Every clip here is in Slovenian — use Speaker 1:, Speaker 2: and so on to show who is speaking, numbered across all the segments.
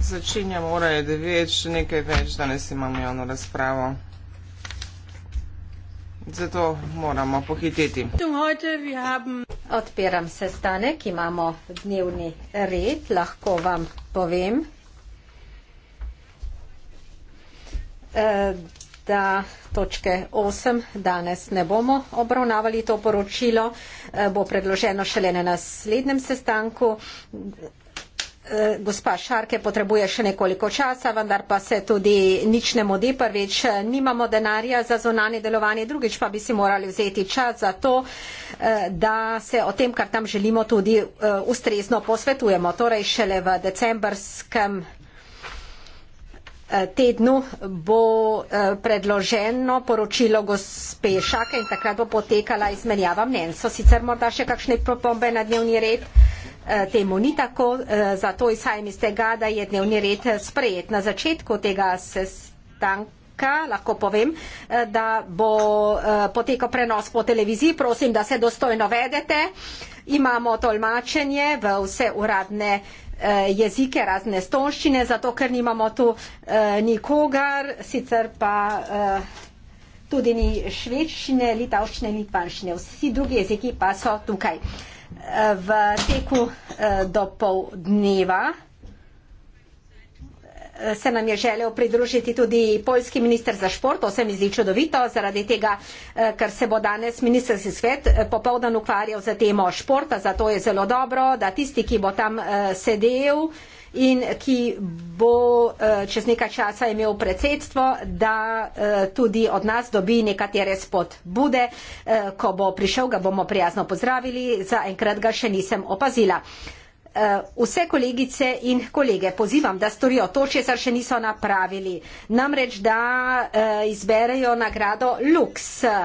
Speaker 1: Začenjamo, ura je devet, še nekaj več, danes imamo javno razpravo. Zato moramo pohiteti.
Speaker 2: Odpiram sestanek, imamo dnevni red, lahko vam povem. Uh, da točke 8 danes ne bomo obravnavali to poročilo, eh, bo predloženo šele na naslednjem sestanku. Eh, gospa Šarke potrebuje še nekoliko časa, vendar pa se tudi nič ne modi. Prvič, eh, nimamo denarja za zonanje delovanje, drugič pa bi si morali vzeti čas za to, da se o tem, kar tam želimo, tudi ustrezno posvetujemo. Torej, šele v decembrskem Eh, tednu bo eh, predloženo poročilo gospe Šake in takrat bo potekala izmenjava mnen. So sicer morda še kakšne pripombe na dnevni red? Eh, temu ni tako, zato izhajam iz tega, da je dnevni red sprejet. Na začetku tega sestanka lahko povem, da bo potekal prenos po televiziji. Prosim, da se dostojno vedete. Imamo tolmačenje v vse uradne Eh, jezike, razne stonščine, zato ker nimamo tu eh, nikogar, sicer pa eh, tudi ni švedščine, litavščine, litvanščine. Vsi drugi jeziki pa so tukaj. V teku do pol dneva se nam je želel pridružiti tudi poljski minister za šport, to se mi zdi čudovito, zaradi tega, eh, ker se bo danes ministrski svet eh, popovdan ukvarjal za temo športa, zato je zelo dobro, da tisti, ki bo tam eh, sedel in ki bo čez nekaj časa imel predsedstvo, da tudi od nas dobi nekatere spodbude. Ko bo prišel, ga bomo prijazno pozdravili, zaenkrat ga še nisem opazila. Eh, vse kolegice in kolege pozivam, da storijo to, če se še niso napravili. Namreč, da eh, izberejo nagrado Lux. Eh,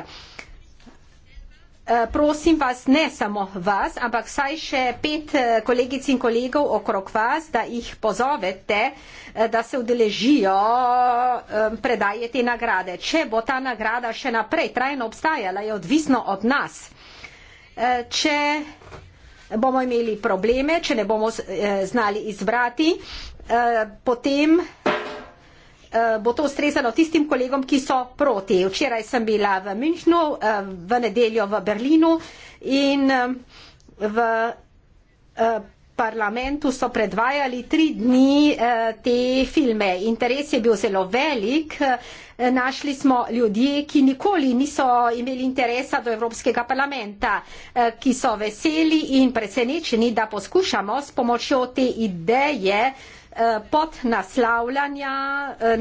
Speaker 2: prosim vas, ne samo vas, ampak vsaj še pet kolegic in kolegov okrog vas, da jih pozovete, da se udeležijo predaje te nagrade. Če bo ta nagrada še naprej trajno obstajala, je odvisno od nas. Če bomo imeli probleme, če ne bomo eh, znali izbrati, eh, potem eh, bo to ustrezano tistim kolegom, ki so proti. Včeraj sem bila v Münchnu, v nedeljo v Berlinu in v parlamentu so predvajali tri dni eh, te filme. Interes je bil zelo velik. Eh, našli smo ljudje, ki nikoli niso imeli interesa do Evropskega parlamenta, eh, ki so veseli in presenečeni, da poskušamo s pomočjo te ideje pod naslavljanja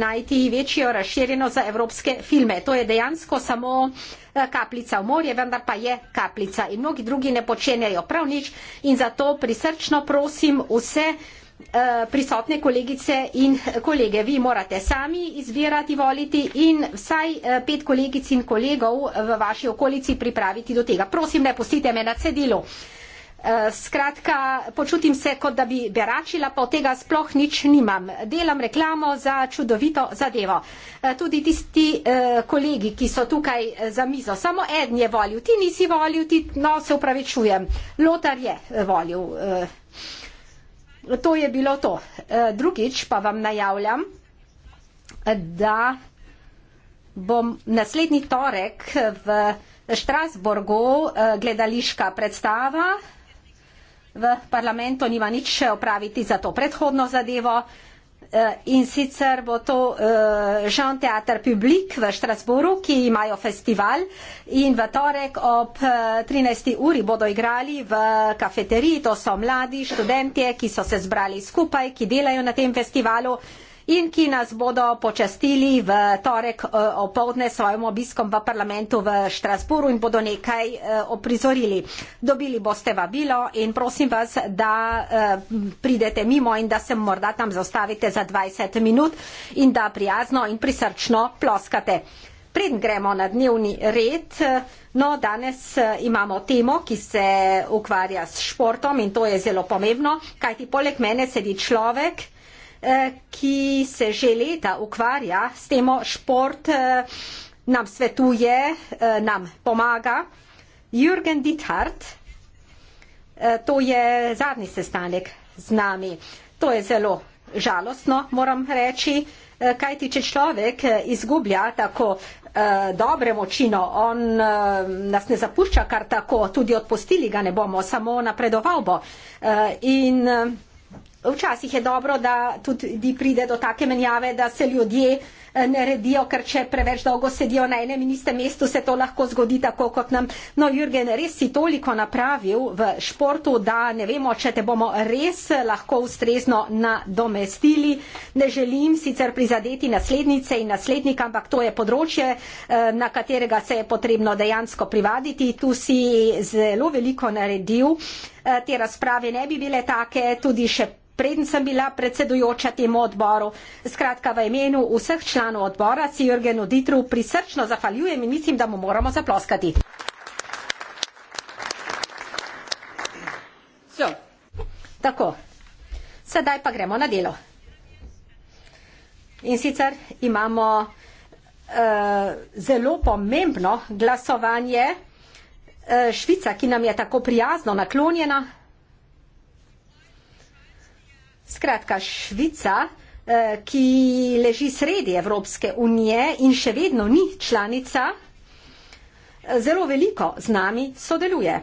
Speaker 2: najti večjo razširjeno za evropske filme. To je dejansko samo uh, Eh, kapljica v morje, vendar pa je kapljica in mnogi drugi ne počenjajo prav nič in zato prisrčno prosim vse eh, prisotne kolegice in kolege. Vi morate sami izbirati, voliti in vsaj eh, pet kolegic in kolegov v vaši okolici pripraviti do tega. Prosim, ne pustite me na cedilu. Eh, skratka, počutim se, kot da bi beračila, pa od tega sploh nič nimam. Delam reklamo za čudovito zadevo. Eh, tudi tisti eh, kolegi, ki so tukaj za mizo, samo en je volil, ti nisi volil, ti, no se upravičujem, Lotar je volil. To je bilo to. Drugič pa vam najavljam, da bom naslednji torek v Štrasburgu gledališka predstava v parlamentu nima nič še opraviti za to predhodno zadevo. Eh, in sicer bo to eh, Jean Theater Public v Štrasburu, ki imajo festival in v torek ob 13. Eh, uri bodo igrali v kafeteriji. To so mladi študentje, ki so se zbrali skupaj, ki delajo na tem festivalu in ki nas bodo počastili v torek eh, opovdne s svojim obiskom v parlamentu v Štrasburu in bodo nekaj eh, oprizorili. Dobili boste vabilo in prosim vas, da eh, pridete mimo in da se morda tam zastavite za 20 minut in da prijazno in prisrčno ploskate. Preden gremo na dnevni red, no danes imamo temo, ki se ukvarja s športom in to je zelo pomembno, kajti poleg mene sedi človek, Eh, ki se že leta ukvarja s tem, šport eh, nam svetuje, eh, nam pomaga. Jürgen Dithart, to je zadnji sestanek z nami. To je zelo žalostno, moram reči, kajti če človek izgublja tako dobre močino, on nas ne zapušča kar tako, tudi odpustili ga ne bomo, samo napredoval bo. In Včasih je dobro, da tudi pride do take menjave, da se ljudje Eh, naredijo, ker če preveč dolgo sedijo na enem in istem mestu, se to lahko zgodi tako kot nam. No, Jürgen, res si toliko napravil v športu, da ne vemo, če te bomo res lahko ustrezno nadomestili. Ne želim sicer prizadeti naslednice in naslednika, ampak to je področje, eh, na katerega se je potrebno dejansko privaditi. Tu si zelo veliko naredil. Eh, te razprave ne bi bile take, tudi še preden sem bila predsedujoča temu odboru. Skratka, v imenu vseh članov članu odbora, si Jurgenu Ditru, prisrčno zahvaljujem in mislim, da mu moramo zaploskati. So. Tako, sedaj pa gremo na delo. In sicer imamo uh, zelo pomembno glasovanje uh, Švica, ki nam je tako prijazno naklonjena. Skratka, Švica uh, Eh, ki leži sredi Evropske unije in še vedno ni članica, eh, zelo veliko z nami sodeluje.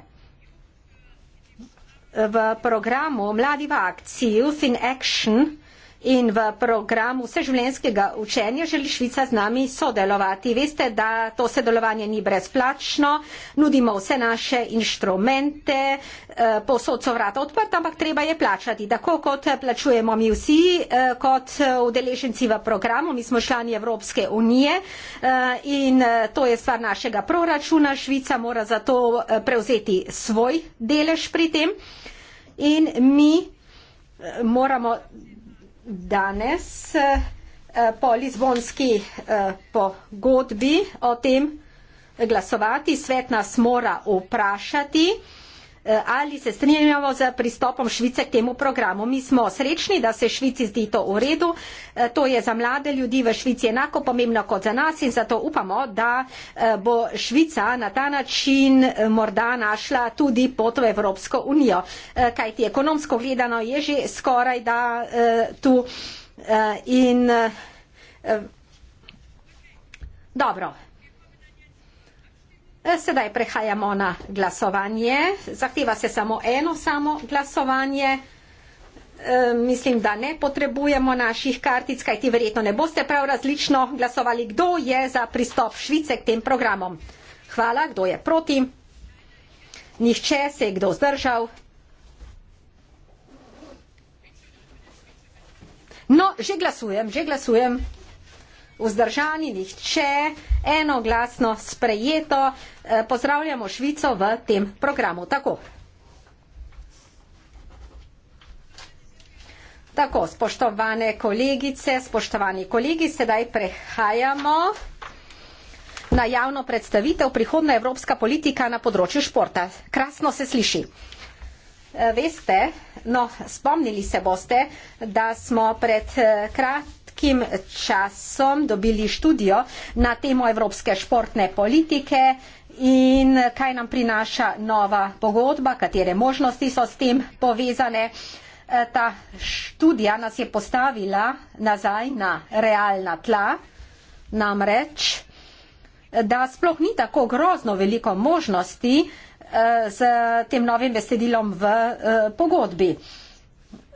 Speaker 2: V programu Mladi v akciji Youth in Action in v programu vseživljenjskega učenja želi Švica z nami sodelovati. Veste, da to sodelovanje ni brezplačno, nudimo vse naše inštrumente, eh, posod so vrata odprta, ampak treba je plačati. Tako kot plačujemo mi vsi, eh, kot udeleženci v programu, mi smo člani Evropske unije eh, in to je stvar našega proračuna. Švica mora zato prevzeti svoj delež pri tem. In mi moramo danes eh, po lizbonski eh, pogodbi o tem glasovati. Svet nas mora vprašati. Eh, ali se strinjamo z pristopom Švice k temu programu. Mi smo srečni, da se Švici zdi to v redu. Eh, to je za mlade ljudi v Švici enako pomembno kot za nas in zato upamo, da eh, bo Švica na ta način morda našla tudi pot v Evropsko unijo. Kajti ekonomsko gledano je že skoraj da tu in. Dobro. E, sedaj prehajamo na glasovanje. Zahteva se samo eno samo glasovanje. E, mislim, da ne potrebujemo naših kartic, kajti verjetno ne boste prav različno glasovali, kdo je za pristop Švice k tem programom. Hvala, kdo je proti. Nihče se je kdo zdržal. No, že glasujem, že glasujem vzdržani nihče, enoglasno sprejeto. E, pozdravljamo Švico v tem programu. Tako. Tako, spoštovane kolegice, spoštovani kolegi, sedaj prehajamo na javno predstavitev prihodna evropska politika na področju športa. Krasno se sliši. E, veste, no, spomnili se boste, da smo pred e, kratkim kratkim časom dobili študijo na temo evropske športne politike in kaj nam prinaša nova pogodba, katere možnosti so s tem povezane. E, ta študija nas je postavila nazaj na realna tla, namreč, da sploh ni tako grozno veliko možnosti z e, tem novim besedilom v e, pogodbi.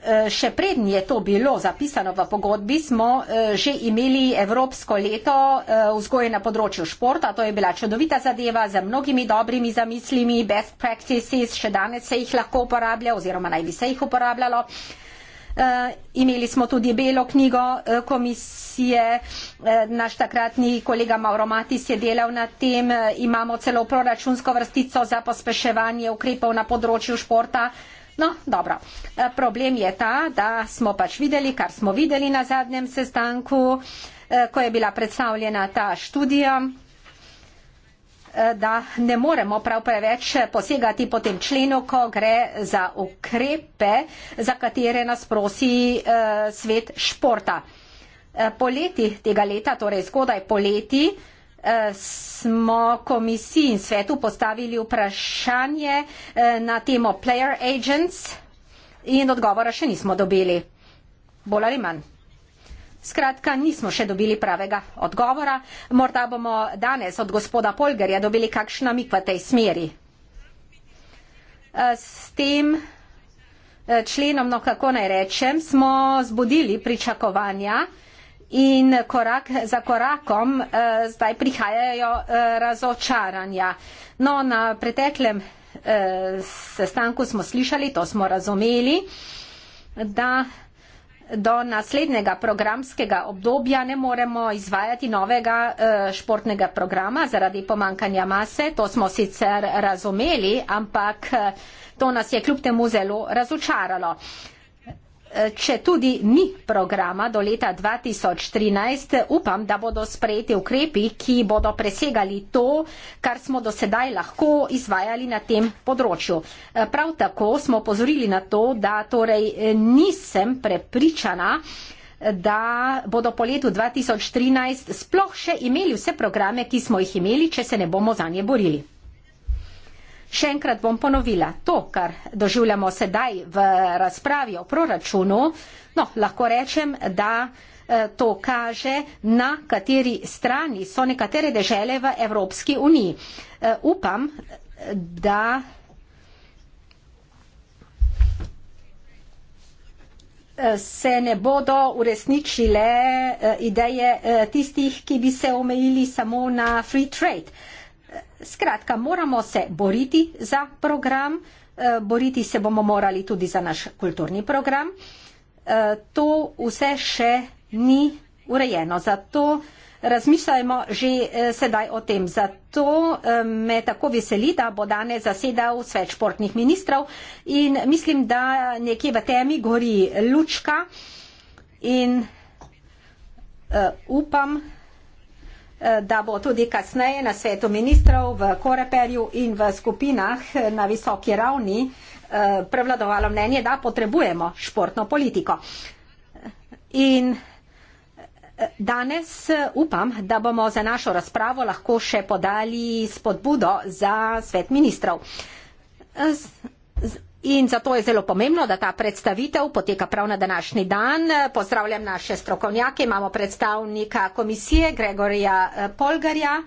Speaker 2: Eh, še prednji je to bilo zapisano v pogodbi, smo eh, že imeli Evropsko leto eh, vzgoje na področju športa. To je bila čudovita zadeva z mnogimi dobrimi zamislimi, best practices, še danes se jih lahko uporablja oziroma naj bi se jih uporabljalo. Imeli smo tudi belo knjigo komisije, naš takratni kolega Mauro Matis je delal na tem, imamo celo proračunsko vrstico za pospeševanje ukrepov na področju športa. No, dobro. E, problem je ta, da smo pač videli, kar smo videli na zadnjem sestanku, e, ko je bila predstavljena ta študija e, da ne moremo prav preveč posegati po tem členu, ko gre za ukrepe, za katere nas prosi eh, svet športa. Poleti tega leta, torej zgodaj poleti, eh, Eh, smo komisiji in svetu postavili vprašanje eh, na temo player agents in odgovora še nismo dobili. Bolj ali manj. Skratka, nismo še dobili pravega odgovora. Morda bomo danes od gospoda Polgerja dobili kakšna mik v tej smeri. Eh, s tem členom, no kako naj rečem, smo zbudili pričakovanja in korak za korakom eh, zdaj prihajajo eh, razočaranja. No, na preteklem eh, sestanku smo slišali, to smo razumeli, da do naslednjega programskega obdobja ne moremo izvajati novega eh, športnega programa zaradi pomankanja mase. To smo sicer razumeli, ampak eh, to nas je kljub temu zelo razočaralo. Eh, če tudi ni programa do leta 2013, upam, da bodo sprejeti ukrepi, ki bodo presegali to, kar smo do sedaj lahko izvajali na tem področju. Prav tako smo pozorili na to, da torej nisem prepričana, da bodo po letu 2013 sploh še imeli vse programe, ki smo jih imeli, če se ne bomo za nje borili. Še enkrat bom ponovila to, kar doživljamo sedaj v razpravi o proračunu. No, lahko rečem, da eh, to kaže, na kateri strani so nekatere dežele v Evropski uniji. Eh, upam, da. se ne bodo uresničile eh, ideje tistih, ki bi se omejili samo na free trade. Skratka, moramo se boriti za program, eh, boriti se bomo morali tudi za naš kulturni program. Eh, to vse še ni urejeno, zato razmišljajmo že eh, sedaj o tem. Zato me tako veseli, da bo danes zasedal svet športnih ministrov in mislim, da nekje v temi gori lučka in upam, Eh, da bo tudi kasneje na svetu ministrov, v Koreperju in v skupinah na visoki ravni eh, prevladovalo mnenje, da potrebujemo športno politiko. In eh, danes upam, da bomo za našo razpravo lahko še podali spodbudo za svet ministrov. In zato je zelo pomembno, da ta predstavitev poteka prav na današnji dan. Pozdravljam naše strokovnjake, imamo predstavnika komisije Gregorija eh, Polgarja,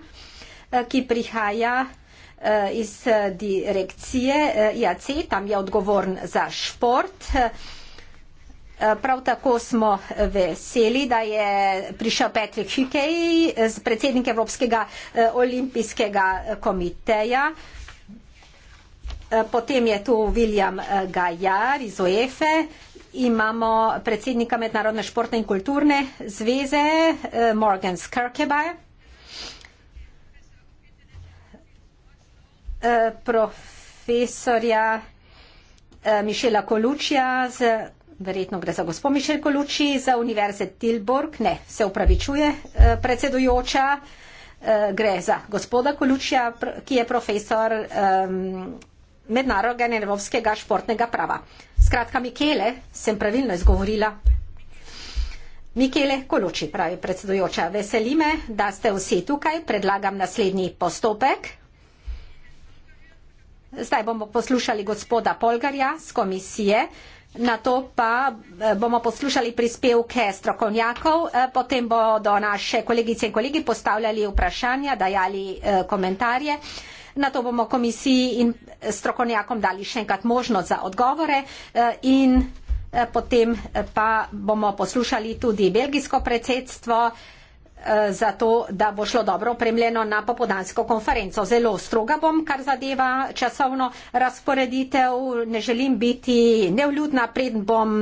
Speaker 2: eh, ki prihaja eh, iz direkcije IAC, tam je odgovorn za šport. Prav tako smo veseli, da je prišel Patrick Hickey, predsednik Evropskega olimpijskega komiteja. Eh, potem je tu William eh, Gajar iz OEFE, imamo predsednika Mednarodne športne in kulturne zveze eh, Morgan Skirkebaj. profesorja Mišela Kolučija, z, verjetno gre za gospod Mišel Koluči, za Univerze Tilburg, ne, se upravičuje predsedujoča, gre za gospoda Kolučija, ki je profesor um, mednarodnega in evropskega športnega prava. Skratka, Mikele, sem pravilno izgovorila. Mikele Koloči, pravi predsedujoča, veseli me, da ste vsi tukaj, predlagam naslednji postopek. Zdaj bomo poslušali gospoda Polgarja z komisije, na to pa eh, bomo poslušali prispevke strokovnjakov, eh, potem bodo naše kolegice in kolegi postavljali vprašanja, dajali eh, komentarje na to bomo komisiji in strokovnjakom dali še enkrat možnost za odgovore eh, in eh, potem eh, pa bomo poslušali tudi belgijsko predsedstvo za to, da bo šlo dobro opremljeno na popodansko konferenco. Zelo stroga bom, kar zadeva časovno razporeditev. Ne želim biti nevljudna, pred bom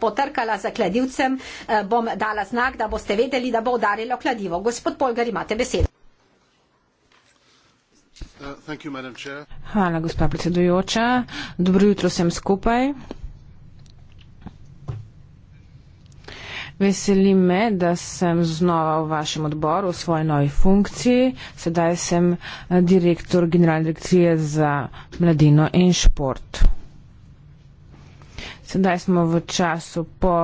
Speaker 2: potrkala za kladivcem, bom dala znak, da boste vedeli, da bo udarilo kladivo. Gospod Polgar, imate besedo.
Speaker 3: Hvala, gospa predsedujoča. Dobro jutro vsem skupaj. Veseli me, da sem znova v vašem odboru v svoji novi funkciji. Sedaj sem eh, direktor Generalne direkcije za mladino in šport. Sedaj smo v času po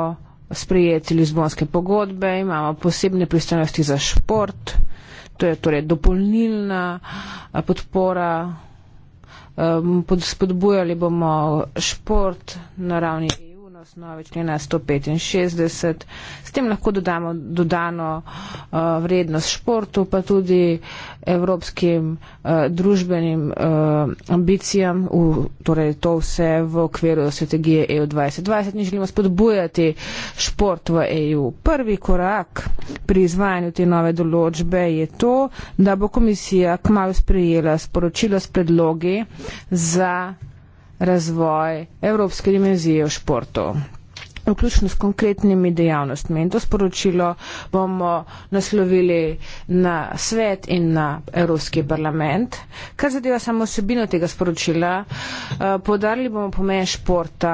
Speaker 3: sprejeti Lizbonske pogodbe, imamo posebne pristojnosti za šport to je torej dopolnilna eh, podpora. Eh, spodbujali bomo šport na ravni na osnovi člena 165, s tem lahko dodamo dodano uh, vrednost športu, pa tudi evropskim uh, družbenim uh, ambicijam, v, torej to vse v okviru strategije EU 2020 in želimo spodbujati šport v EU. Prvi korak pri izvajanju te nove določbe je to, da bo komisija kmalo sprejela sporočilo s predlogi za razvoj evropske dimenzije v športu vključno s konkretnimi dejavnostmi. In to sporočilo bomo naslovili na svet in na Evropski parlament. Kar zadeva samo osebino tega sporočila, eh, podarili bomo pomen športa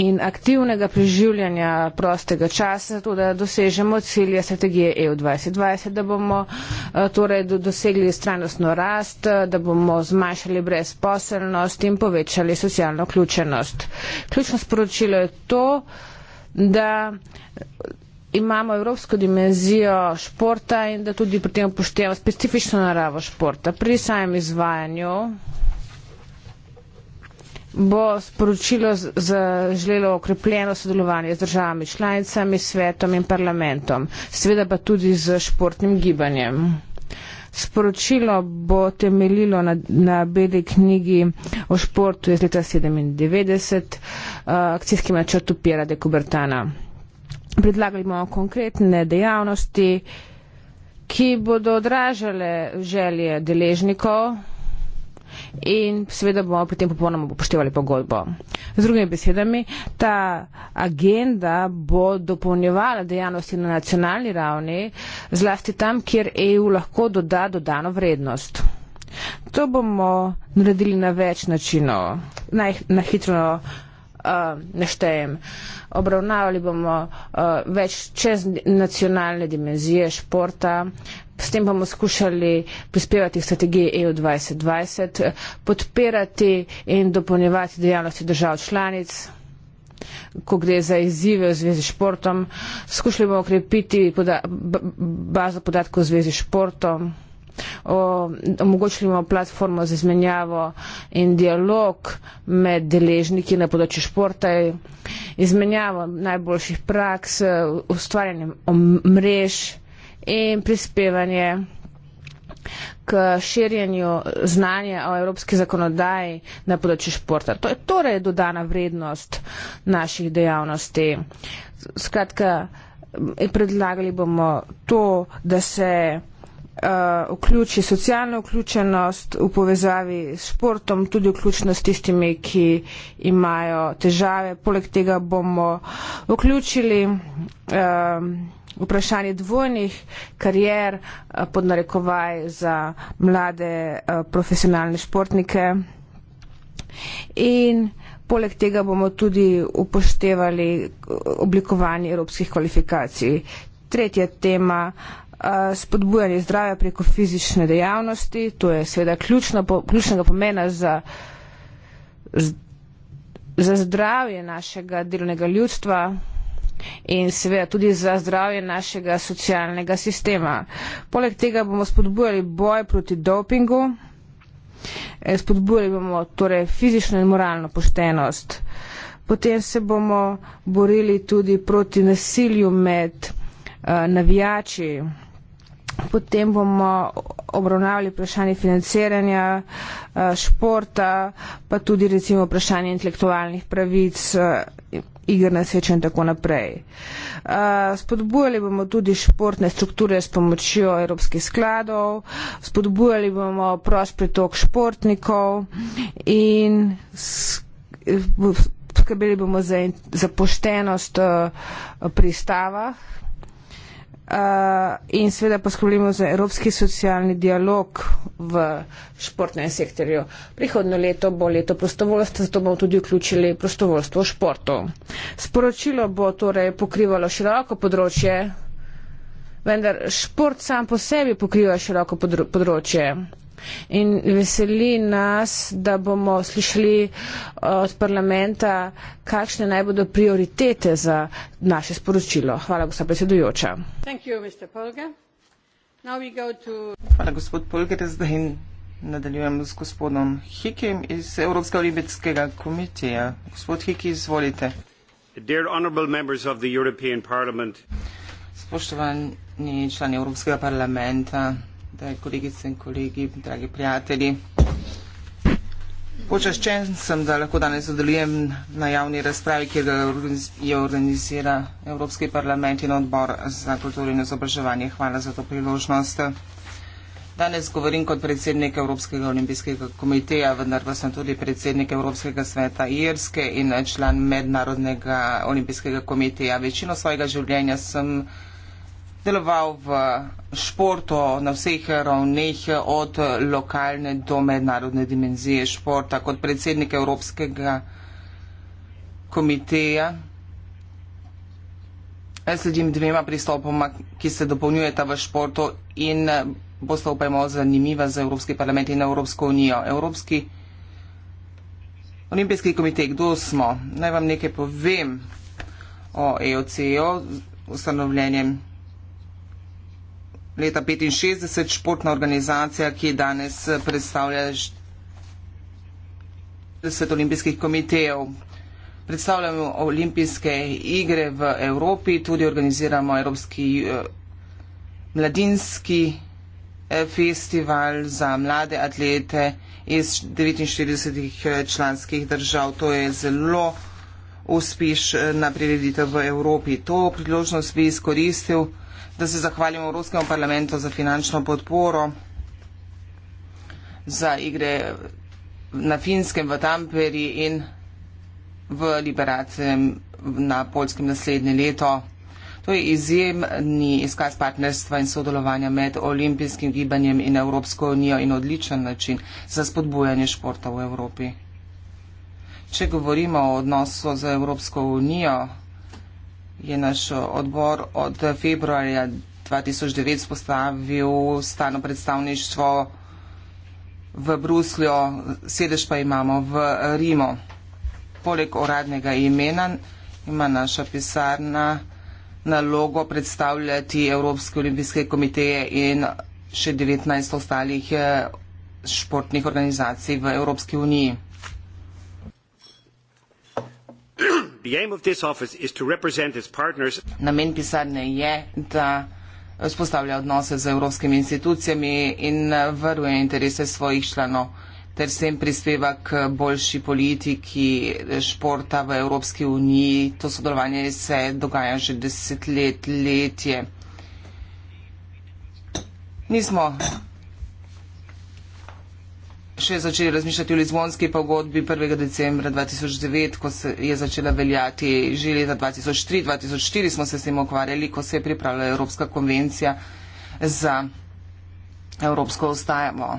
Speaker 3: in aktivnega preživljanja prostega časa, zato da dosežemo cilje strategije EU 2020, da bomo eh, torej dosegli stranostno rast, eh, da bomo zmanjšali brezposelnost in povečali socialno vključenost. Ključno sporočilo je to, da imamo evropsko dimenzijo športa in da tudi pri tem upoštevamo specifično naravo športa. Pri samem izvajanju bo sporočilo zaželelo okrepljeno sodelovanje z državami članicami, svetom in parlamentom, seveda pa tudi z športnim gibanjem. Sporočilo bo temeljilo na, na beli knjigi o športu iz leta 1997, uh, eh, akcijskem načrtu Pjera de Kubertana. Predlagali bomo konkretne dejavnosti, ki bodo odražale želje deležnikov, in seveda bomo potem popolnoma upoštevali pogodbo. Z drugimi besedami, ta agenda bo dopolnjevala dejavnosti na nacionalni ravni, zlasti tam, kjer EU lahko doda dodano vrednost. To bomo naredili na več načinov. Naj, na hitro uh, naštejem. Obravnavali bomo uh, več čez nacionalne dimenzije športa, uh, S tem bomo skušali prispevati k strategiji EU 2020, podpirati in dopolnjevati dejavnosti držav članic, ko gre za izzive v zvezi s športom. Skušali bomo okrepiti poda bazo podatkov v zvezi s športom. O, omogočili bomo platformo za izmenjavo in dialog med deležniki na področju športa, izmenjavo najboljših praks, ustvarjanje mrež in prispevanje k širjenju znanja o evropski zakonodaji na področju športa. To je torej dodana vrednost naših dejavnosti. Skratka, predlagali bomo to, da se uh, vključi socialna vključenost v povezavi s športom, tudi vključno s tistimi, ki imajo težave. Poleg tega bomo vključili uh, vprašanje dvojnih karier eh, pod narekovaj za mlade eh, profesionalne športnike. In poleg tega bomo tudi upoštevali eh, oblikovanje evropskih kvalifikacij. Tretja tema spodbujanje zdravja preko fizične dejavnosti, to je seveda ključno, ključnega pomena za, za zdravje našega delovnega ljudstva in seveda tudi za zdravje našega socialnega sistema. Poleg tega bomo spodbujali boj proti dopingu, eh, spodbujali bomo torej fizično in moralno poštenost. Potem se bomo borili tudi proti nasilju med eh, navijači. Potem bomo obravnavali vprašanje financiranja eh, športa, pa tudi recimo vprašanje intelektualnih pravic igr na srečo in tako naprej. Spodbujali bomo tudi športne strukture s pomočjo evropskih skladov, spodbujali bomo prost pritok športnikov in skrbeli bomo za, za poštenost pristava Eh, in seveda poskrbimo za evropski socialni dialog v športnem sektorju. Prihodno leto bo leto prostovoljstva, zato bomo tudi vključili prostovoljstvo v športu. Sporočilo bo torej pokrivalo široko področje, vendar šport sam po sebi pokriva široko področje in veseli nas, da bomo slišali eh, od parlamenta, kakšne naj bodo prioritete za naše sporočilo. Hvala, gospod predsedujoča.
Speaker 1: Hvala, gospod Polger. Zdaj nadaljujem z gospodom Hikim iz Evropskega olimpijskega komiteja. Gospod Hiki, izvolite. Spoštovani člani Evropskega parlamenta, Daj, kolegice in kolegi, dragi prijatelji. Počaščen sem, da lahko danes odelijem na javni razpravi, kjer jo organizira Evropski parlament in odbor za kulturo in izobraževanje. Hvala za to priložnost. Danes govorim kot predsednik Evropskega olimpijskega komiteja, vendar pa sem tudi predsednik Evropskega sveta Irske in član Mednarodnega olimpijskega komiteja. Večino svojega življenja sem vsega, deloval v športu na vseh ravneh, od lokalne do mednarodne dimenzije športa, kot predsednik Evropskega komiteja. Sledim dvema pristopoma, ki se dopolnjujeta v športu in bosta upajmo zanimiva za Evropski parlament in Evropsko unijo. Evropski olimpijski komitej, kdo smo? Naj vam nekaj povem o EOC-u, ustanovljenjem leta 65 športna organizacija, ki danes predstavlja 40 olimpijskih komitejev. Predstavljamo olimpijske igre v Evropi, tudi organiziramo Evropski eh, mladinski eh, festival za mlade atlete iz 49 eh, članskih držav. To je zelo uspešna prireditev v Evropi. To priložnost bi izkoristil da se zahvalimo Evropskemu parlamentu za finančno podporo za igre na Finskem, v Tamperi in v Liberacijem na Polskem naslednje leto. To je izjemni izkaz partnerstva in sodelovanja med olimpijskim gibanjem in Evropsko unijo in odličen način za spodbujanje športa v Evropi. Če govorimo o odnosu z Evropsko unijo, je naš odbor od februarja 2009 spostavil stano predstavništvo v Bruslju, sedež pa imamo v Rimu. Poleg uradnega imena ima naša pisarna nalogo predstavljati Evropske olimpijske komiteje in še 19 ostalih eh, športnih organizacij v Evropski uniji. Namen pisarne je, da vzpostavlja odnose z evropskimi institucijami in eh, varuje interese svojih članov ter s tem prispeva k boljši politiki eh, športa v Evropski uniji. To sodelovanje se dogaja že desetletje. Nismo še začeli razmišljati o Lizbonski pogodbi 1. decembra 2009, ko se je začela veljati že leta 2003-2004, smo se s tem okvarjali, ko se je pripravljala Evropska konvencija za Evropsko ostajamo.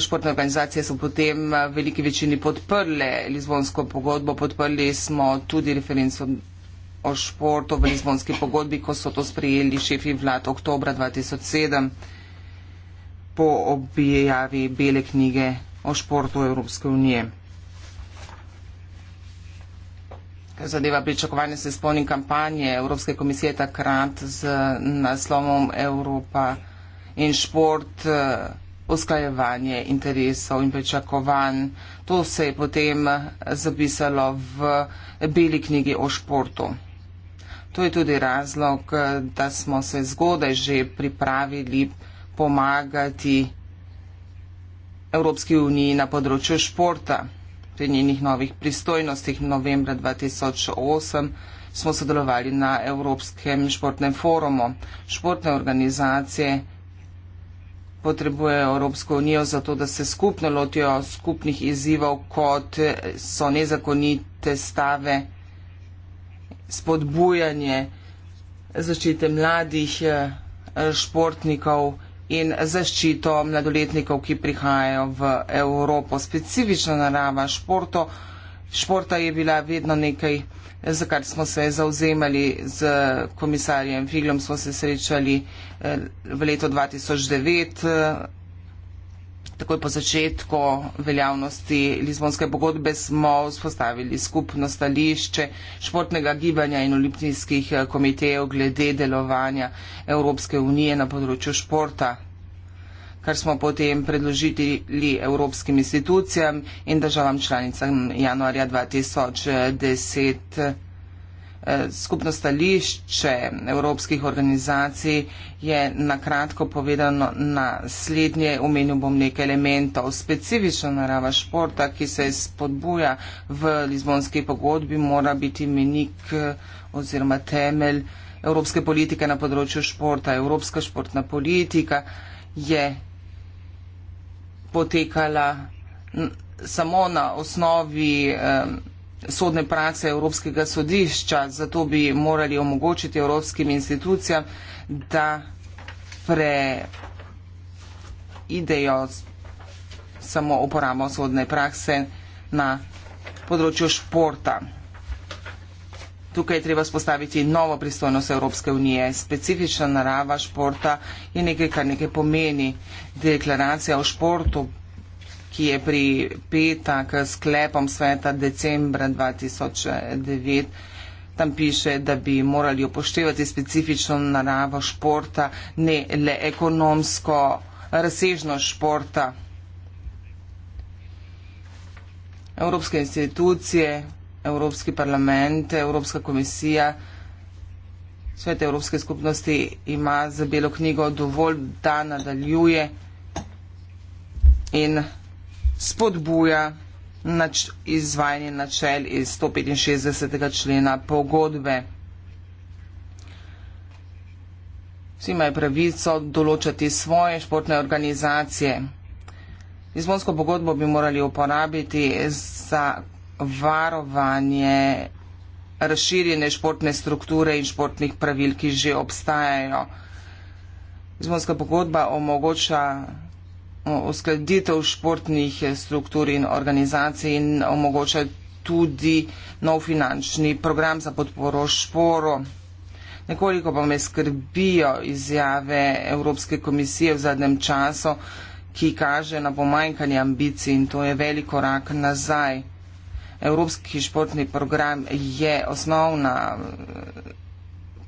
Speaker 1: Športne organizacije so potem v veliki večini podprle Lizbonsko pogodbo, podprli smo tudi referenco o športu v Lizbonski pogodbi, ko so to sprejeli šefi vlad oktobra 2007 po objavi bele knjige o športu Evropske unije. Kar zadeva pričakovanje, se spomnim kampanje Evropske komisije takrat z naslovom Evropa in šport, eh, usklajevanje interesov in pričakovanj. To se je potem eh, zapisalo v eh, beli knjigi o športu. To je tudi razlog, da smo se zgodaj že pripravili pomagati Evropski uniji na področju športa pri njenih novih pristojnostih. Novembra 2008 smo sodelovali na Evropskem športnem forumu. Športne organizacije potrebujejo Evropsko unijo zato, da se skupno lotijo skupnih izzivov, kot so nezakonite stave, spodbujanje, zaščite mladih eh, športnikov in zaščito mladoletnikov, ki prihajajo v Evropo. Specifična narava športo, športa je bila vedno nekaj, za kar smo se zauzemali z komisarjem Figlom, smo se srečali eh, v letu 2009. Takoj po začetku veljavnosti Lizbonske pogodbe smo vzpostavili skupno stališče športnega gibanja in olimpijskih eh, komitejev glede delovanja Evropske unije na področju športa kar smo potem predložili evropskim institucijam in državam članicam januarja 2010. Eh, skupno stališče evropskih organizacij je nakratko povedano naslednje, omenil bom nekaj elementov. Specifična narava športa, ki se spodbuja v Lizbonski pogodbi, mora biti menik eh, oziroma temelj evropske politike na področju športa. Evropska športna politika je potekala samo na osnovi um, sodne prakse Evropskega sodišča, zato bi morali omogočiti evropskim institucijam, da preidejo samo uporabo sodne prakse na področju športa. Tukaj je treba spostaviti novo pristojnost Evropske unije. Specifična narava športa je nekaj, kar nekaj pomeni. Deklaracija o športu ki je pri peta k sklepom sveta decembra 2009. Tam piše, da bi morali upoštevati specifično naravo športa, ne le ekonomsko razsežnost športa. Evropske institucije, Evropski parlament, Evropska komisija, svet Evropske skupnosti ima za belo knjigo dovolj, da nadaljuje in spodbuja nač izvajanje načel iz 165. člena pogodbe. Vsi imajo pravico določati svoje športne organizacije. Lizbonsko pogodbo bi morali uporabiti za varovanje razširjene športne strukture in športnih pravil, ki že obstajajo. Lizbonska pogodba omogoča uskladitev športnih struktur in organizacij in omogoča tudi nov finančni program za podporo šporu. Nekoliko pa me skrbijo izjave Evropske komisije v zadnjem času, ki kaže na pomanjkanje ambicij in to je velik korak nazaj. Evropski športni program je osnovna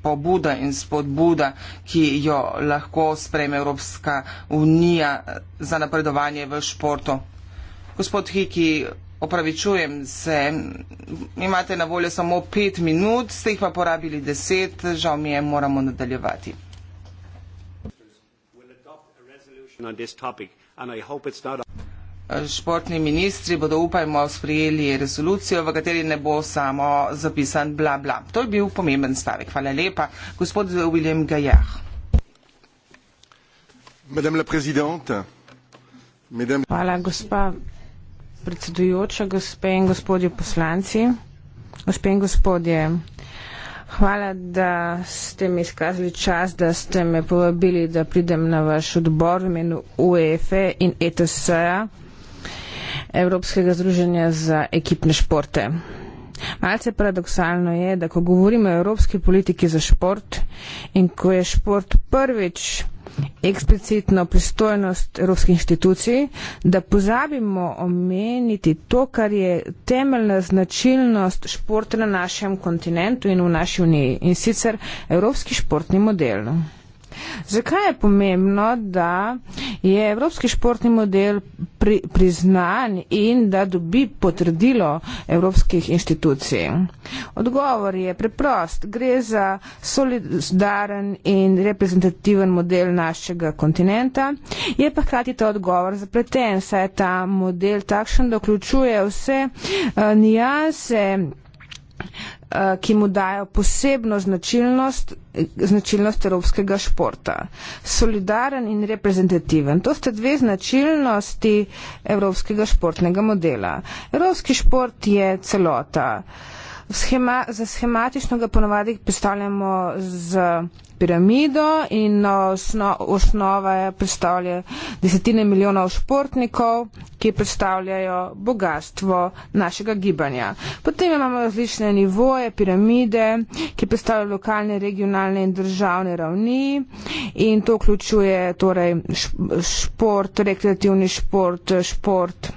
Speaker 1: pobuda in spodbuda, ki jo lahko spreme Evropska unija za napredovanje v športu. Gospod Hiki, opravičujem se, imate na voljo samo pet minut, ste jih pa porabili deset, žal mi je, moramo nadaljevati.
Speaker 4: We'll
Speaker 1: športni ministri bodo, upajmo, sprijeli rezolucijo, v kateri ne bo samo zapisan bla bla. To je bil pomemben stavek. Hvala lepa. Gospod William Gajah.
Speaker 5: Hvala, gospa
Speaker 3: predsedujoča, gospe in gospodje poslanci. Gospe in gospodje, hvala, da ste mi izkazali čas, da ste me povabili, da pridem na vaš odbor v imenu UEFE e in ETS-a. Evropskega združenja za ekipne športe. Malce paradoksalno je, da ko govorimo o evropski politiki za šport in ko je šport prvič eksplicitno pristojnost evropskih inštitucij, da pozabimo omeniti to, kar je temeljna značilnost športa na našem kontinentu in v naši uniji in sicer evropski športni model. Zakaj je pomembno, da je evropski športni model pri, priznan in da dobi potrdilo evropskih inštitucij? Odgovor je preprost. Gre za solidaren in reprezentativen model našega kontinenta. Je pa hkrati ta odgovor zapleten, saj je ta model takšen, da vključuje vse uh, eh, nijanse Eh, ki mu dajo posebno značilnost, značilnost evropskega športa. Solidaren in reprezentativen. To sta dve značilnosti evropskega športnega modela. Evropski šport je celota. Schema, za schematično ga ponovadi predstavljamo z piramido in osno, osnova je predstavlja desetine milijonov športnikov, ki predstavljajo bogatstvo našega gibanja. Potem imamo različne nivoje, piramide, ki predstavljajo lokalne, regionalne in državne ravni in to vključuje torej šport, rekreativni šport, šport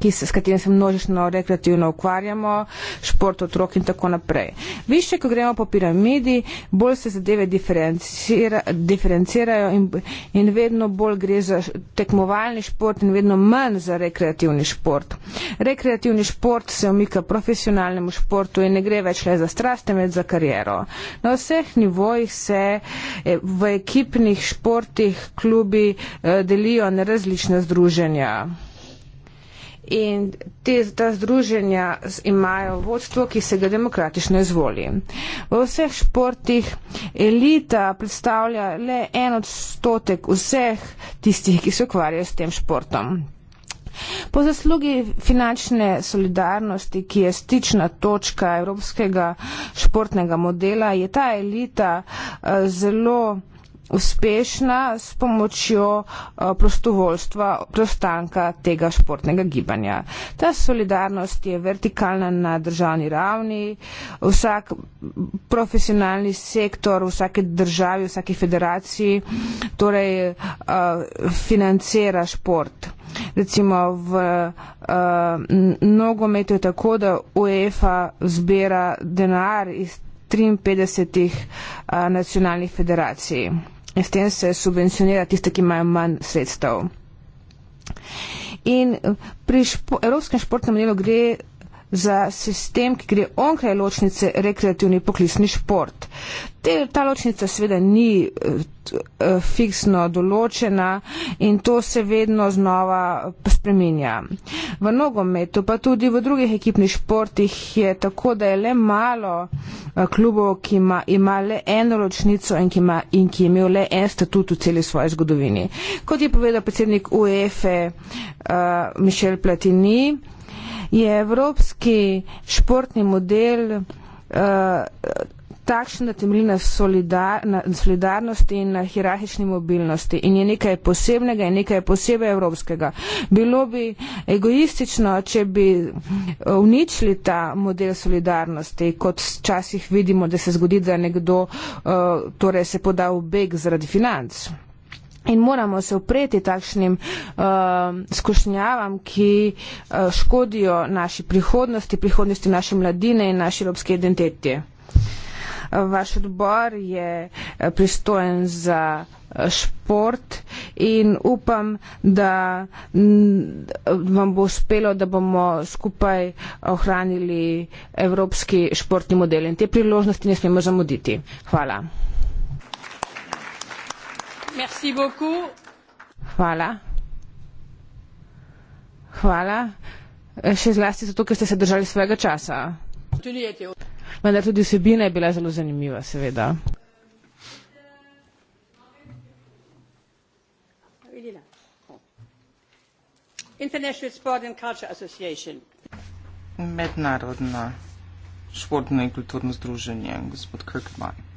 Speaker 3: ki se, s katerim se množično rekreativno ukvarjamo, šport otrok in tako naprej. Više, ko gremo po piramidi, bolj se zadeve diferencira, diferencirajo in, in vedno bolj gre za tekmovalni šport in vedno manj za rekreativni šport. Rekreativni šport se omika profesionalnemu športu in ne gre več le za strast, temveč za kariero. Na vseh nivojih se eh, v ekipnih športih klubi eh, delijo na različne združenja in te, ta združenja imajo vodstvo, ki se ga demokratično izvoli. V vseh športih elita predstavlja le en odstotek vseh tistih, ki se ukvarjajo s tem športom. Po zaslugi finančne solidarnosti, ki je stična točka evropskega športnega modela, je ta elita eh, zelo uspešna s pomočjo eh, prostovoljstva prostanka tega športnega gibanja. Ta solidarnost je vertikalna na državni ravni, vsak profesionalni sektor, vsake države, vsake federaciji torej eh, financira šport. Recimo v uh, nogometu je tako, da UEFA zbira denar iz 53 nacionalnih federacij. S tem se subvencionira tiste, ki imajo manj sredstev. In pri špo, Evropskem športnem delu gre za sistem, ki gre onkraj ločnice rekreativni poklicni šport. Te, ta ločnica seveda ni t, eh, t, eh, fiksno določena in to se vedno znova spreminja. V nogometu pa tudi v drugih ekipnih športih je tako, da je le malo eh, klubov, ki ima, ima le eno ločnico in ki, ima, in ki je imel le en statut v celi svoji zgodovini. Kot je povedal predsednik UEFE uh, Michel Platini, je evropski športni model uh, takšen, da temelji na, solidar, na solidarnosti in na hierarhični mobilnosti in je nekaj posebnega in nekaj posebej evropskega. Bilo bi egoistično, če bi eh, uničili ta model solidarnosti, kot včasih vidimo, da se zgodi, da nekdo uh, torej se poda v beg zaradi financ. In moramo se upreti takšnim uh, skušnjavam, ki uh, škodijo naši prihodnosti, prihodnosti naše mladine in naše evropske identitete. Vaš odbor je eh, pristojen za eh, šport in upam, da vam bo uspelo, da bomo skupaj ohranili evropski športni model in te priložnosti ne smemo zamuditi. Hvala.
Speaker 4: Merci beaucoup.
Speaker 3: Hvala. Hvala. Še zlasti zato, ker ste se držali svojega časa. Vendar tudi vsebina je bila zelo zanimiva, seveda.
Speaker 1: Mednarodno športno in kulturno združenje, gospod Kirkbine.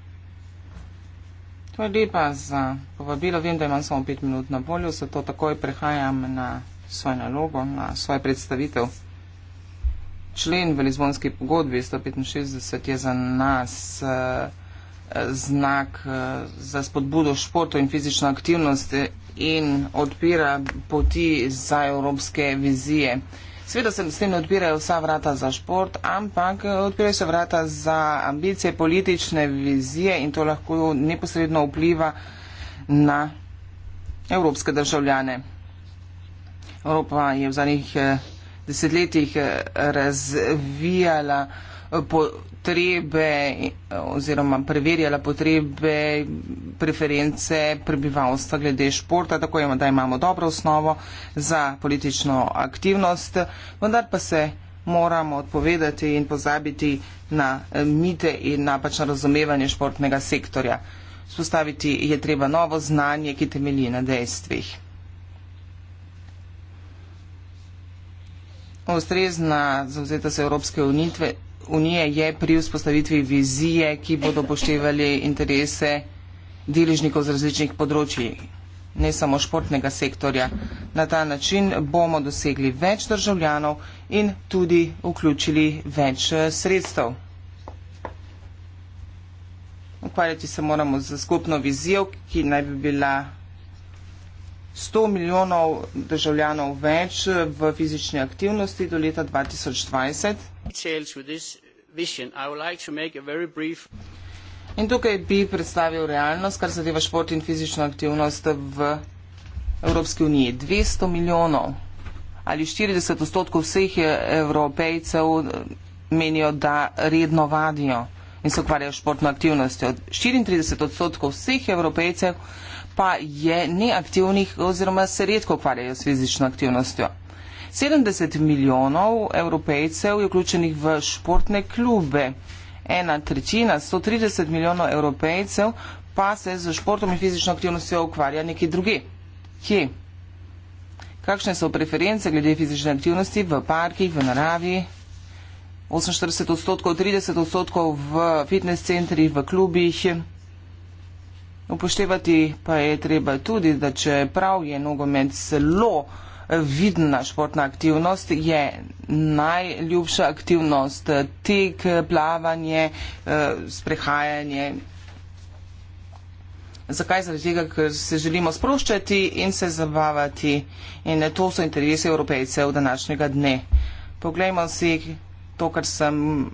Speaker 1: Hvala lepa za povabilo. Vem, da imam samo pet minut na voljo, zato takoj prehajam na svojo nalogo, na svojo predstavitev. Člen v Lizbonski pogodbi 165 je za nas eh, znak eh, za spodbudo športu in fizično aktivnost in odpira poti za evropske vizije. Eh, Seveda se s tem ne odpirajo vsa vrata za šport, ampak eh, odpirajo se vrata za ambicije, politične vizije in to lahko neposredno vpliva na evropske državljane. Evropa je v zadnjih eh, desetletjih eh, razvijala po potrebe oziroma preverjala potrebe, preference prebivalstva glede športa, tako da imamo dobro osnovo za politično aktivnost, vendar pa se moramo odpovedati in pozabiti na mite in napačno razumevanje športnega sektorja. Spostaviti je treba novo znanje, ki temelji na dejstvih. Ustrezna zauzetost Evropske unitve unije je pri vzpostavitvi vizije, ki bodo upoštevali interese deležnikov z različnih področji, ne samo športnega sektorja. Na ta način bomo dosegli več državljanov in tudi vključili več eh, sredstev. Ukvarjati se moramo z skupno vizijo, ki naj bi bila 100 milijonov državljanov več eh, v fizični aktivnosti do leta 2020
Speaker 3: details with this vision, I would like to make a very
Speaker 5: brief
Speaker 1: In tukaj bi predstavil realnost, kar zadeva šport in fizično aktivnost v Evropski uniji. 200 milijonov ali 40 odstotkov vseh evropejcev eh, menijo, da redno vadijo in se ukvarjajo športno aktivnostjo. 34 odstotkov vseh evropejcev pa je neaktivnih oziroma se redko ukvarjajo s fizično aktivnostjo. 70 milijonov evropejcev je vključenih v športne klube, ena tretjina, 130 milijonov evropejcev pa se z športom in fizično aktivnostjo ukvarja nekje druge. Kje? Kakšne so preference glede fizične aktivnosti v parkih, v naravi? 48 odstotkov, 30 odstotkov v fitness centrih, v klubih. Upoštevati pa je treba tudi, da če prav je nogomet zelo vidna športna aktivnost, je najljubša aktivnost tek, plavanje, eh, sprehajanje. Zakaj? Zaradi tega, ker se želimo sproščati in se zabavati. In to so interesi evropejcev današnjega dne. Poglejmo si to, kar sem,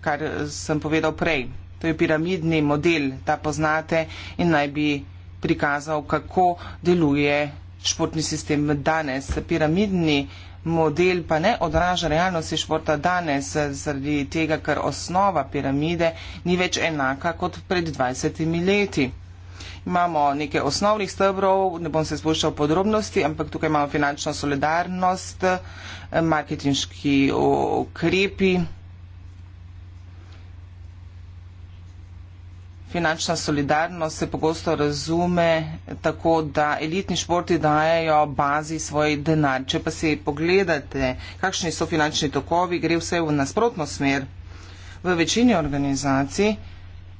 Speaker 1: kar sem povedal prej. To je piramidni model, da poznate in naj bi prikazal, kako deluje športni sistem danes. Piramidni model pa ne odraža realnosti športa danes, zaradi tega, ker osnova piramide ni več enaka kot pred 20 leti. Imamo nekaj osnovnih stebrov, ne bom se spuščal podrobnosti, ampak tukaj imamo finančno solidarnost, marketinški ukrepi. finančna solidarnost se pogosto razume tako, da elitni športi dajajo bazi svoj denar. Če pa si pogledate, kakšni so finančni tokovi, gre vse v nasprotno smer. V večini organizacij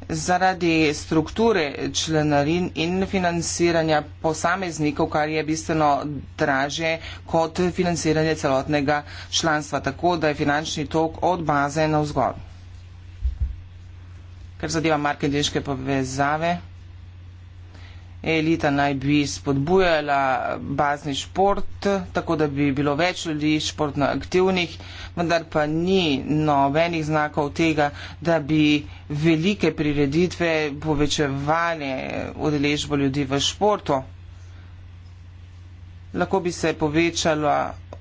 Speaker 1: zaradi strukture članarin in financiranja posameznikov, kar je bistveno draže kot financiranje celotnega članstva, tako da je finančni tok od baze na vzgor. Kar zadeva marketinške povezave, elita naj bi spodbujala bazni šport, tako da bi bilo več ljudi športno aktivnih, vendar pa ni nobenih znakov tega, da bi velike prireditve povečevali udeležbo ljudi v športu. Lahko bi se povečalo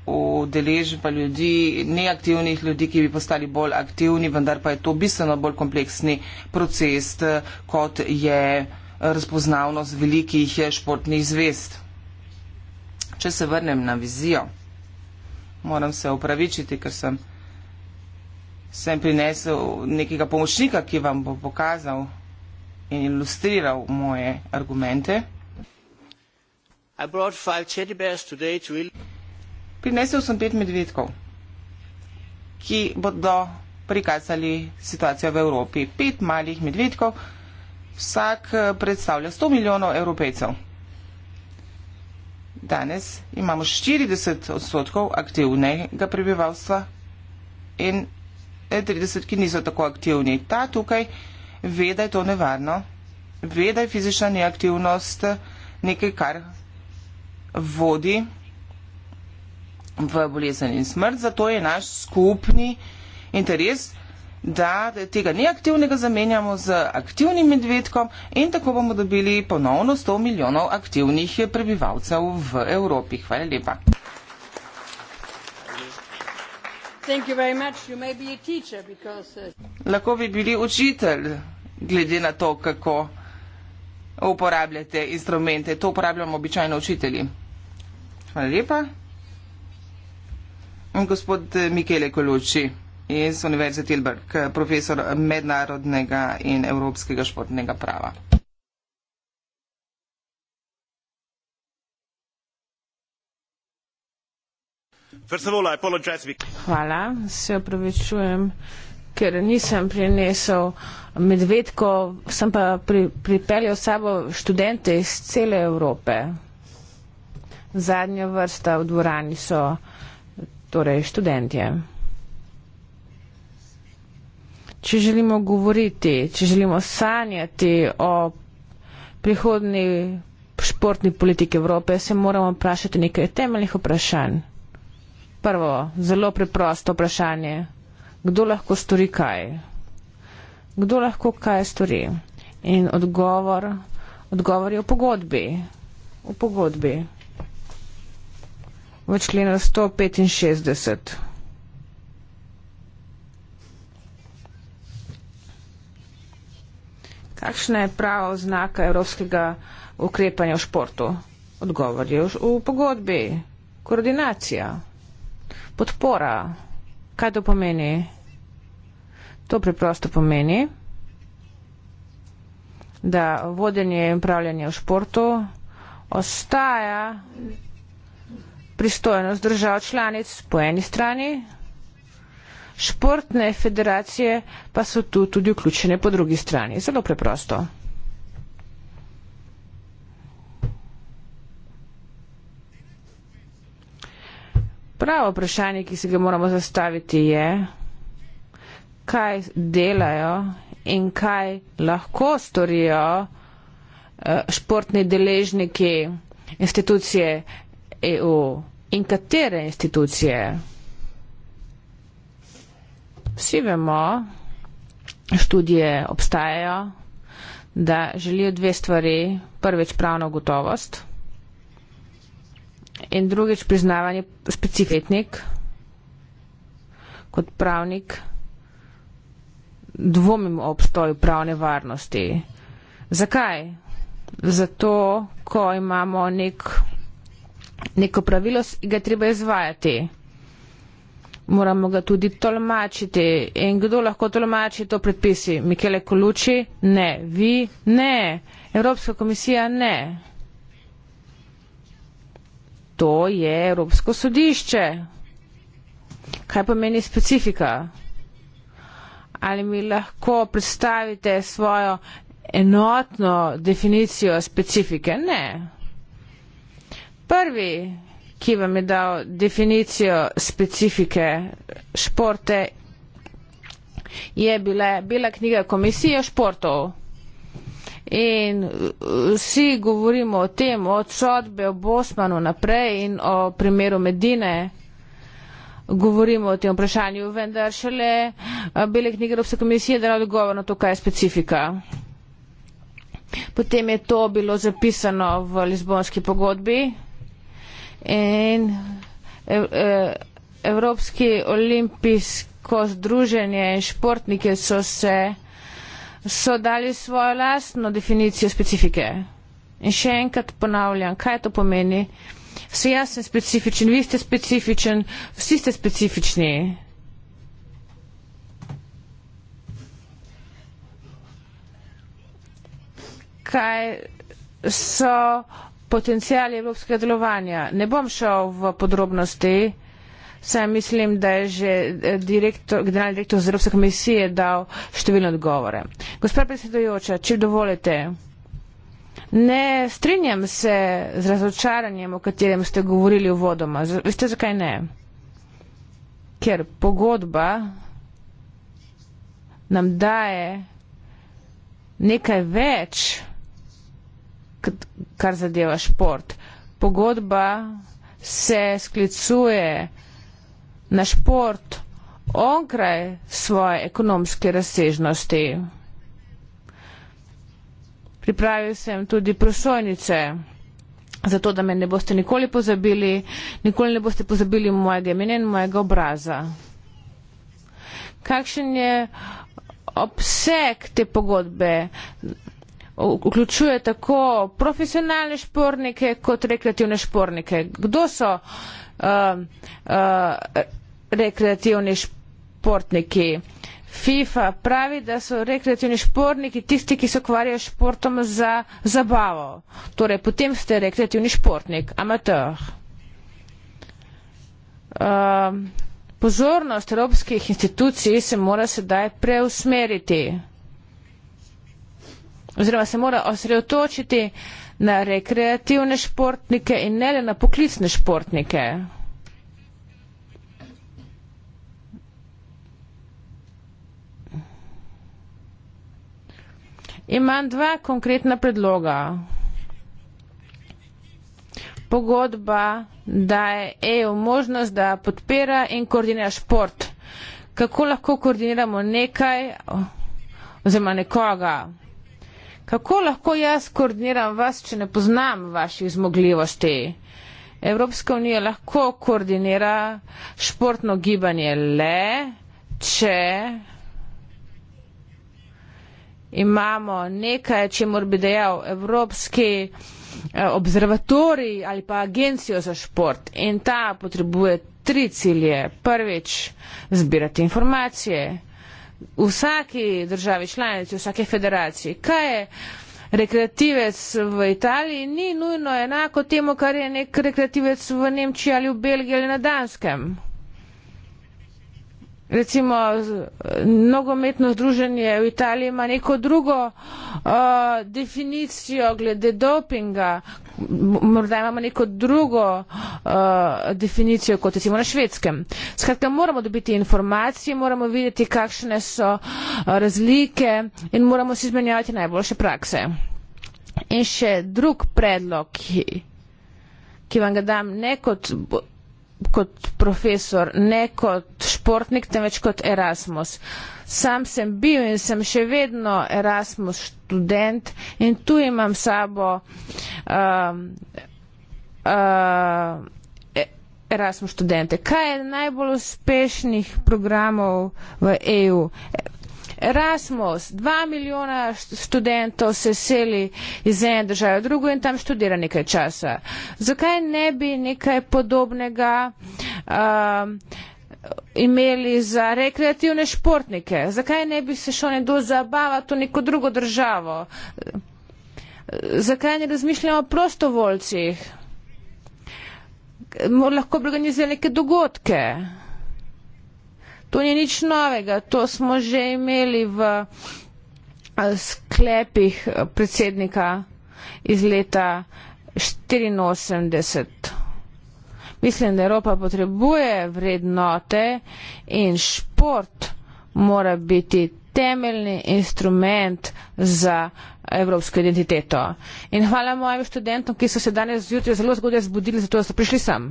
Speaker 1: udeležba ljudi, neaktivnih ljudi, ki bi postali bolj aktivni, vendar pa je to bistveno bolj kompleksni proces, eh, kot je razpoznavnost velikih eh, športnih zvest. Če se vrnem na vizijo, moram se upravičiti, ker sem, sem prinesel nekega pomočnika, ki vam bo pokazal in ilustriral moje argumente.
Speaker 3: I brought five teddy bears today to illustrate
Speaker 1: prinesel sem pet medvedkov, ki bodo prikazali situacijo v Evropi. Pet malih medvedkov, vsak eh, predstavlja 100 milijonov evropejcev. Danes imamo 40 odstotkov aktivnega prebivalstva in 30, eh, ki niso tako aktivni. Ta tukaj ve, da je to nevarno, ve, da je fizična neaktivnost nekaj, kar vodi v bolezen in smrt, zato je naš skupni interes, da tega neaktivnega zamenjamo z aktivnim medvedkom in tako bomo dobili ponovno 100 milijonov aktivnih prebivalcev v Evropi. Hvala lepa.
Speaker 4: Teacher, because,
Speaker 1: uh... Lahko bi bili učitelj, glede na to, kako uporabljate instrumente. To uporabljamo običajno učitelji. Hvala lepa. Gospod Mikele Koluči iz Univerze Tilburg, profesor mednarodnega in evropskega športnega prava. All,
Speaker 3: Hvala, se opravičujem, ker nisem prinesel medvedko, sem pa pri, pripeljal sabo študente iz cele Evrope. Zadnja vrsta v dvorani so torej študentje. Če želimo govoriti, če želimo sanjati o prihodni športni politiki Evrope, se moramo vprašati nekaj temeljnih vprašanj. Prvo, zelo preprosto vprašanje, kdo lahko stori kaj? Kdo lahko kaj stori? In odgovor, odgovor je v pogodbi. V pogodbi v členu 165. Kakšna je prava oznaka evropskega ukrepanja v športu? Odgovor je v pogodbi. Koordinacija. Podpora. Kaj to pomeni? To preprosto pomeni, da vodenje in upravljanje v športu ostaja pristojnost držav članic po eni strani, športne federacije pa so tu tudi vključene po drugi strani. Zelo preprosto. Pravo vprašanje, ki se ga moramo zastaviti, je, kaj delajo in kaj lahko storijo eh, športni deležniki institucije EU in katere institucije? Vsi vemo, študije obstajajo, da želijo dve stvari. Prvič pravno gotovost in drugič priznavanje specifetnik kot pravnik dvomim o obstoju pravne varnosti. Zakaj? Zato, ko imamo nek neko pravilo, ga treba izvajati. Moramo ga tudi tolmačiti. In kdo lahko tolmači to predpisi? Mikele Koluči? Ne. Vi? Ne. Evropska komisija? Ne. To je Evropsko sodišče. Kaj pomeni specifika? Ali mi lahko predstavite svojo enotno definicijo specifike? Ne prvi, ki vam je dal definicijo specifike športe, je bila bila knjiga Komisije športov. In uh, vsi govorimo o tem, od sodbe o Bosmanu naprej in o primeru Medine, govorimo o tem vprašanju, vendar šele uh, Bele knjige Evropske komisije dala odgovor na to, kaj je specifika. Potem je to bilo zapisano v Lizbonski pogodbi in e, Evropski olimpijsko združenje in športnike so se so dali svojo lastno definicijo specifike. In še enkrat ponavljam, kaj to pomeni? Vsi jaz sem specifičen, vi ste specifičen, vsi ste specifični. Kaj so potencijal evropskega delovanja. Ne bom šel v podrobnosti, saj mislim, da je že eh, direktor, generalni direktor Evropske komisije dal številne odgovore. Gospod predsedujoča, če dovolite, ne strinjam se z razočaranjem, o katerem ste govorili uvodoma. Veste, zakaj ne? Ker pogodba nam daje nekaj več kar zadeva šport. Pogodba se sklicuje na šport onkraj svoje ekonomske razsežnosti. Pripravil sem tudi prosojnice, zato da me ne boste nikoli pozabili, nikoli ne boste pozabili mojega imena in mojega obraza. Kakšen je obseg te pogodbe? vključuje tako profesionalne špornike kot rekreativne špornike. Kdo so uh, uh, rekreativni športniki? FIFA pravi, da so rekreativni športniki tisti, ki se ukvarjajo športom za zabavo. Torej, potem ste rekreativni športnik, amater. Uh, pozornost evropskih institucij se mora sedaj preusmeriti oziroma se mora osredotočiti na rekreativne športnike in ne le na poklicne športnike. Imam dva konkretna predloga. Pogodba daje EU možnost, da podpira in koordinira šport. Kako lahko koordiniramo nekaj oziroma nekoga? Kako lahko jaz koordiniram vas, če ne poznam vaših zmogljivosti? Evropska unija lahko koordinira športno gibanje le, če imamo nekaj, če mor bi dejal Evropski eh, observatorij ali pa agencijo za šport in ta potrebuje tri cilje. Prvič, zbirati informacije u vsaki državi članici, u svake federaciji. Kaj je rekreativec v Italiji ni nujno enako temu, kar je nek rekreativec v Nemčiji ali v Belgiji ali na Danskem recimo nogometno združenje v Italiji ima neko drugo uh, definicijo glede dopinga, morda imamo neko drugo uh, definicijo kot recimo na švedskem. Skratka, moramo dobiti informacije, moramo videti, kakšne so uh, razlike in moramo si izmenjavati najboljše prakse. In še drug predlog, ki, ki vam ga dam, ne kot. Bo, kot profesor, ne kot športnik, temveč kot Erasmus. Sam sem bil in sem še vedno Erasmus študent in tu imam sabo um, uh, Erasmus študente. Kaj je najbolj uspešnih programov v EU? Erasmus, dva milijona študentov se seli iz ene države v drugo in tam študira nekaj časa. Zakaj ne bi nekaj podobnega um, imeli za rekreativne športnike? Zakaj ne bi se šel nekdo zabavati v neko drugo državo? Zakaj ne razmišljamo o prostovoljcih? Lahko bi organizirali neke dogodke. To ni nič novega, to smo že imeli v eh, sklepih eh, predsednika iz leta 1984. Mislim, da Evropa potrebuje vrednote in šport mora biti temeljni instrument za evropsko identiteto. In hvala mojim študentom, ki so se danes zjutraj zelo zgodaj zbudili, zato so prišli sem.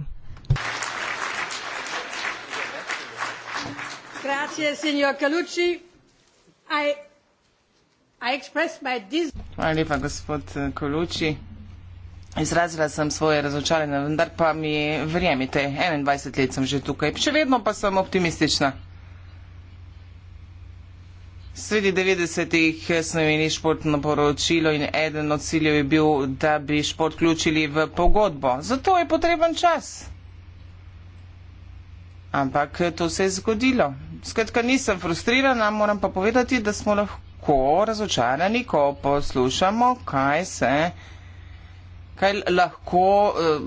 Speaker 4: grazie signor Calucci. I, I express my dis
Speaker 1: Hvala lepa, gospod Kolucci. Eh, Izrazila sem svoje razočaranje, vendar pa mi verjemite, 21 let sem že tukaj, še vedno pa sem optimistična. Sredi 90-ih eh, smo imeli športno poročilo in eden od ciljev je bil, da bi šport vključili v pogodbo. Zato je potreben čas. Ampak eh, to se je zgodilo. Skratka, nisem frustrirana, moram pa povedati, da smo lahko razočarani, ko poslušamo, kaj se kaj lahko eh,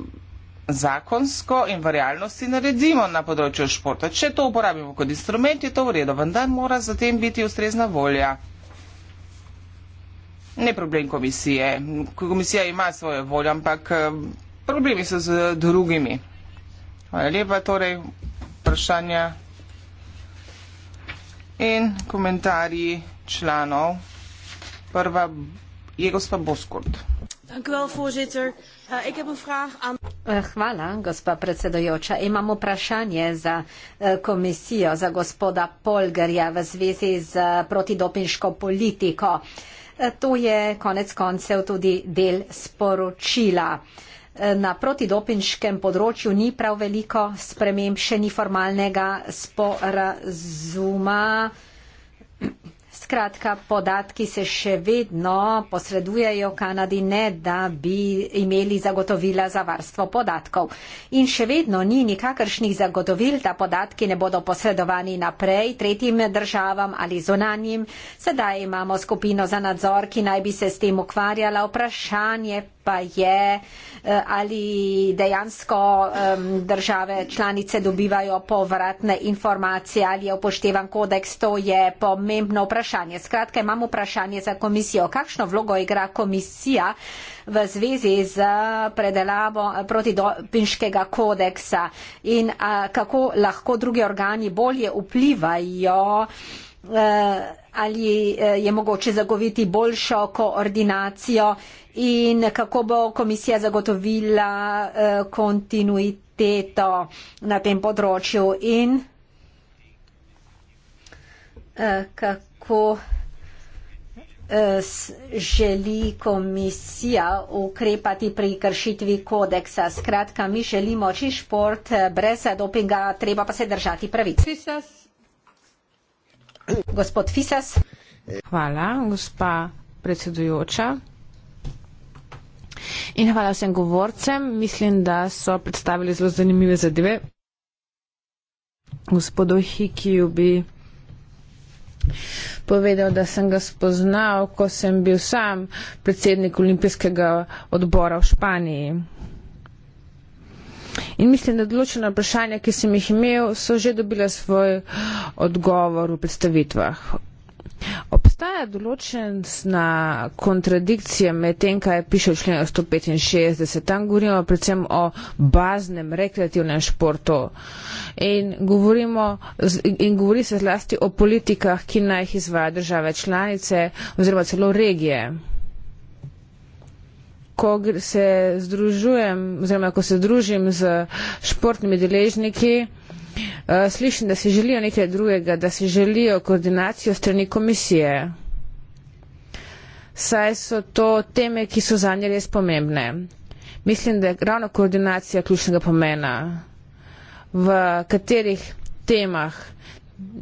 Speaker 1: zakonsko in v realnosti naredimo na področju športa. Če to uporabimo kot instrument, je to v redu, vendar mora zatem biti ustrezna volja. Ne problem komisije. Komisija ima svojo voljo, ampak eh, problemi so z drugimi. Hvala lepa, torej vprašanja in komentarji članov. Prva je gospa Boskurt.
Speaker 4: Eh,
Speaker 2: eh, hvala, gospa predsedojoča. Imam vprašanje za eh, komisijo, za gospoda Polgerja v zvezi z protidopinško politiko. To je konec koncev tudi del sporočila na protidopinškem področju ni prav veliko sprememb, še ni formalnega sporazuma. Skratka, podatki se še vedno posredujejo Kanadi, ne da bi imeli zagotovila za varstvo podatkov. In še vedno ni nikakršnih zagotovil, da podatki ne bodo posredovani naprej tretjim državam ali zonanjim. Sedaj imamo skupino za nadzor, ki naj bi se s tem ukvarjala. Vprašanje pa je, eh, ali dejansko države članice dobivajo povratne informacije, ali je upoštevan kodeks. To je pomembno vprašanje vprašanje. Skratka, imamo vprašanje za komisijo. Kakšno vlogo igra komisija v zvezi z predelavo protidopinškega kodeksa in a, kako lahko drugi organi bolje vplivajo a, e, ali e, je mogoče zagoviti boljšo koordinacijo in kako bo komisija zagotovila a, e, kontinuiteto teto na tem področju in uh, kako ko eh, želi komisija ukrepati pri kršitvi kodeksa. Skratka, mi želimo oči šport eh, brez dopinga, treba pa se držati pravic. Fisas. Gospod Fisas. Hvala,
Speaker 3: gospa predsedujoča. In hvala vsem govorcem. Mislim, da so predstavili zelo zanimive zadeve. Gospodo Hikiju bi povedal, da sem ga spoznal, ko sem bil sam predsednik olimpijskega odbora v Španiji. In mislim, da določena vprašanja, ki sem jih imel, so že dobila svoj odgovor v predstavitvah. Obstaja določena kontradikcija med tem, kaj piše v členu 165. Tam govorimo predvsem o baznem rekreativnem športu in, govorimo, in govori se zlasti o politikah, ki naj jih izvaja države članice oziroma celo regije. Ko se združujem oziroma ko se družim z športnimi deležniki, Eh, slišim, da si želijo nekaj drugega, da si želijo koordinacijo strani komisije. Saj so to teme, ki so za nje res pomembne. Mislim, da je ravno koordinacija ključnega pomena, v katerih temah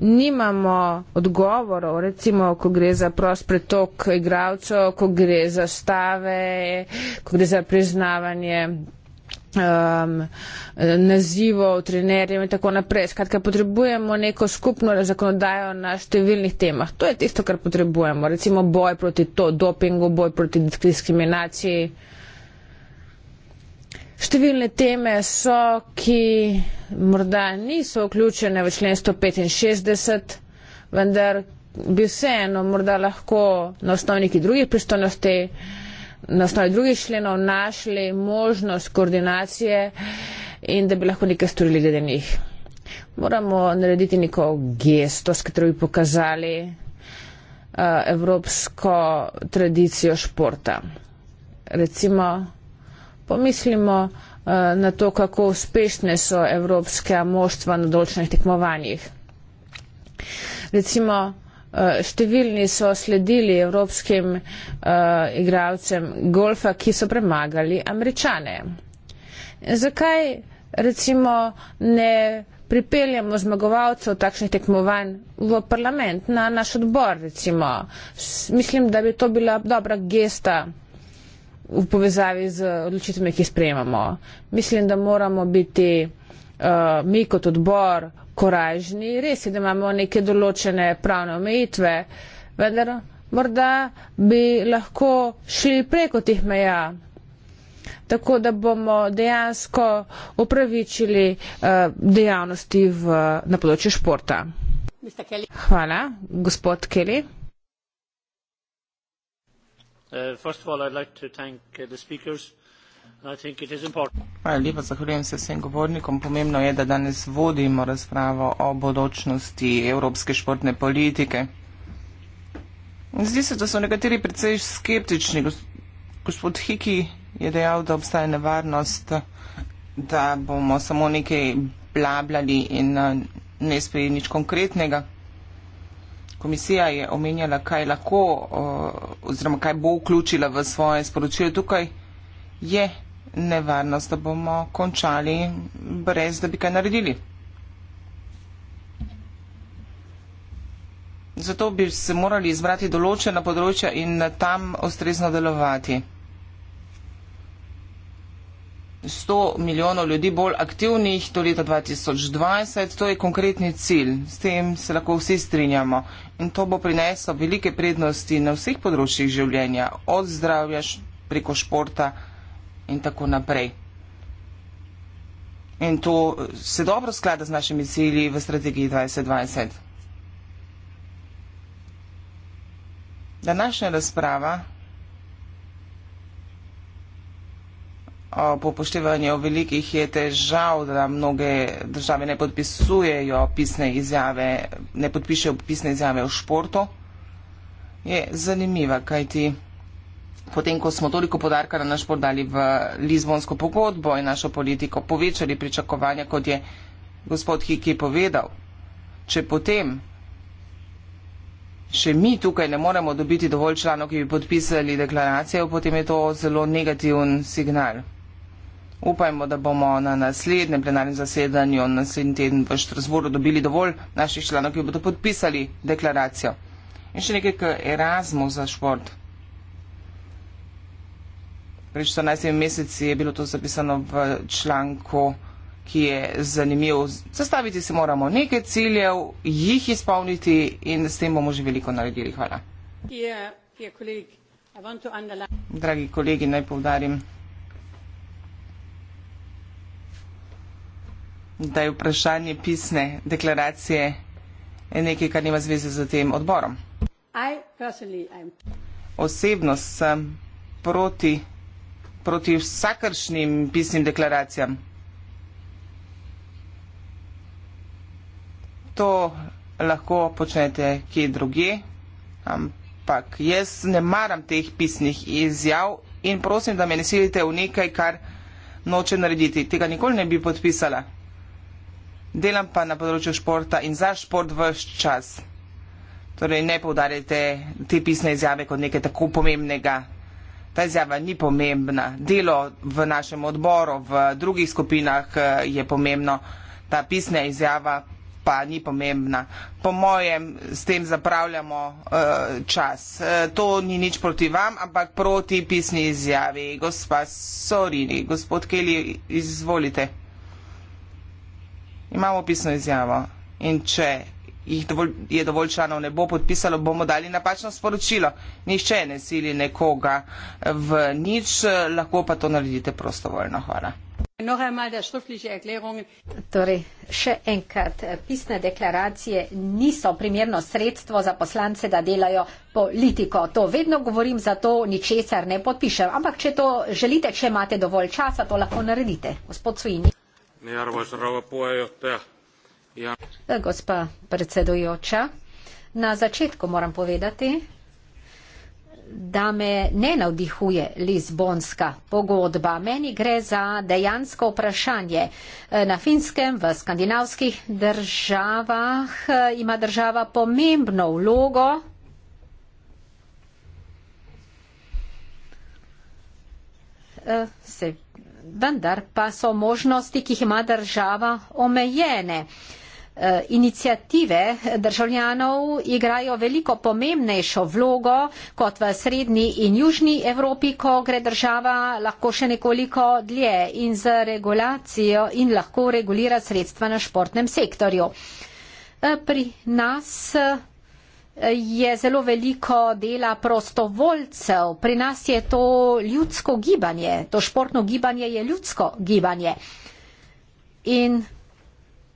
Speaker 3: nimamo odgovorov, recimo, ko gre za prost pretok igralcev, ko gre za stave, ko gre za priznavanje um, nazivov, trenerjev in tako naprej. Skratka, potrebujemo neko skupno zakonodajo na številnih temah. To je tisto, kar potrebujemo. Recimo boj proti to dopingu, boj proti diskriminaciji. Številne teme so, ki morda niso vključene v člen 165, vendar bi vseeno morda lahko na osnovniki drugih pristojnosti na osnovi drugih členov našli možnost koordinacije in da bi lahko nekaj storili glede njih. Moramo narediti neko gesto, s katero bi pokazali uh, evropsko tradicijo športa. Recimo, pomislimo uh, na to, kako uspešne so evropske moštva na določenih tekmovanjih. Recimo, Eh, številni so sledili evropskim uh, igralcem golfa, ki so premagali američane. Zakaj recimo ne pripeljamo zmagovalcev takšnih tekmovanj v parlament, na naš odbor recimo? Mislim, da bi to bila dobra gesta v povezavi z odločitvami, ki jih sprejemamo. Mislim, da moramo biti uh, mi kot odbor korajžni. Res je, da imamo neke določene pravne omejitve, vendar morda bi lahko šli preko tih meja, tako da bomo dejansko upravičili uh, eh, dejavnosti v, na področju športa. Hvala, gospod Kelly.
Speaker 4: Uh, first of all, I'd like to thank uh, the speakers. Hvala
Speaker 1: lepa, zahvaljujem se vsem govornikom. Pomembno je, da danes vodimo razpravo o bodočnosti evropske športne politike. Zdi se, da so nekateri precej skeptični. Gospod Hiki je dejal, da obstaja nevarnost, da bomo samo nekaj blabljali in ne sprejeli nič konkretnega. Komisija je omenjala, kaj lahko oziroma kaj bo vključila v svoje sporočilo. Tukaj je nevarnost, da bomo končali brez, da bi kaj naredili. Zato bi se morali izbrati določena področja in tam ustrezno delovati. 100 milijonov ljudi bolj aktivnih do leta 2020, to je konkretni cilj, s tem se lahko vsi strinjamo. In to bo prineslo velike prednosti na vseh področjih življenja, od zdravja preko športa, in tako naprej. In to se dobro sklada z našimi cilji v strategiji 2020. Današnja razprava o popoštevanju velikih je težav, da mnoge države ne podpisujejo pisne izjave, ne podpišejo pisne izjave o športu, je zanimiva, kajti potem ko smo toliko podarka na naš šport dali v Lizbonsko pogodbo in našo politiko, povečali pričakovanja, kot je gospod Hiki povedal. Če potem še mi tukaj ne moremo dobiti dovolj članov, ki bi podpisali deklaracijo, potem je to zelo negativen signal. Upajmo, da bomo na naslednjem plenarnem zasedanju, naslednji teden v Štrasburu, dobili dovolj naših članov, ki bodo podpisali deklaracijo. In še nekaj k Erasmusu za šport pred 14 meseci je bilo to zapisano v članku, ki je zanimiv. Zastaviti se moramo nekaj ciljev, jih izpolniti in s tem bomo že veliko naredili. Hvala. Dragi kolegi, naj povdarim, da je vprašanje pisne deklaracije nekaj, kar nima zveze z tem odborom. Osebno sem proti proti vsakršnim pisnim deklaracijam. To lahko počnete kje druge, ampak jaz ne maram teh pisnih izjav in prosim, da me ne silite v nekaj, kar noče narediti. Tega nikoli ne bi podpisala. Delam pa na področju športa in za šport vse čas. Torej, ne povdarjajte te pisne izjave kot nekaj tako pomembnega ta izjava ni pomembna. Delo v našem odboru, v drugih skupinah eh, je pomembno, ta pisna izjava pa ni pomembna. Po mojem, s tem zapravljamo uh, čas. Uh, to ni nič proti vam, ampak proti pisni izjavi. Gospa Sorini, gospod Keli, izvolite. Imamo pisno izjavo. In če jih dovolj, je dovolj članov ne bo podpisalo, bomo dali napačno sporočilo. Nihče ne sili nekoga v nič, lahko pa to naredite prostovoljno. Hvala.
Speaker 2: Torej, še enkrat, pisne deklaracije niso primerno sredstvo za poslance, da delajo politiko. To vedno govorim, zato ničesar ne podpišem. Ampak, če to želite, če imate dovolj časa, to lahko naredite. Gospod Svini. Ja. Gospa predsedujoča, na začetku moram povedati, da me ne navdihuje Lizbonska pogodba. Meni gre za dejansko vprašanje. Na finskem, v skandinavskih državah eh, ima država pomembno vlogo. Eh, se, vendar pa so možnosti, ki jih ima država, omejene. Uh, Eh, inicijative državljanov igrajo veliko pomembnejšo vlogo kot v srednji in južni Evropi, ko gre država lahko še nekoliko dlje in z regulacijo in lahko regulira sredstva na športnem sektorju. Eh, pri nas eh, je zelo veliko dela prostovoljcev, pri nas je to ljudsko gibanje, to športno gibanje je ljudsko gibanje. In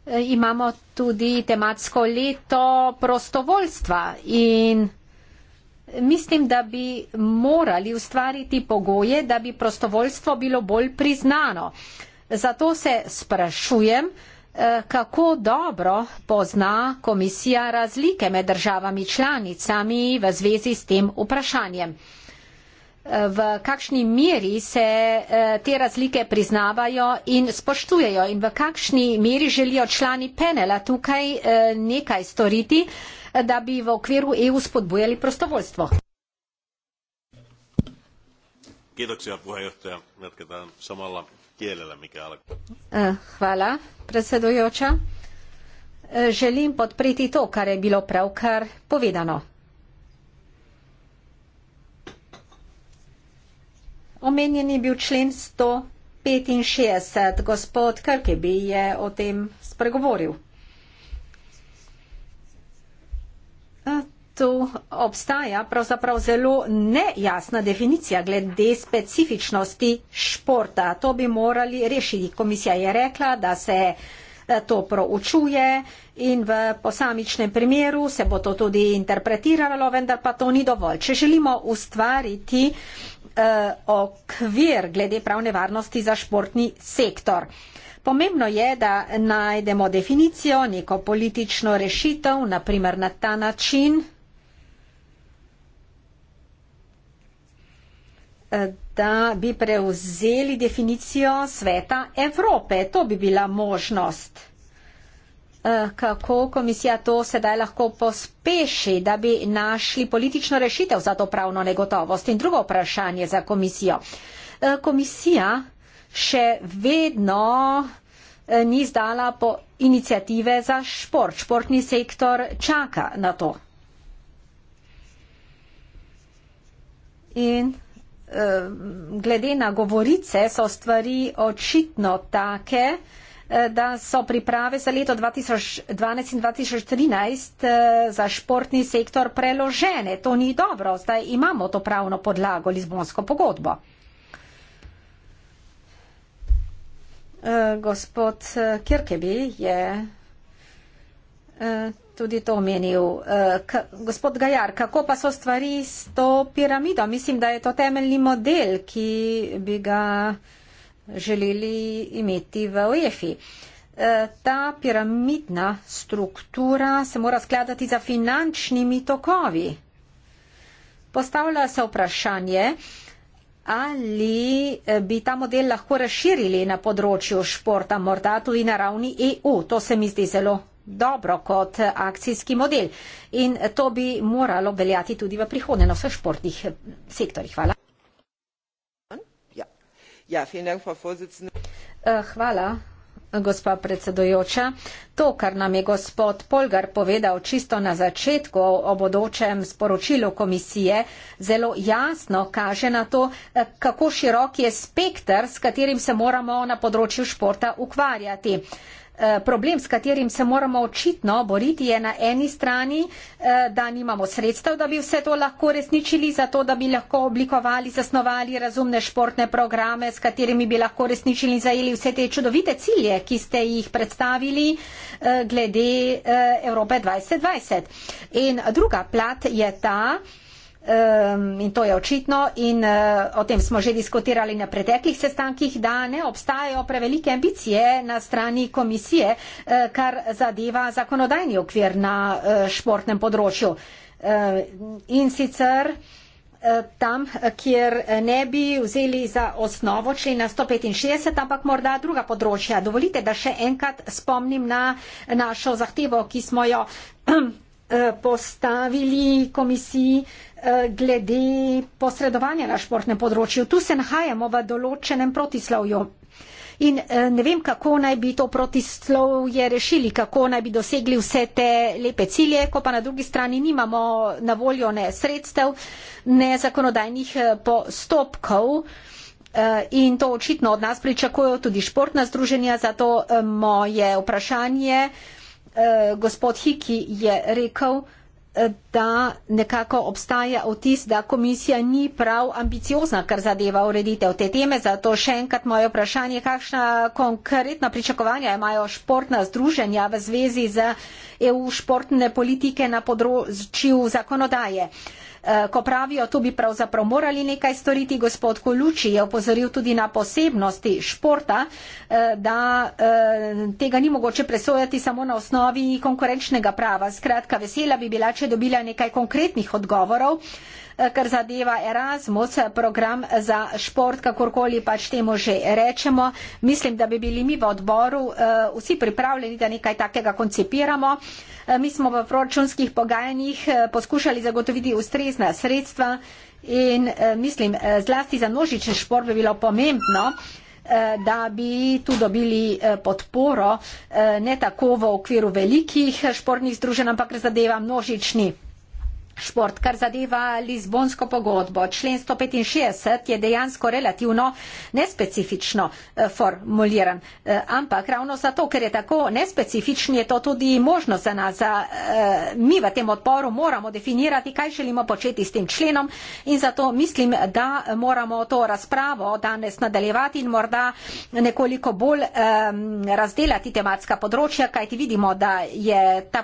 Speaker 2: Eh, imamo tudi tematsko leto prostovoljstva in mislim, da bi morali ustvariti pogoje, da bi prostovoljstvo bilo bolj priznano. Zato se sprašujem, eh, kako dobro pozna komisija razlike med državami članicami v zvezi s tem vprašanjem v kakšni meri se eh, te razlike priznavajo in spoštujejo in v kakšni meri želijo člani panela tukaj eh, nekaj storiti, eh, da bi v okviru EU spodbujali prostovoljstvo. Hvala, predsedujoča. Želim podpreti to, kar je bilo pravkar povedano. Omenjeni bil člen 165. Gospod Krkebi je o tem spregovoril. Tu obstaja pravzaprav zelo nejasna definicija glede specifičnosti športa. To bi morali rešiti. Komisija je rekla, da se e, to proučuje in v posamičnem primeru se bo to tudi interpretiralo, vendar pa to ni dovolj. Če želimo ustvariti uh, okvir glede pravne varnosti za športni sektor. Pomembno je, da najdemo definicijo, neko politično rešitev, naprimer na ta način, eh, da bi prevzeli definicijo sveta Evrope. To bi bila možnost. Eh, kako komisija to sedaj lahko pospeši, da bi našli politično rešitev za to pravno negotovost. In drugo vprašanje za komisijo. Eh, komisija še vedno eh, ni zdala po inicijative za šport. Športni sektor čaka na to. In glede na govorice so stvari očitno take, da so priprave za leto 2012 in 2013 eh, za športni sektor preložene. To ni dobro, zdaj imamo to pravno podlago, Lizbonsko pogodbo. Eh, gospod eh, Kirkeby je tudi to omenil. Gospod Gajar, kako pa so stvari s to piramido? Mislim, da je to temeljni model, ki bi ga želeli imeti v UEFI. E, ta piramidna struktura se mora skladati za finančnimi tokovi. Postavlja se vprašanje, ali e, bi ta model lahko razširili na področju športa, morda tudi na ravni EU. To se mi zdi zelo dobro kot akcijski model in to bi moralo veljati tudi v prihodnje na vseh športnih sektorjih. Hvala.
Speaker 1: Ja, Dank, Frau eh,
Speaker 2: Hvala, gospa predsedujoča. To, kar nam je gospod Polgar povedal čisto na začetku o bodočem sporočilu komisije, zelo jasno kaže na to, eh, kako širok je spektr, s katerim se moramo na področju športa ukvarjati. Eh, problem, s katerim se moramo očitno boriti, je na eni strani, eh, da nimamo sredstev, da bi vse to lahko resničili, zato da bi lahko oblikovali, zasnovali razumne športne programe, s katerimi bi lahko resničili in zajeli vse te čudovite cilje, ki ste jih predstavili eh, glede Evrope 2020. In druga plat je ta, Um, in to je očitno in uh, o tem smo že diskutirali na preteklih sestankih, da ne obstajajo prevelike ambicije na strani komisije, uh, kar zadeva zakonodajni okvir na uh, športnem področju. Uh, in sicer tam, kjer ne bi vzeli za osnovo člena 165, ampak morda druga področja. Dovolite, da še enkrat spomnim na našo zahtevo, ki smo jo postavili komisiji uh, Eh, glede posredovanja na športnem področju. Tu se nahajamo v določenem protislovju. In eh, ne vem, kako naj bi to protislovje rešili, kako naj bi dosegli vse te lepe cilje, ko pa na drugi strani nimamo na voljo ne sredstev, ne zakonodajnih eh, postopkov. In to očitno od nas pričakujejo tudi športna združenja, zato moje vprašanje, gospod Hiki je rekel, da nekako obstaja vtis, da komisija ni prav ambiciozna, kar zadeva ureditev te teme. Zato še enkrat moje vprašanje, kakšna konkretna pričakovanja imajo športna združenja v zvezi z EU športne politike na področju zakonodaje. Uh, Eh, ko pravijo, tu bi pravzaprav morali nekaj storiti. Gospod Koluči je opozoril tudi na posebnosti športa, eh, da eh, tega ni mogoče presojati samo na osnovi konkurenčnega prava. Skratka, vesela bi bila, če dobila nekaj konkretnih odgovorov. Eh, kar zadeva Erasmus, eh, program za šport, kakorkoli pač temu že rečemo. Mislim, da bi bili mi v odboru eh, vsi pripravljeni, da nekaj takega koncipiramo. Mi smo v proračunskih pogajanjih poskušali zagotoviti ustrezna sredstva in mislim, zlasti za nožiče šport bi bilo pomembno da bi tu dobili podporo ne tako v okviru velikih športnih združenj, ampak zadeva množični. Šport, kar zadeva Lizbonsko pogodbo, člen 165 je dejansko relativno nespecifično eh, formuliran. Eh, ampak ravno zato, ker je tako nespecifičen, je to tudi možnost za nas. Eh, mi v tem odporu moramo definirati, kaj želimo početi s tem členom in zato mislim, da moramo to razpravo danes nadaljevati in morda nekoliko bolj razdelati tematska področja, kajti vidimo, da je ta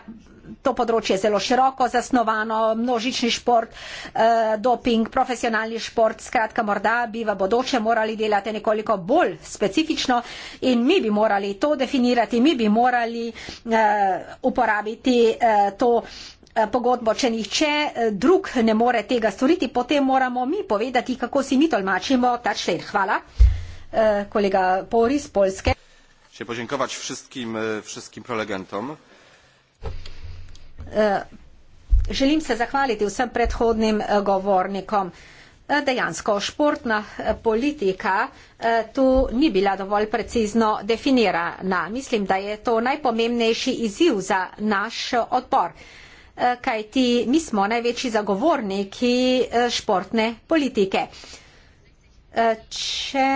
Speaker 2: to področje je zelo široko zasnovano, množični šport, eh, doping, profesionalni šport, skratka morda bi v bodoče morali delati nekoliko bolj specifično in mi bi morali to definirati, mi bi morali eh, uporabiti eh, to eh, pogodbo, če nihče eh, drug ne more tega storiti, potem moramo mi povedati, kako si mi tolmačimo ta člen. Hvala, eh, kolega Poris, Polske.
Speaker 5: Še podziękować wszystkim, wszystkim prelegentom.
Speaker 2: Eh, želim se zahvaliti vsem predhodnim eh, govornikom. Eh, dejansko športna politika tu ni bila dovolj precizno definirana. Mislim, da je to najpomembnejši izziv za naš odbor, kajti mi smo največji zagovorniki športne politike. Če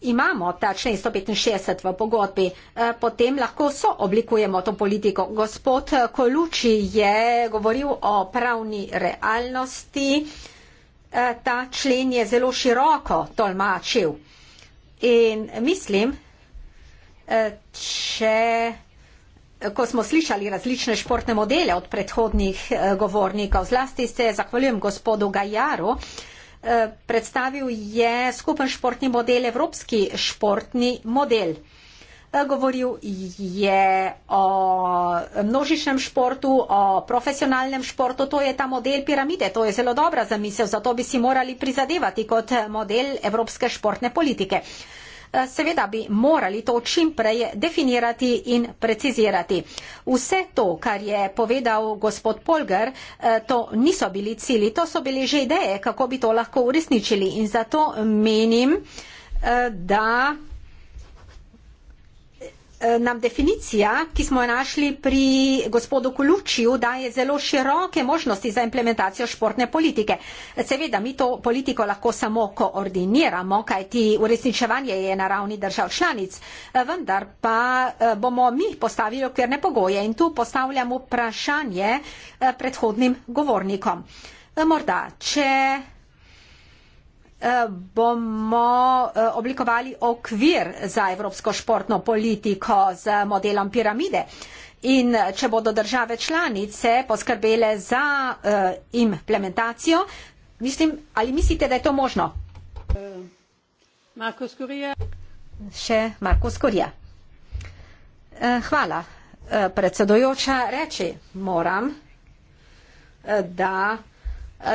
Speaker 2: imamo ta člen 165 v pogodbi, eh, potem lahko sooblikujemo to politiko. Gospod eh, Koluči je govoril o pravni realnosti. Eh, ta člen je zelo široko tolmačil. In mislim, če, ko smo slišali različne športne modele od predhodnih govornikov, zlasti se zahvaljujem gospodu Gajaru, Eh, predstavil je skupen športni model, evropski športni model. Eh, govoril je o množičnem športu, o profesionalnem športu, to je ta model piramide, to je zelo dobra zamisel, zato bi si morali prizadevati kot model evropske športne politike. Eh, seveda bi morali to čimprej definirati in precizirati. Vse to, kar je povedal gospod Polgar, eh, to niso bili cili, to so bili že ideje, kako bi to lahko uresničili. In zato menim, eh, da Eh, nam definicija, ki smo jo našli pri gospodu Kulučiju, daje zelo široke možnosti za implementacijo športne politike. Seveda, mi to politiko lahko samo koordiniramo, kajti uresničevanje je na ravni držav članic, eh, vendar pa eh, bomo mi postavili okvirne pogoje in tu postavljam vprašanje predhodnim govornikom. Morda, če Eh, bomo eh, oblikovali okvir za evropsko športno politiko z modelom piramide. In eh, če bodo države članice poskrbele za implementacijo, mislim, ali mislite, da je to možno?
Speaker 4: Marko Skorija.
Speaker 2: Še Marko Skorija. Hvala. Predsedojoča reči moram, da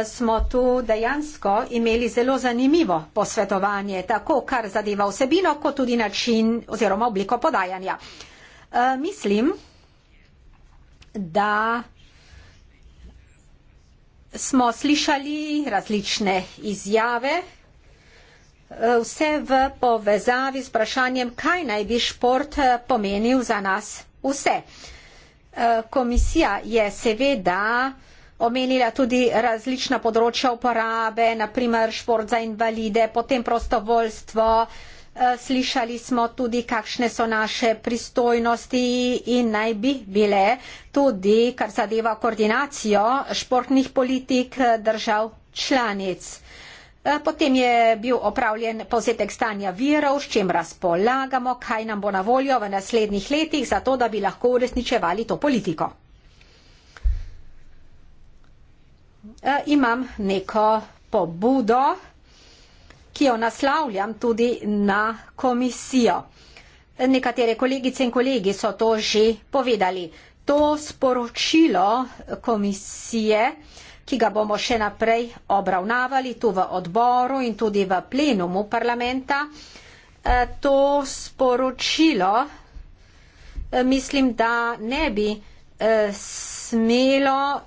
Speaker 2: smo tu dejansko imeli zelo zanimivo posvetovanje, tako kar zadeva vsebino, kot tudi način oziroma obliko podajanja. Eh, mislim, da smo slišali različne izjave, eh, vse v povezavi s vprašanjem, kaj naj bi šport eh, pomenil za nas vse. Komisija je seveda omenila tudi različna področja uporabe, naprimer šport za invalide, potem prostovoljstvo. Eh, slišali smo tudi, kakšne so naše pristojnosti in naj bi bile tudi, kar zadeva koordinacijo športnih politik eh, držav članic. Eh, potem je bil opravljen posetek stanja virov, s čim razpolagamo, kaj nam bo na voljo v naslednjih letih, zato da bi lahko uresničevali to politiko. Eh, imam neko pobudo, ki jo naslavljam tudi na komisijo. Nekatere kolegice in kolegi so to že povedali. To sporočilo komisije, ki ga bomo še naprej obravnavali tu v odboru in tudi v plenumu parlamenta, eh, to sporočilo eh, mislim, da ne bi smelo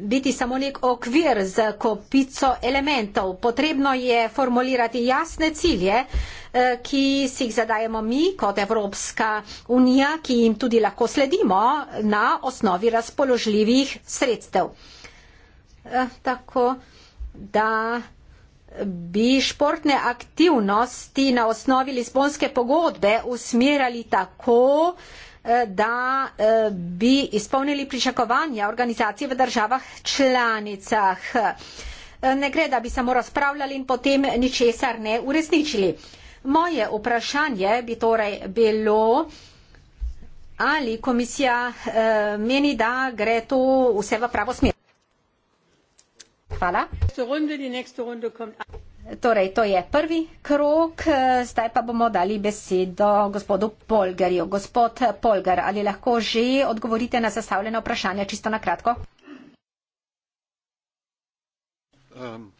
Speaker 2: biti samo nek okvir z kopico elementov. Potrebno je formulirati jasne cilje, eh, ki si jih zadajemo mi kot Evropska unija, ki jim tudi lahko sledimo na osnovi razpoložljivih sredstev. Eh, tako da bi športne aktivnosti na osnovi Lisbonske pogodbe usmerjali tako, Eh, da eh, bi izpolnili pričakovanja organizacije v državah članicah. Eh, ne gre, da bi samo razpravljali in potem ničesar ne uresničili. Moje vprašanje bi torej bilo, ali komisija meni, da gre to vse v pravo smer. Hvala. Torej, to je prvi krok. Eh, zdaj pa bomo dali besedo gospodu Polgarju. Gospod Polgar, ali lahko že odgovorite na zastavljeno vprašanje čisto na kratko?
Speaker 5: Um,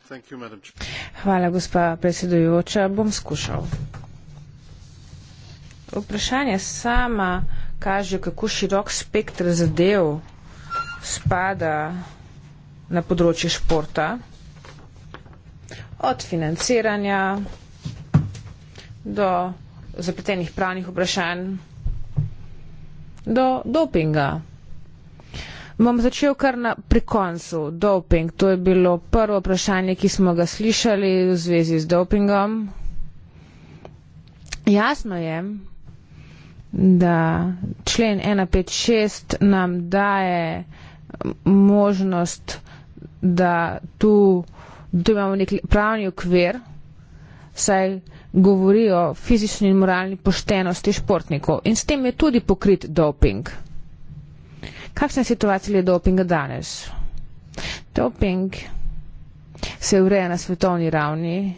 Speaker 3: Hvala, gospa predsedujoča. Bom skušal. Vprašanje sama kaže, kako širok spektr zadev spada na področje športa od financiranja do zapletenih pravnih vprašanj do dopinga. Bom začel kar na prekoncu. Doping, to je bilo prvo vprašanje, ki smo ga slišali v zvezi s dopingom. Jasno je, da člen 156 nam daje možnost, da tu da imamo nek pravni okvir, saj govorijo o fizični in moralni poštenosti športnikov in s tem je tudi pokrit doping. Kakšna je situacija glede dopinga danes? Doping se ureja na svetovni ravni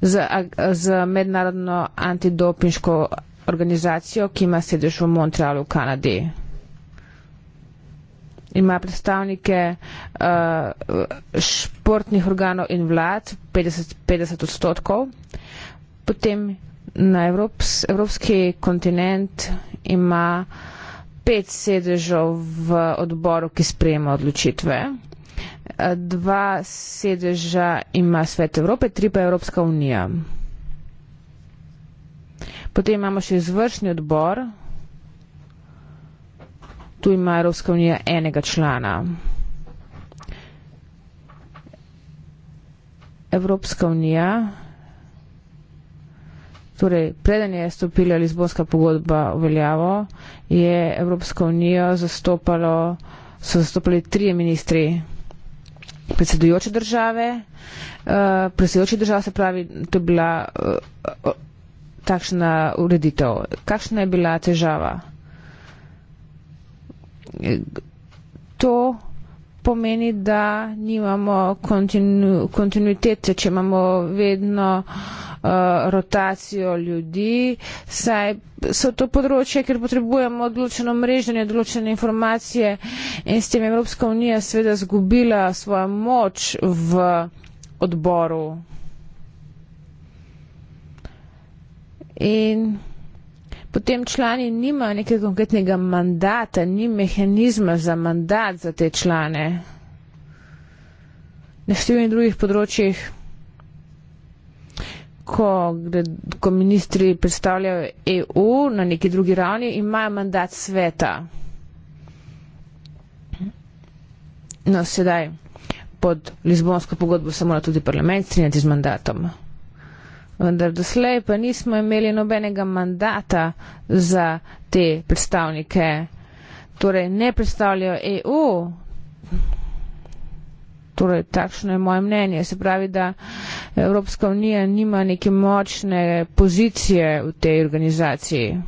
Speaker 3: z, z mednarodno antidopinško organizacijo, ki ima sedež v Montrealu v Kanadi ima predstavnike uh, športnih organov in vlad 50, 50 odstotkov, potem na Evrops, evropski kontinent ima pet sedežev v odboru, ki sprejema odločitve, eh, dva sedeža ima svet Evrope, tri pa Evropska unija. Potem imamo še izvršni odbor, tu ima Evropska unija enega člana. Evropska unija, torej preden je stopila Lizbonska pogodba v veljavo, je Evropsko unijo zastopalo, so zastopali trije ministri predsedujoče države. Uh, eh, predsedujoče države se pravi, to je bila uh, uh, takšna ureditev. Kakšna je bila težava? to pomeni, da nimamo kontinu, kontinuitete, če imamo vedno uh, rotacijo ljudi, saj so to področje, kjer potrebujemo odločeno mreženje, odločene informacije in s tem je Evropska unija seveda zgubila svojo moč v odboru. In potem člani nimajo nekega konkretnega mandata, ni mehanizma za mandat za te člane. Na številnih drugih področjih, ko, ko ministri predstavljajo EU na neki drugi ravni, imajo mandat sveta. No, sedaj pod Lizbonsko pogodbo se mora tudi parlament strinjati z mandatom vendar doslej pa nismo imeli nobenega mandata za te predstavnike. Torej, ne predstavljajo EU. Torej, takšno je moje mnenje. Se pravi, da Evropska unija nima neke močne pozicije v tej organizaciji.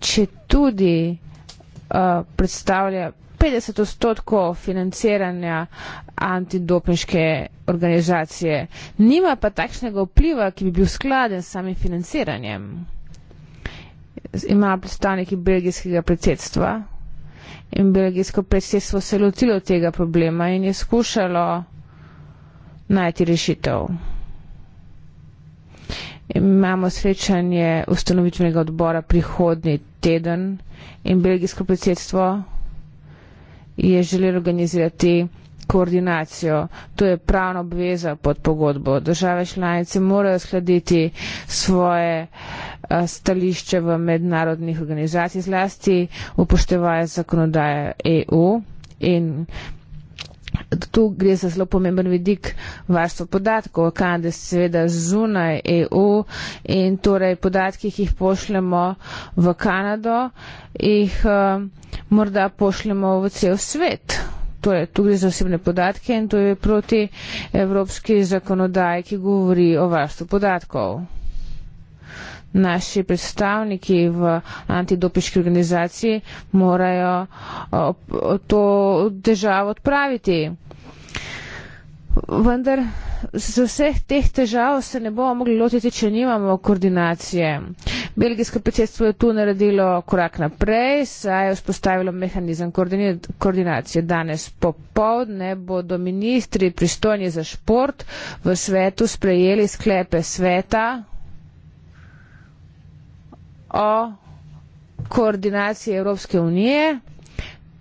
Speaker 3: Če tudi uh, predstavlja 50 odstotkov financiranja antidopinške organizacije, nima pa takšnega vpliva, ki bi bil skladen s samim financiranjem. Imajo predstavniki belgijskega predsedstva in belgijsko predsedstvo se je lotilo tega problema in je skušalo najti rešitev. Imamo srečanje ustanovitvenega odbora prihodni teden in belgijsko predsedstvo je želel organizirati koordinacijo. To je pravna obveza pod pogodbo. Države članice morajo skladiti svoje eh, stališče v mednarodnih organizacijah, zlasti upoštevajo zakonodaje EU in Tu gre za zelo pomemben vidik varstva podatkov, kande seveda zunaj EU in torej podatki, ki jih pošljemo v Kanado, jih uh, morda pošljemo v cel svet. Torej, tu gre za osebne podatke in to je proti evropski zakonodaji, ki govori o varstvu podatkov naši predstavniki v antidopiški organizaciji morajo to težavo odpraviti. Vendar z vseh teh težav se ne bomo mogli lotiti, če nimamo koordinacije. Belgijsko predsedstvo je tu naredilo korak naprej, saj je vzpostavilo mehanizem koordinacije. Danes popovdne bodo ministri pristojni za šport v svetu sprejeli sklepe sveta, o koordinaciji Evropske unije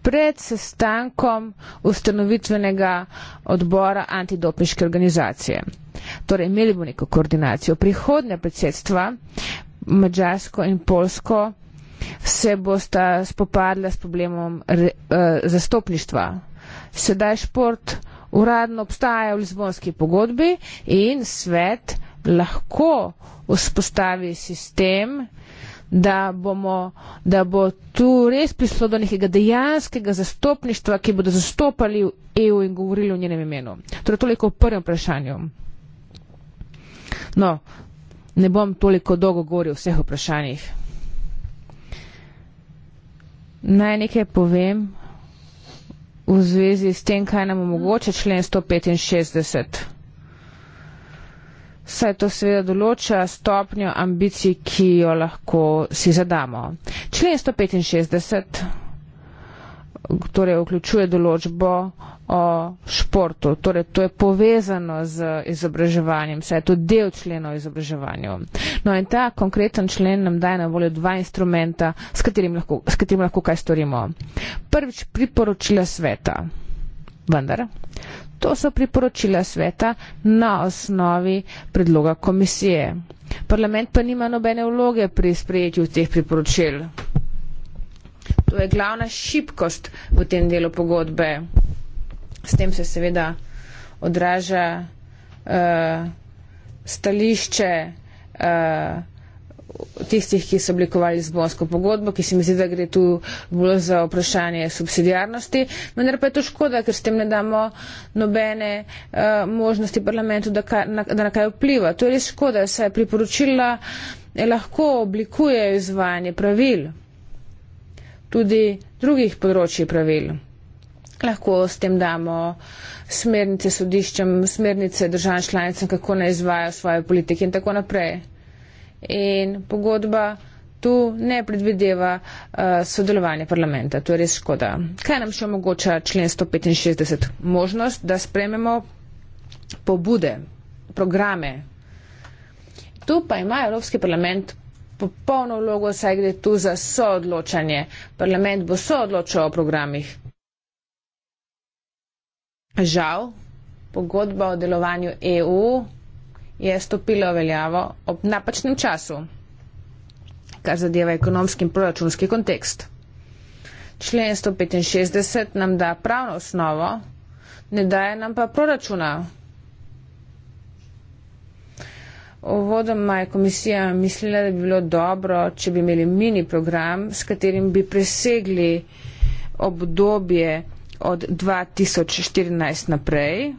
Speaker 3: pred sestankom ustanovitvenega odbora antidopniške organizacije. Torej, imeli bomo neko koordinacijo. Prihodne predsedstva, Mačarsko in Polsko, se bosta spopadla s problemom re, eh, zastopništva. Sedaj šport uradno obstaja v Lizbonski pogodbi in svet lahko vzpostavi sistem, da, bomo, da bo tu res prišlo do nekega dejanskega zastopništva, ki bodo zastopali v EU in govorili v njenem imenu. Torej, toliko o prvem vprašanju. No, ne bom toliko dolgo govoril o vseh vprašanjih. Naj nekaj povem v zvezi s tem, kaj nam omogoča člen 165 saj to seveda določa stopnjo ambicij, ki jo lahko si zadamo. Člen 165 torej vključuje določbo o športu, torej to je povezano z izobraževanjem, saj je to del člena o izobraževanju. No in ta konkreten člen nam daje na voljo dva instrumenta, s katerim lahko, s katerim lahko kaj storimo. Prvič priporočila sveta. Vendar, To so priporočila sveta na osnovi predloga komisije. Parlament pa nima nobene vloge pri sprejetju teh priporočil. To je glavna šibkost v tem delu pogodbe. S tem se seveda odraža uh, stališče uh, tistih, ki so oblikovali zbonsko pogodbo, ki se mi zdi, da gre tu bolj za vprašanje subsidijarnosti. Vendar pa je to škoda, ker s tem ne damo nobene uh, možnosti parlamentu, da, ka, na, da na kaj vpliva. To je res škoda, saj priporočila eh, lahko oblikujejo izvajanje pravil, tudi drugih področji pravil. Lahko s tem damo smernice sodiščem, smernice državam članicam, kako naj izvajo svoje politike in tako naprej in pogodba tu ne predvideva uh, eh, sodelovanje parlamenta. To je res škoda. Kaj nam še omogoča člen 165? Možnost, da sprememo pobude, programe. Tu pa ima Evropski parlament popolno vlogo, saj gre tu za soodločanje. Parlament bo soodločal o programih. Žal, pogodba o delovanju EU je stopila veljavo ob napačnem času, kar zadeva ekonomski in proračunski kontekst. Člen 165 nam da pravno osnovo, ne daje nam pa proračuna. Uvodoma je komisija mislila, da bi bilo dobro, če bi imeli mini program, s katerim bi presegli obdobje od 2014 naprej,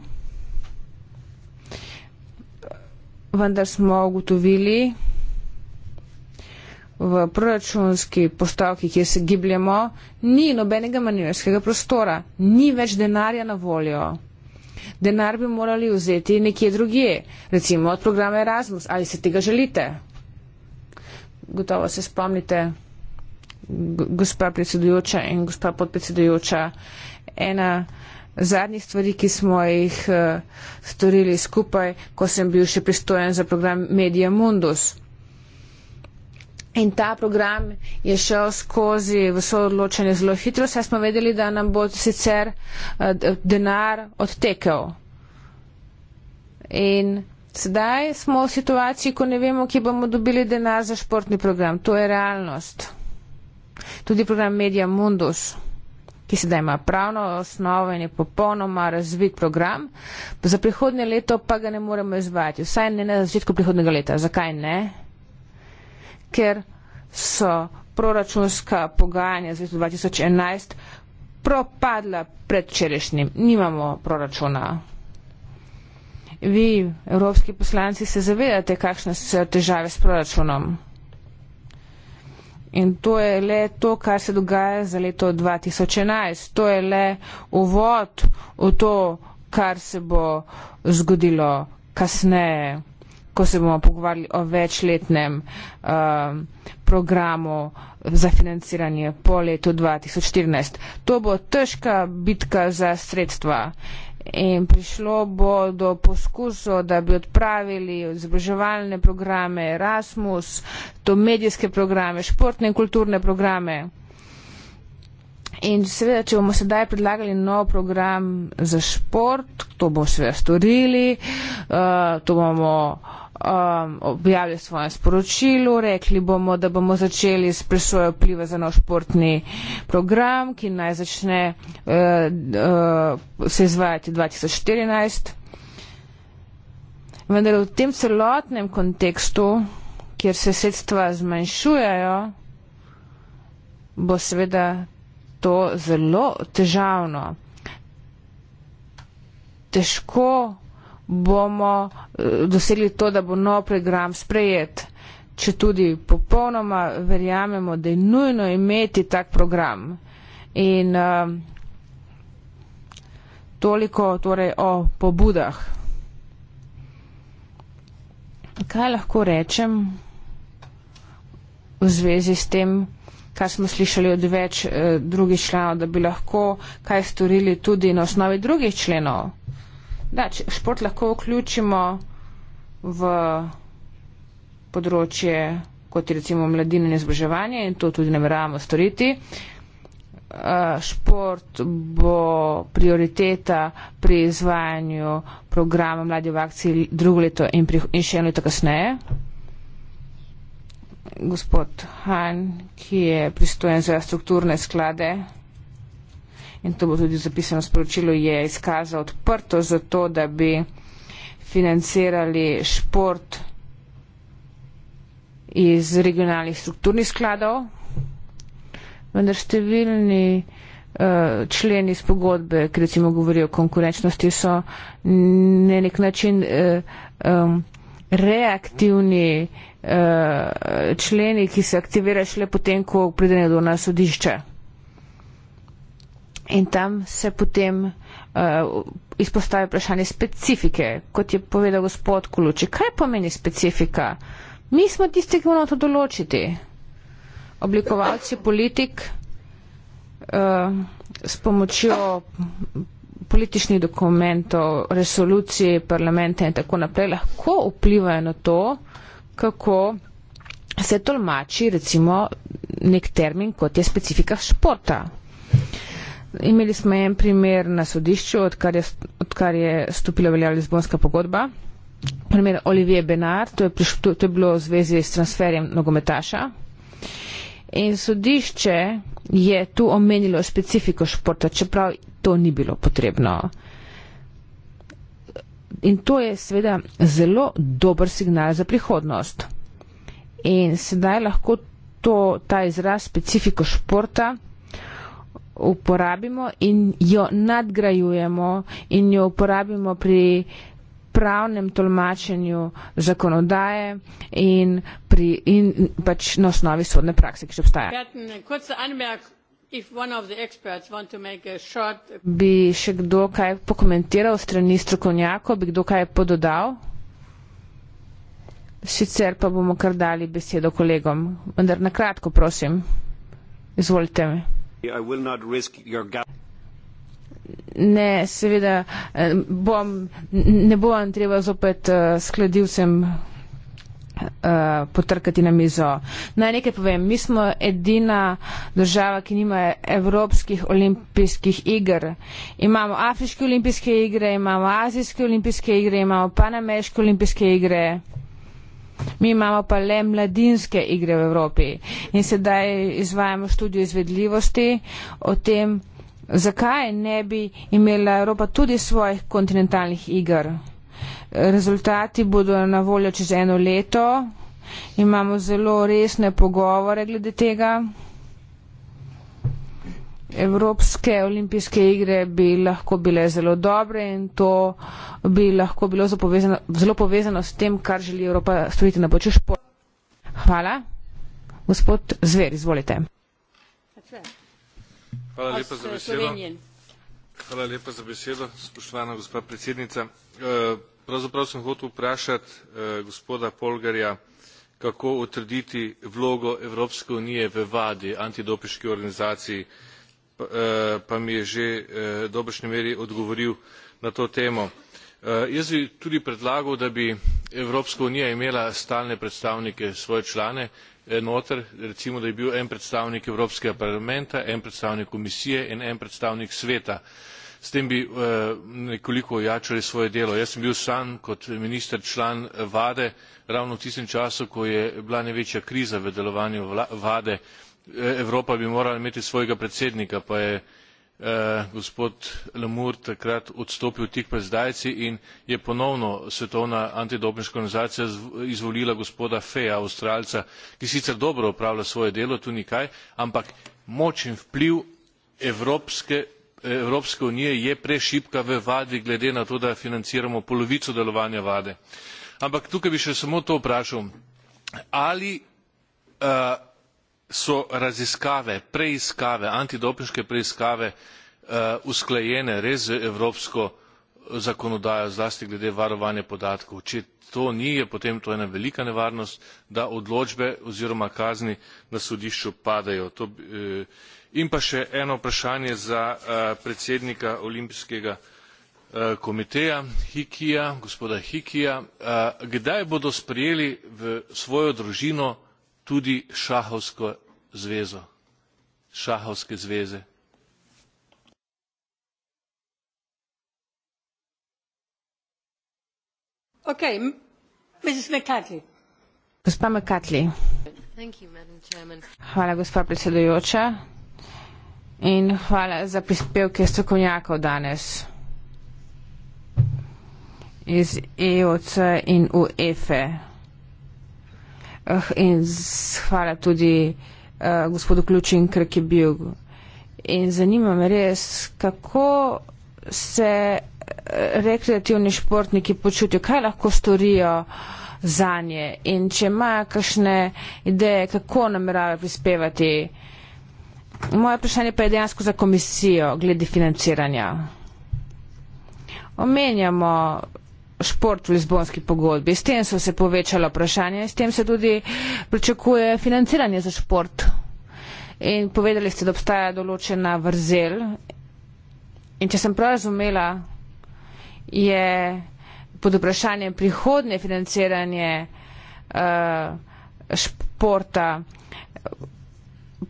Speaker 3: vendar smo ugotovili v proračunski postavki, kjer se gibljemo, ni nobenega manjerskega prostora, ni več denarja na voljo. Denar bi morali vzeti nekje drugje, recimo od programa Erasmus, ali se tega želite. Gotovo se spomnite, gospa predsedujoča in gospa podpredsedujoča, ena zadnjih stvari, ki smo jih uh, storili skupaj, ko sem bil še pristojen za program Media Mundus. In ta program je šel skozi vso odločanje zelo hitro, saj smo vedeli, da nam bo sicer uh, denar odtekel. In sedaj smo v situaciji, ko ne vemo, kje bomo dobili denar za športni program. To je realnost. Tudi program Media Mundus ki sedaj ima pravno osnovo in je popolnoma razvit program, za prihodnje leto pa ga ne moremo izvajati, vsaj ne na začetku prihodnega leta. Zakaj ne? Ker so proračunska pogajanja za leto 2011 propadla predčerešnjim. Nimamo proračuna. Vi, evropski poslanci, se zavedate, kakšne so težave s proračunom. In to je le to, kar se dogaja za leto 2011. To je le uvod v to, kar se bo zgodilo kasneje, ko se bomo pogovarjali o večletnem um, programu za financiranje po letu 2014. To bo težka bitka za sredstva in prišlo bo do poskusu, da bi odpravili izobraževalne programe Erasmus, to medijske programe, športne in kulturne programe. In seveda, če bomo sedaj predlagali nov program za šport, to bomo seveda storili, uh, to bomo uh, um, objavili svoje sporočilo, rekli bomo, da bomo začeli s presojo pliva za nov športni program, ki naj začne uh, uh, se izvajati 2014. Vendar v tem celotnem kontekstu, kjer se sredstva zmanjšujejo, bo seveda to zelo težavno. Težko bomo eh, dosegli to, da bo nov program sprejet, če tudi popolnoma verjamemo, da je nujno imeti tak program. In uh, toliko torej o pobudah. Kaj lahko rečem v zvezi s tem, kar smo slišali od več eh, drugih članov, da bi lahko kaj storili tudi na osnovi drugih členov? da šport lahko vključimo v področje, kot je recimo mladine in izobraževanje in to tudi nameravamo storiti. Eh, šport bo prioriteta pri izvajanju programa Mladi v akciji drugo leto in, pri, in še eno leto kasneje. Gospod Han, ki je pristojen za strukturne sklade in to bo tudi zapisano sporočilo, je izkazal odprto za to, da bi financirali šport iz regionalnih strukturnih skladov, vendar številni eh, členi iz pogodbe, ki recimo govorijo o konkurenčnosti, so na nek način eh, eh, reaktivni eh, členi, ki se aktivirajo šele potem, ko pridejo do nas odišče in tam se potem uh, izpostavi vprašanje specifike, kot je povedal gospod Kuluči. Kaj pomeni specifika? Mi smo tisti, ki moramo to določiti. Oblikovalci politik uh, s pomočjo političnih dokumentov, resolucij, parlamente in tako naprej lahko vplivajo na to, kako se tolmači recimo nek termin, kot je specifika športa. Uh, Imeli smo en primer na sodišču, odkar je, odkar je stopila velja Lizbonska pogodba. Primer Olivije Benar, to je, prišlo, to, to je bilo v zvezi s transferjem nogometaša. In sodišče je tu omenilo specifiko športa, čeprav to ni bilo potrebno. In to je seveda zelo dober signal za prihodnost. In sedaj lahko to, ta izraz specifiko športa uporabimo in jo nadgrajujemo in jo uporabimo pri pravnem tolmačenju zakonodaje in, pri, in pač na osnovi sodne prakse, ki še obstaja.
Speaker 4: Short... Bi
Speaker 3: še kdo kaj pokomentiral strani strokovnjako, bi kdo kaj pododal? Sicer pa bomo kar dali besedo kolegom, vendar na kratko prosim. Izvolite me.
Speaker 4: Ne,
Speaker 3: seveda eh, bom, ne bom treba zopet uh, eh, skladil sem uh, eh, potrkati na mizo. Naj nekaj povem, mi smo edina država, ki nima evropskih olimpijskih igr. Imamo afriške olimpijske igre, imamo azijske olimpijske igre, imamo panameške olimpijske igre. Mi imamo pa le mladinske igre v Evropi in sedaj izvajamo študijo izvedljivosti o tem, zakaj ne bi imela Evropa tudi svojih kontinentalnih igr. Rezultati bodo na voljo čez eno leto. Imamo zelo resne pogovore glede tega. Evropske olimpijske igre bi lahko bile zelo dobre in to bi lahko bilo zelo povezano s tem, kar želi Evropa storiti na počeš po. Hvala. Gospod Zver, izvolite.
Speaker 5: Hvala lepa za besedo. Hvala lepa za besedo, spoštovana gospa predsednica. Eh, pravzaprav sem hotel vprašati eh, gospoda Polgarja, kako utrditi vlogo Evropske unije v vadi, antidopiški organizaciji, Eh, pa mi je že v eh, dobršni meri odgovoril na to temo. Eh, jaz bi tudi predlagal da bi evropska unija imela stalne predstavnike svoje člane noter recimo da bi bil en predstavnik evropskega parlamenta en predstavnik komisije in en predstavnik sveta s tem bi nekoliko ojačali svoje delo. jaz sem bil sam kot minister član vlade ravno v tistem času ko je bila največja kriza v delovanju vlade evropa bi morala imeti svojega predsednika pa je eh, gospod lamure takrat odstopil tik pred zdajci in je ponovno svetovna antidopinška organizacija izvolila gospoda feia avstralca ki sicer dobro opravlja svoje delo tu ni kaj ampak moč in vpliv evropske unije je prešibka v wadi glede na to da financiramo polovico delovanja wade. ampak tukaj bi še samo to vprašal ali eh, so raziskave preiskave antidopinške preiskave eh, usklajene res z evropsko eh, zakonodajo zlasti glede varovanja podatkov. če to ni je potem to ena velika nevarnost da odločbe oziroma kazni na sodišču padejo. Eh, in pa še eno vprašanje za predsednika olimpijskega komiteja hikija gospoda hikija kdaj bodo sprejeli v svojo družino tudi šahovsko zvezo šahovske zveze.
Speaker 4: Ok, Mrs. McCartley.
Speaker 3: Gospa McCartley. Hvala, gospa predsedujoča. In hvala za prispevke strokovnjakov danes iz EOC in UEFE. Uh, in z, hvala tudi uh, gospodu Ključin, ker je bil. In zanima me res, kako se eh, rekreativni športniki počutijo, kaj lahko storijo za nje in če imajo kakšne ideje, kako nameravajo prispevati. Moje vprašanje pa je dejansko za komisijo glede financiranja. Omenjamo šport v Lizbonski pogodbi. S tem so se povečala vprašanja in s tem se tudi pričakuje financiranje za šport. In povedali ste, da obstaja določena vrzel. In če sem prav razumela, je pod vprašanjem prihodnje financiranje uh, športa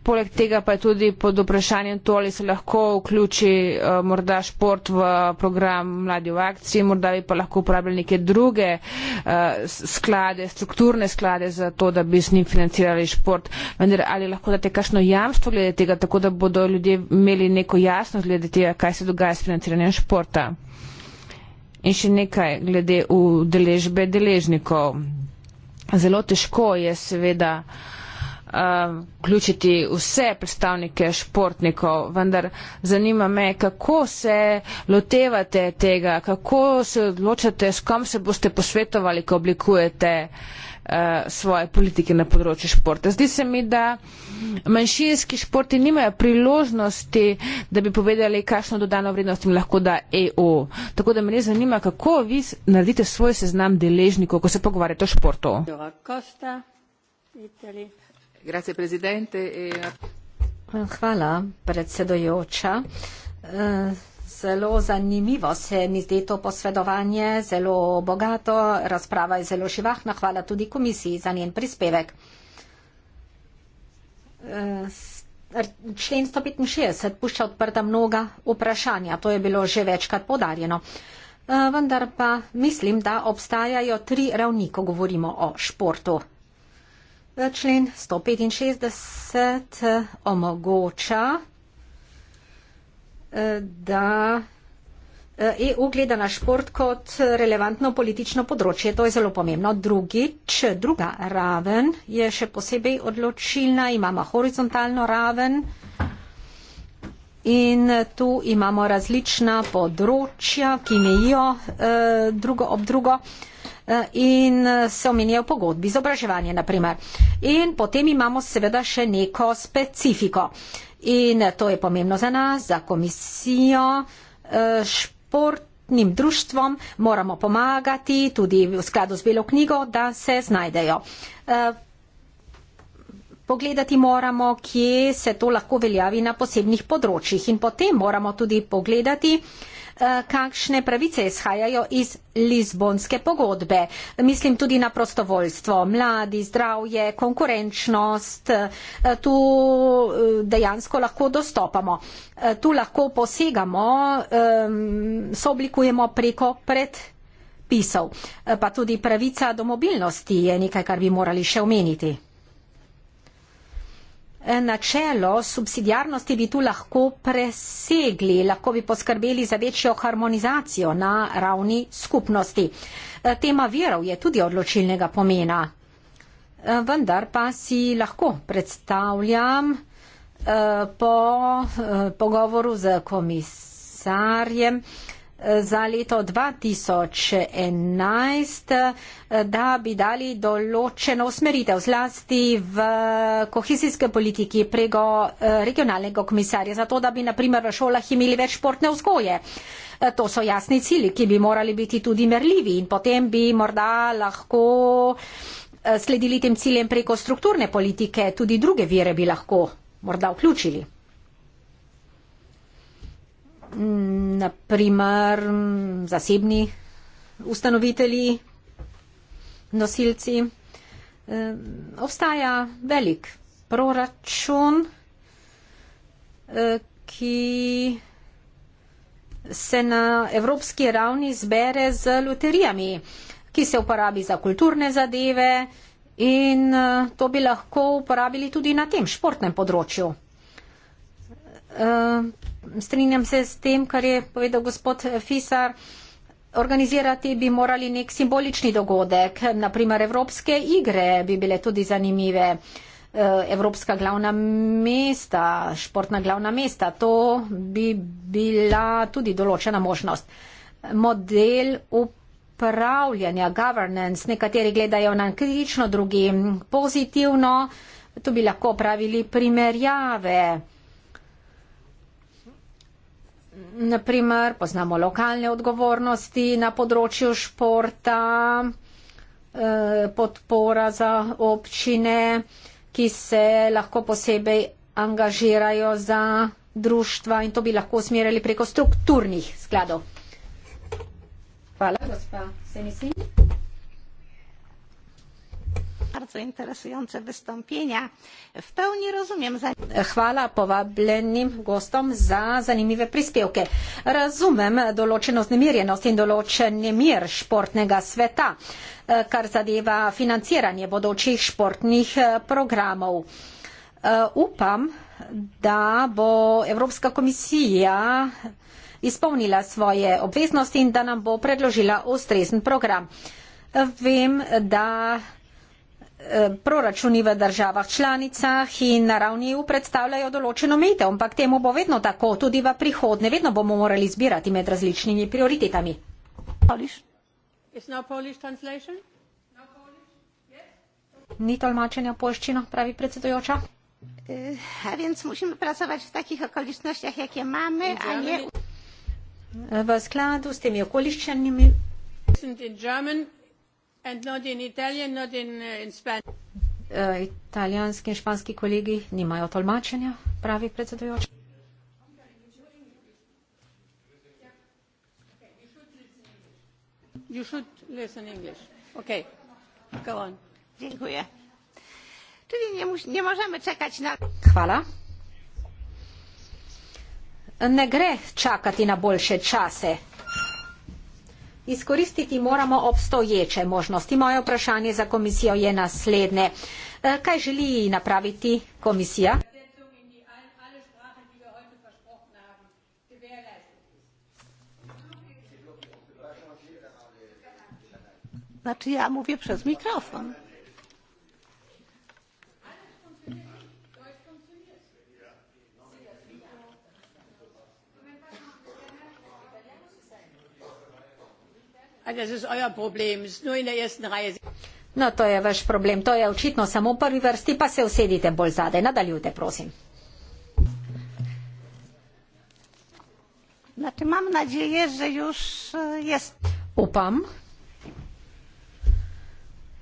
Speaker 3: Poleg tega pa je tudi pod vprašanjem to, ali se lahko vključi eh, morda šport v program Mladi v akciji, morda bi pa lahko uporabljali neke druge eh, sklade, strukturne sklade za to, da bi s njim financirali šport. Vendar ali lahko date kakšno jamstvo glede tega, tako da bodo ljudje imeli neko jasnost glede tega, kaj se dogaja s financiranjem športa. In še nekaj glede udeležbe deležnikov. Zelo težko je seveda. Um, vključiti vse predstavnike športnikov, vendar zanima me, kako se lotevate tega, kako se odločate, s kom se boste posvetovali, ko oblikujete uh, svoje politike na področju športa. Zdi se mi, da manjšinski športi nimajo priložnosti, da bi povedali, kakšno dodano vrednost jim lahko da EU. Tako da me res zanima, kako vi naredite svoj seznam deležnikov, ko se
Speaker 2: pogovarjate o športu.
Speaker 4: Dova, Costa, E
Speaker 2: hvala, predsedujoča. E, zelo zanimivo se mi zdi to posvedovanje, zelo bogato, razprava je zelo živahna. Hvala tudi komisiji za njen prispevek. E, člen 165 pušča odprta mnoga vprašanja, to je bilo že večkrat podarjeno. Vendar pa mislim, da obstajajo tri ravni, ko govorimo o športu člen 165 omogoča, eh, da EU eh, e gleda na šport kot relevantno politično področje. To je zelo pomembno. Drugič, druga raven je še posebej odločilna. Imamo horizontalno raven in tu imamo različna področja, ki mejijo eh, drugo ob drugo in eh, se omenjajo pogodbi, izobraževanje naprimer. In potem imamo seveda še neko specifiko. In to je pomembno za nas, za komisijo, eh, športnim društvom, moramo pomagati tudi v skladu z Belo knjigo, da se znajdejo. Eh, pogledati moramo, kje se to lahko veljavi na posebnih področjih in potem moramo tudi pogledati, Eh, kakšne pravice izhajajo iz Lizbonske pogodbe. Mislim tudi na prostovoljstvo, mladi, zdravje, konkurenčnost, eh, tu eh, dejansko lahko dostopamo. Tu lahko posegamo, ehm, soblikujemo preko pred. Pisal. Pa tudi pravica do mobilnosti je nekaj, kar bi morali še omeniti načelo subsidijarnosti bi tu lahko presegli, lahko bi poskrbeli za večjo harmonizacijo na ravni skupnosti. E, tema virov je tudi odločilnega pomena. E, vendar pa si lahko predstavljam e, po pogovoru z komisarjem, za leto 2011, da bi dali določeno usmeritev zlasti v kohezijske politiki prego eh, regionalnega komisarja, zato da bi naprimer v šolah imeli več športne vzgoje. Eh, to so jasni cilji, ki bi morali biti tudi merljivi in potem bi morda lahko eh, sledili tem ciljem preko strukturne politike, tudi druge vire bi lahko morda vključili naprimer zasebni ustanoviteli, nosilci. Eh, obstaja velik proračun, eh, ki se na evropski ravni zbere z loterijami, ki se uporabi za kulturne zadeve in eh, to bi lahko uporabili tudi na tem športnem področju strinjam se s tem, kar je povedal gospod Fisar. Organizirati bi morali nek simbolični dogodek, naprimer Evropske igre bi bile tudi zanimive, eh, Evropska glavna mesta, športna glavna mesta, to bi bila tudi določena možnost. Model upravljanja, governance, nekateri gledajo na kritično, drugi pozitivno, tu bi lahko pravili primerjave naprimer, poznamo lokalne odgovornosti na področju športa, eh, podpora za občine, ki se lahko posebej angažirajo za društva in to bi lahko usmerili preko strukturnih skladov. Hvala, gospa Senisin bardzo interesujące wystąpienia. W pełni rozumiem za... Hvala povabljenim gostom za zanimive prispevke. Razumem določeno znemirjenost in določen mir športnega sveta, kar zadeva financiranje bodočih športnih programov. E, upam, da bo Evropska komisija izpolnila svoje obveznosti in da nam bo predložila ustrezen program. Vem, da Eh, proračuni v državah članicah in na ravni EU predstavljajo določeno mejitev, ampak temu bo vedno tako, tudi v prihodnje. Vedno bomo morali zbirati med različnimi prioritetami. No no Ni tolmačenja poščina, pravi predsedujoča. V eh, skladu s temi okoliščenimi.
Speaker 4: And not in Italian, not in, uh, in Spanish.
Speaker 2: Uh, italijanski in španski kolegi nimajo tolmačenja, pravi predsedujoči. You should
Speaker 4: listen English. Okay. Go on. Dziękuję. Czyli nie, mus, nie możemy czekać na...
Speaker 2: Chwala. Ne gre czekać na bolsze czasy. Izkoristiti moramo obstoječe možnosti. Moje vprašanje za komisijo je naslednje. Eh, kaj želi napraviti komisija?
Speaker 4: Znači, ja mówię przez mikrofon. Ah,
Speaker 2: no, to je vaš problem, to je očitno samo v prvi vrsti, pa se usedite bolj zadaj. Nadaljujte, prosim. Znači, imam nadeje, že už eh, je. Upam,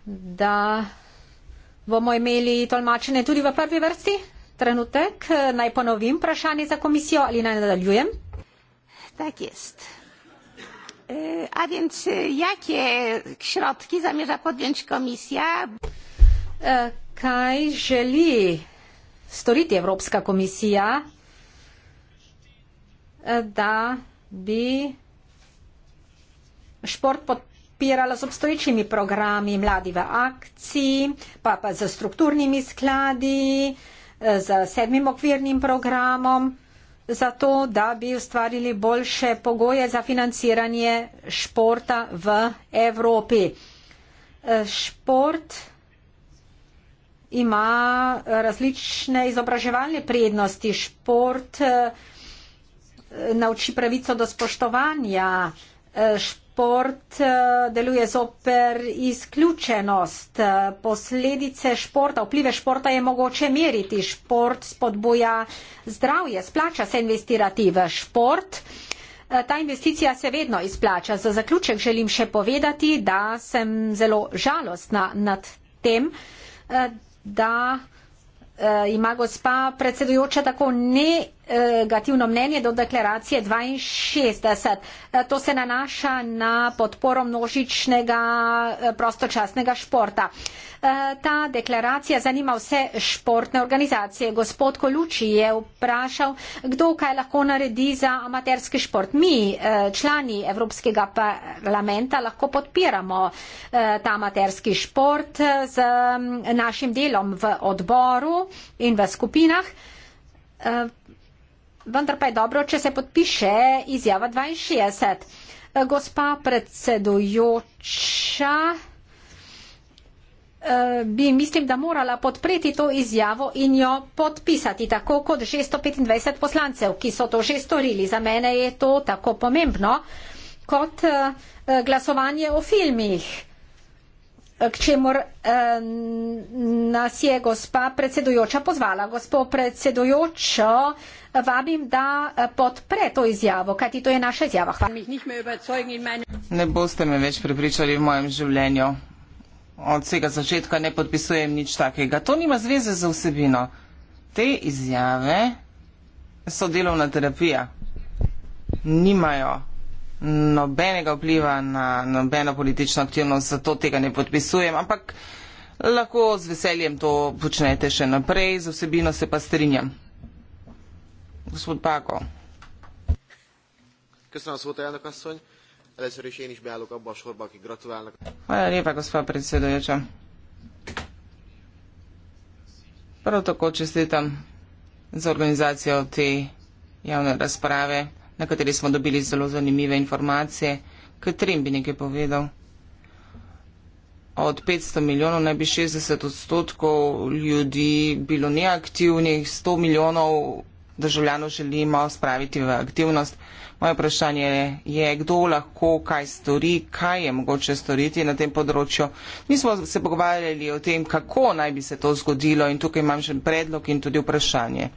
Speaker 2: da bomo imeli tolmačene tudi v prvi vrsti. Trenutek, eh, naj ponovim vprašanje za komisijo ali naj nadaljujem. Tak jest a więc e, jakie środki zamierza podjąć komisja? E, kaj želi storiti Evropska komisija, e, da bi šport podpirala z obstoječimi programi Mladi v akciji, pa pa z strukturnimi skladi, z sedmim okvirnim programom? za to, da bi ustvarili boljše pogoje za financiranje športa v Evropi. Eh, šport ima različne izobraževalne prednosti. Šport eh, nauči pravico do spoštovanja. Eh, šport šport eh, deluje zoper izključenost. Eh, posledice športa, vplive športa je mogoče meriti. Šport spodbuja zdravje, splača se investirati v šport. Eh, ta investicija se vedno izplača. Za zaključek želim še povedati, da sem zelo žalostna nad tem, da ima gospa predsedujoča tako ne negativno mnenje do deklaracije 62. E, to se nanaša na podporo množičnega e, prostočasnega športa. E, ta deklaracija zanima vse športne organizacije. Gospod Koluči je vprašal, kdo kaj lahko naredi za amaterski šport. Mi, člani Evropskega parlamenta, lahko podpiramo ta amaterski šport z našim delom v odboru in v skupinah vendar pa je dobro, če se podpiše izjava 62. Eh, gospa predsedujoča, eh, bi mislim, da morala podpreti to izjavo in jo podpisati, tako kot 625 poslancev, ki so to že storili. Za mene je to tako pomembno kot eh, glasovanje o filmih k čemor eh, nas je gospa predsedujoča pozvala. Gospod predsedujočo, vabim, da eh, podpre to izjavo, kajti to je naša izjava. Hvala.
Speaker 1: Ne boste me več prepričali v mojem življenju. Od vsega začetka ne podpisujem nič takega. To nima zveze z vsebino. Te izjave so delovna terapija. Nimajo nobenega vpliva na nobeno politično aktivnost, zato tega ne podpisujem, ampak lahko z veseljem to počnete še naprej, z vsebino se pa strinjam. Gospod Pako. Hvala lepa, gospod predsedujoča. Prav tako čestitam za organizacijo te javne razprave na kateri smo dobili zelo zanimive informacije, katerim bi nekaj povedal. Od 500 milijonov naj bi 60 odstotkov ljudi bilo neaktivnih, 100 milijonov državljanov želimo spraviti v aktivnost. Moje vprašanje je, kdo lahko kaj stori, kaj je mogoče storiti na tem področju. Mi smo se pogovarjali o tem, kako naj bi se to zgodilo in tukaj imam še predlog in tudi vprašanje.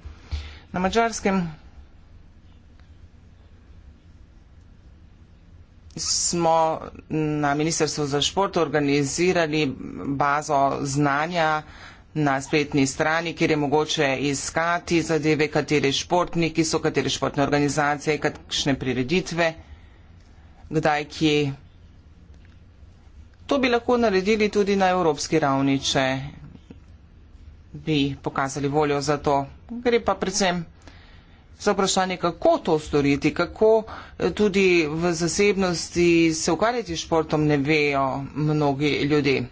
Speaker 1: Na mačarskem smo na Ministrstvu za šport organizirali bazo znanja na spletni strani, kjer je mogoče iskati zadeve, kateri športniki so, kateri športne organizacije, kakšne prireditve, kdaj kje. To bi lahko naredili tudi na evropski ravni, če bi pokazali voljo za to. Gre pa predvsem za vprašanje, kako to storiti, kako eh, tudi v zasebnosti se ukvarjati s športom, ne vejo mnogi ljudje.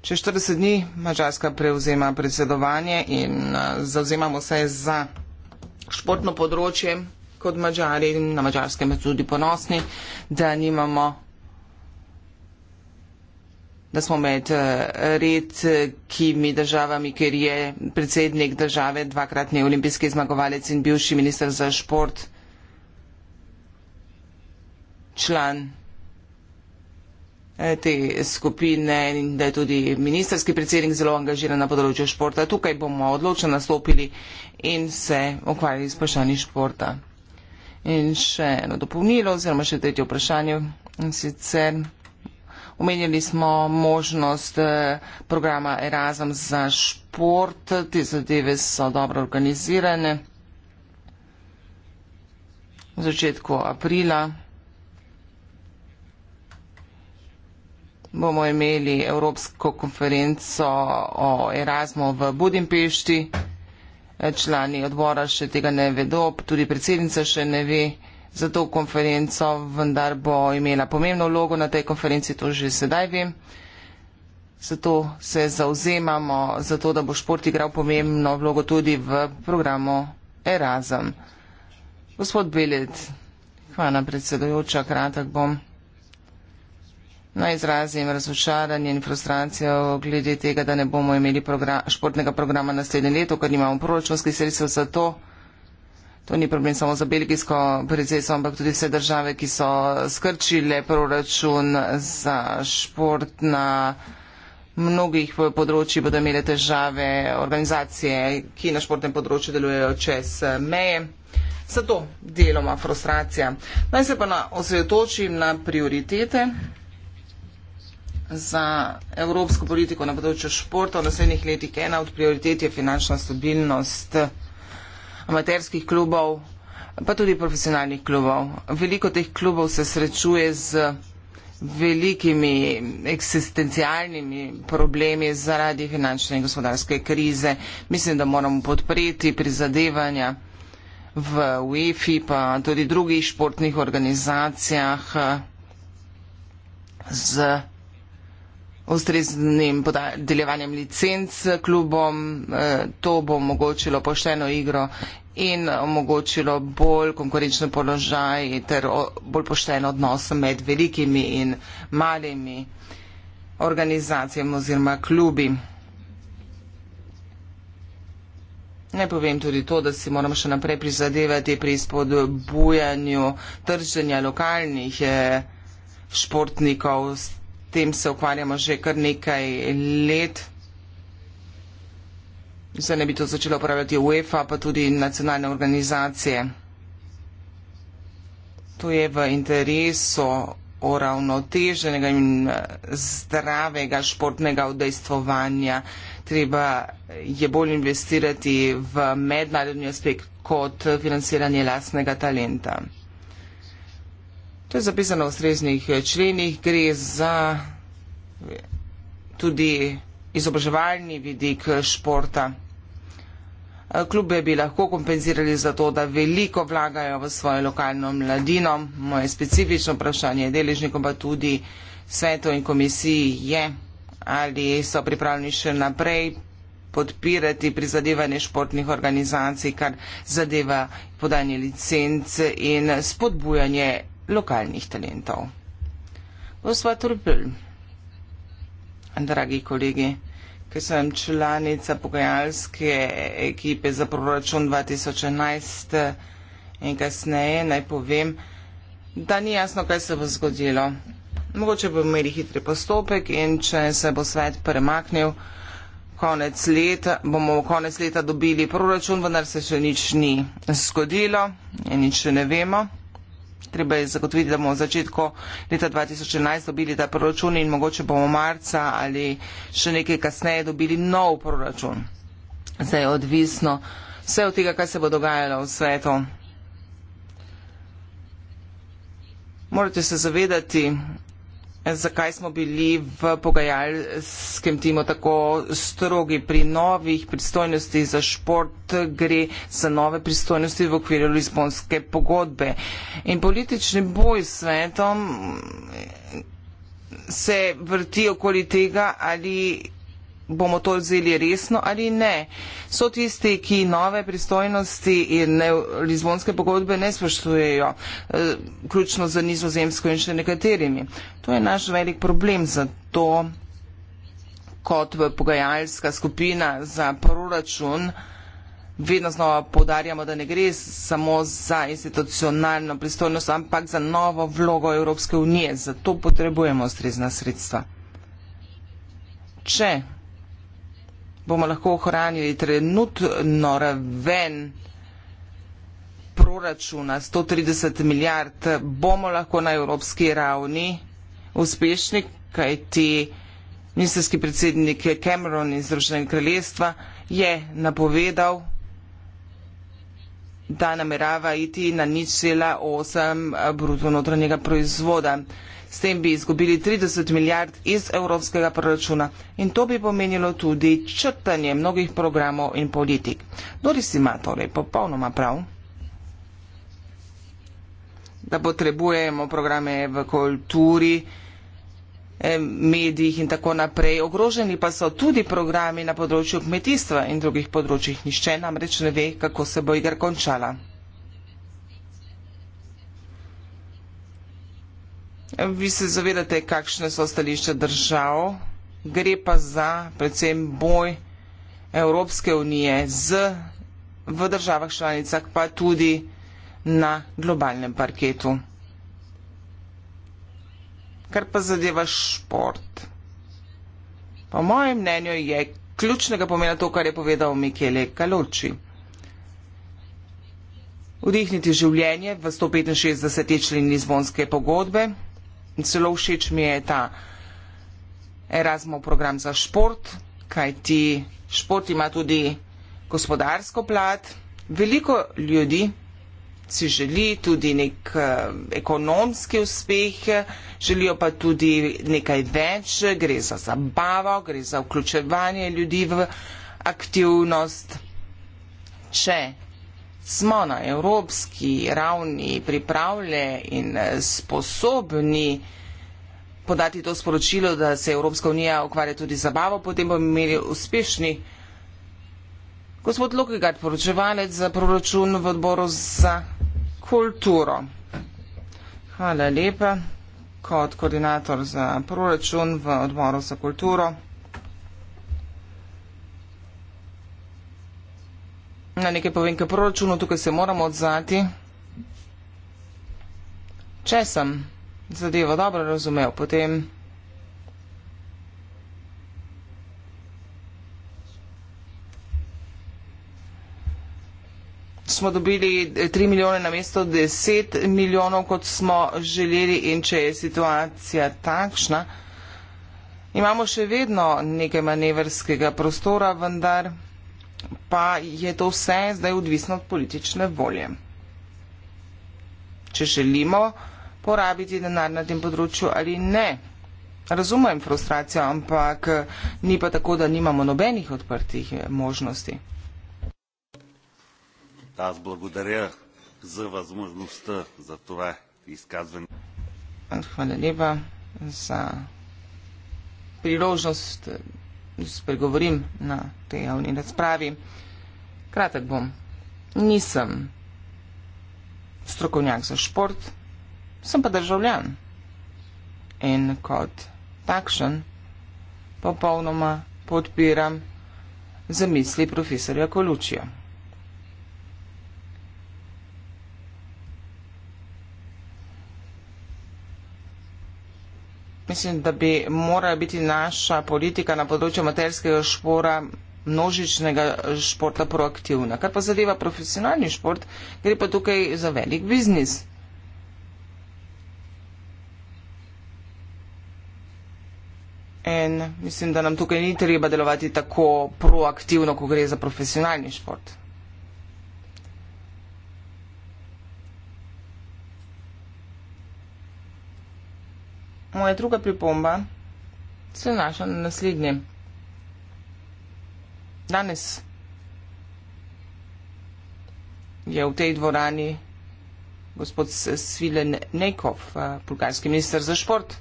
Speaker 1: Čez 40 dni Mačarska prevzema predsedovanje in eh, zauzemamo se za športno področje kot Mačari in na Mačarskem smo tudi ponosni, da nimamo da smo med eh, redkimi državami, ker je predsednik države dvakratni olimpijski zmagovalec in bivši minister za šport član eh, te skupine in da je tudi ministerski predsednik zelo angažiran na področju športa. Tukaj bomo odločno nastopili in se ukvarjali s vprašanji športa. In še eno dopolnilo oziroma še tretje vprašanje. In sicer Omenjali smo možnost eh, programa Erasm za šport, te zadeve so dobro organizirane. V začetku aprila bomo imeli Evropsko konferenco o Erasmu v Budimpešti. Eh, člani odbora še tega ne vedo, tudi predsednica še ne ve za to konferenco, vendar bo imela pomembno vlogo na tej konferenci, to že sedaj vem. Zato se zauzemamo, zato da bo šport igral pomembno vlogo tudi v programu Erasm. Gospod Belet, hvala predsedojoča, kratek bom. Naj izrazim razočaranje in frustracijo glede tega, da ne bomo imeli program, športnega programa naslednje leto, ker nimamo proračunskih sredstev za to. To ni problem samo za belgijsko predsedstvo, ampak tudi vse države, ki so skrčile proračun za šport na mnogih področjih, bodo imele težave organizacije, ki na športnem področju delujejo čez meje. Zato deloma frustracija. Naj se pa na osredotočim na prioritete za evropsko politiko na področju športa. V naslednjih letih ena od prioritet je finančna stabilnost amaterskih klubov, pa tudi profesionalnih klubov. Veliko teh klubov se srečuje z velikimi eksistencialnimi problemi zaradi finančne in gospodarske krize. Mislim, da moramo podpreti prizadevanja v UEFI pa tudi drugih športnih organizacijah z ustreznim delovanjem licenc klubom. Eh, to bo omogočilo pošteno igro in omogočilo bolj konkurenčen položaj ter bolj pošten odnos med velikimi in malimi organizacijami oziroma klubi. Ne povem tudi to, da si moramo še naprej prizadevati pri spodbujanju trženja lokalnih eh, športnikov, tem se ukvarjamo že kar nekaj let. Zdaj ne bi to začela uporabljati UEFA, pa tudi nacionalne organizacije. To je v interesu uravnoteženega in zdravega športnega udejstvovanja. Treba je bolj investirati v mednarodni aspekt kot financiranje lasnega talenta. To je zapisano v ustreznih eh, členih, gre za eh, tudi izobraževalni vidik eh, športa. Klube bi lahko kompenzirali za to, da veliko vlagajo v svojo lokalno mladino. Moje specifično vprašanje deležnikom pa tudi svetu in komisiji je, ali so pripravljeni še naprej podpirati prizadevanje športnih organizacij, kar zadeva podanje licence in spodbujanje lokalnih talentov. Gospod Turpil, dragi kolegi, ki sem članica pogajalske ekipe za proračun 2011 in kasneje, naj povem, da ni jasno, kaj se bo zgodilo. Mogoče bomo imeli hitri postopek in če se bo svet premaknil, konec leta, bomo konec leta dobili proračun, vendar se še nič ni zgodilo in nič še ne vemo treba je zagotoviti, da bomo v začetku leta 2011 dobili ta proračun in mogoče bomo marca ali še nekaj kasneje dobili nov proračun. Zdaj je odvisno vse od tega, kaj se bo dogajalo v svetu. Morate se zavedati, zakaj smo bili v pogajalskem timu tako strogi pri novih pristojnostih za šport, gre za nove pristojnosti v okviru Lizbonske pogodbe. In politični boj s svetom se vrti okoli tega, ali bomo to vzeli resno ali ne. So tisti, ki nove pristojnosti in ne, Lizbonske pogodbe ne spoštujejo, e, ključno za nizozemsko in še nekaterimi. To je naš velik problem, zato kot v pogajalska skupina za proračun vedno znova podarjamo, da ne gre samo za institucionalno pristojnost, ampak za novo vlogo Evropske unije. Zato potrebujemo strezna sredstva. Če bomo lahko ohranili trenutno raven proračuna 130 milijard, bomo lahko na evropski ravni uspešni, kajti ministerski predsednik Cameron iz Združenega kraljestva je napovedal, da namerava iti na nič cela osem bruto notranjega proizvoda. S tem bi izgubili 30 milijard iz evropskega proračuna in to bi pomenilo tudi črtanje mnogih programov in politik. Doris ima torej popolnoma prav, da potrebujemo programe v kulturi, eh, medijih in tako naprej. Ogroženi pa so tudi programi na področju kmetijstva in drugih področjih. Nišče namreč ne ve, kako se bo igra končala. Vi se zavedate, kakšne so stališče držav, gre pa za predvsem boj Evropske unije z, v državah članicah, pa tudi na globalnem parketu. Kar pa zadeva šport. Po mojem mnenju je ključnega pomena to, kar je povedal Mikele Kaloči. Vdihniti življenje v 165. člen Lizbonske pogodbe celo všeč mi je ta Erasmov program za šport, kajti šport ima tudi gospodarsko plat. Veliko ljudi si želi tudi neki, eh, ekonomski uspeh, želijo pa tudi nekaj več, gre za zabavo, gre za vključevanje ljudi v aktivnost. Če smo na evropski ravni pripravljeni in eh, sposobni podati to sporočilo, da se Evropska unija ukvarja tudi z zabavo, potem bomo imeli uspešni. Gospod Lukigard, poročevalec za proračun v odboru za kulturo. Hvala lepa kot koordinator za proračun v odboru za kulturo. Na nekaj povem, ker proračunu tukaj se moramo odzvati. Če sem zadevo dobro razumel, potem. Smo dobili 3 eh, milijone na mesto 10 milijonov, kot smo želeli in če je situacija takšna. Imamo še vedno nekaj manevrskega prostora, vendar pa je to vse zdaj odvisno od politične volje. Če želimo porabiti denar na tem področju ali ne. Razumem frustracijo, ampak ni pa tako, da nimamo nobenih odprtih možnosti.
Speaker 5: Jaz blagodarja za vzmožnost za to izkazvanje.
Speaker 1: Hvala lepa za priložnost spregovorim na tej javni razpravi. Kratek bom. Nisem strokovnjak za šport, sem pa državljan. In kot takšen popolnoma podpiram zamisli profesorja Kolučija. Mislim, da bi morala biti naša politika na področju materskega špora množičnega športa proaktivna. Kar pa zadeva profesionalni šport, gre pa tukaj za velik biznis. In mislim, da nam tukaj ni treba delovati tako proaktivno, ko gre za profesionalni šport. Moja druga pripomba se naša na naslednje. Danes je v tej dvorani gospod Svilen Nekov, eh, bulgarski minister za šport.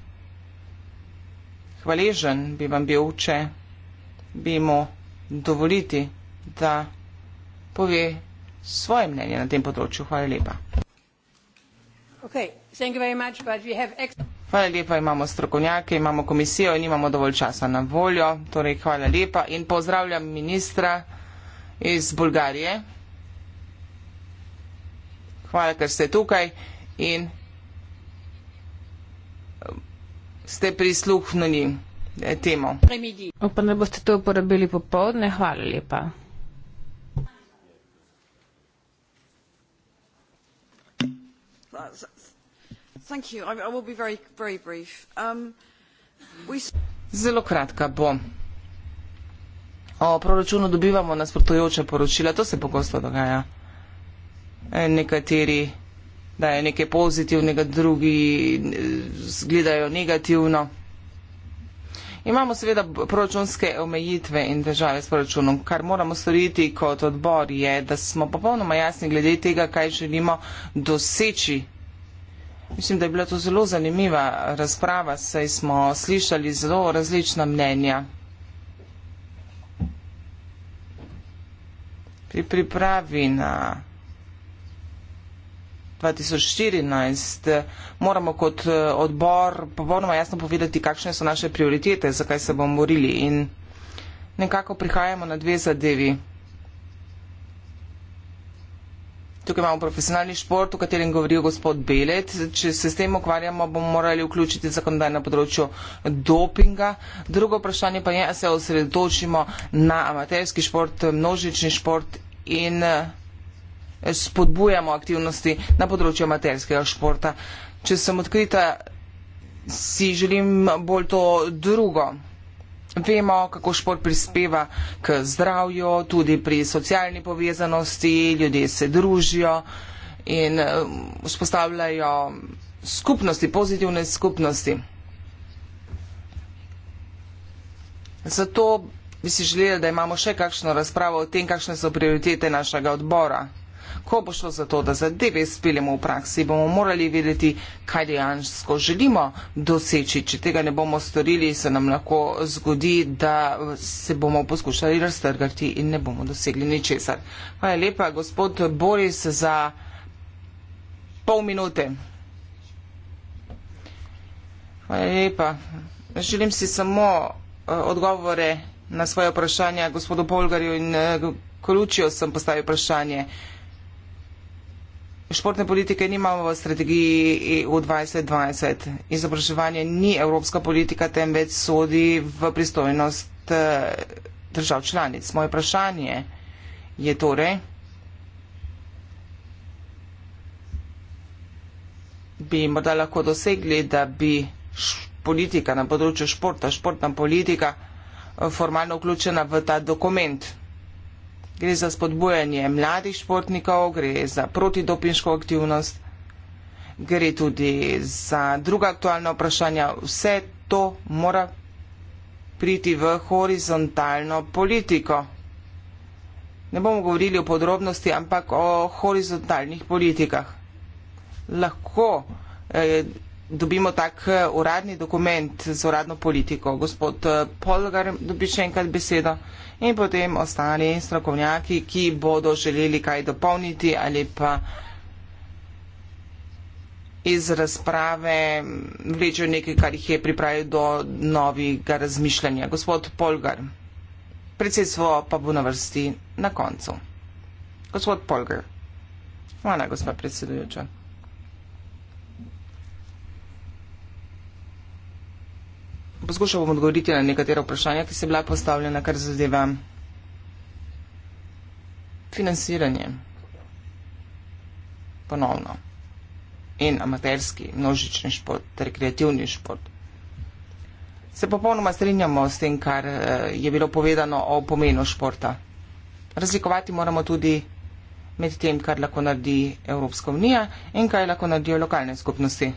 Speaker 1: Hvaležen bi vam bil, če bi mu dovoliti, da pove svoje mnenje na tem področju. Hvala lepa.
Speaker 4: Okay. Thank you very much, but we have
Speaker 1: Hvala lepa, imamo strokovnjake, imamo komisijo in imamo dovolj časa na voljo. Torej, hvala lepa in pozdravljam ministra iz Bulgarije. Hvala, ker ste tukaj in eh, ste prisluhnili eh, temu.
Speaker 3: Pa ne boste to uporabili popovdne, hvala lepa.
Speaker 5: Hvala.
Speaker 4: Thank you. I will be very, very brief. Um, we...
Speaker 1: Zelo kratka bo. O proračunu dobivamo nasprotujoča poročila, to se pogosto dogaja. E, nekateri dajo nekaj pozitivnega, drugi e, gledajo negativno. Imamo seveda proračunske omejitve in težave s proračunom. Kar moramo storiti kot odbor je, da smo popolnoma jasni glede tega, kaj želimo doseči Mislim, da je bila to zelo zanimiva razprava, saj smo slišali zelo različna mnenja. Pri pripravi na 2014 moramo kot eh, odbor popolnoma jasno povedati, kakšne so naše prioritete, zakaj se bomo borili in nekako prihajamo na dve zadevi. Tukaj imamo profesionalni šport, o katerem govori gospod Belet. Če se s tem ukvarjamo, bomo morali vključiti zakonodajno področje dopinga. Drugo vprašanje pa je, da se osredotočimo na amaterski šport, množični šport in eh, spodbujamo aktivnosti na področju amaterskega športa. Če sem odkrita, si želim bolj to drugo. Vemo, kako šport prispeva k zdravju, tudi pri socialni povezanosti, ljudje se družijo in eh, vzpostavljajo skupnosti, pozitivne skupnosti. Zato bi si želeli, da imamo še kakšno razpravo o tem, kakšne so prioritete našega odbora. Ko bo šlo za to, da zadeve speljemo v praksi, bomo morali vedeti, kaj dejansko želimo doseči. Če tega ne bomo storili, se nam lahko zgodi, da se bomo poskušali raztrgati in ne bomo dosegli ničesar. Hvala lepa, gospod Boris, za pol minute. Hvala lepa. Želim si samo uh, odgovore na svoje vprašanja gospodu Polgarju in uh, eh, Kolučijo sem postavil vprašanje. Uh, športne politike nimamo v strategiji EU 2020. Izobraževanje ni evropska politika, temveč sodi v pristojnost eh, držav članic. Moje vprašanje je torej, bi morda lahko dosegli, da bi politika na področju športa, športna politika eh, formalno vključena v ta dokument gre za spodbujanje mladih športnikov, gre za protidopinsko aktivnost, gre tudi za druga aktualna vprašanja. Vse to mora priti v horizontalno politiko. Ne bomo govorili o podrobnosti, ampak o horizontalnih politikah. Lahko eh, dobimo tak eh, uradni dokument z uradno politiko. Gospod eh, Polgar dobi še enkrat besedo in potem ostali strokovnjaki, ki bodo želeli kaj dopolniti ali pa iz razprave vlečejo nekaj, kar jih je pripravil do novega razmišljanja. Gospod Polgar, predsedstvo pa bo na vrsti na koncu. Gospod Polgar, hvala, gospod predsedujoča. poskušal bom odgovoriti na nekatera vprašanja, ki se je bila postavljena, kar zadeva financiranje. Ponovno. In amaterski, množični šport, ter kreativni šport. Se popolnoma strinjamo s tem, kar eh, je bilo povedano o pomenu športa. Razlikovati moramo tudi med tem, kar lahko naredi Evropska unija in kaj lahko naredijo lokalne skupnosti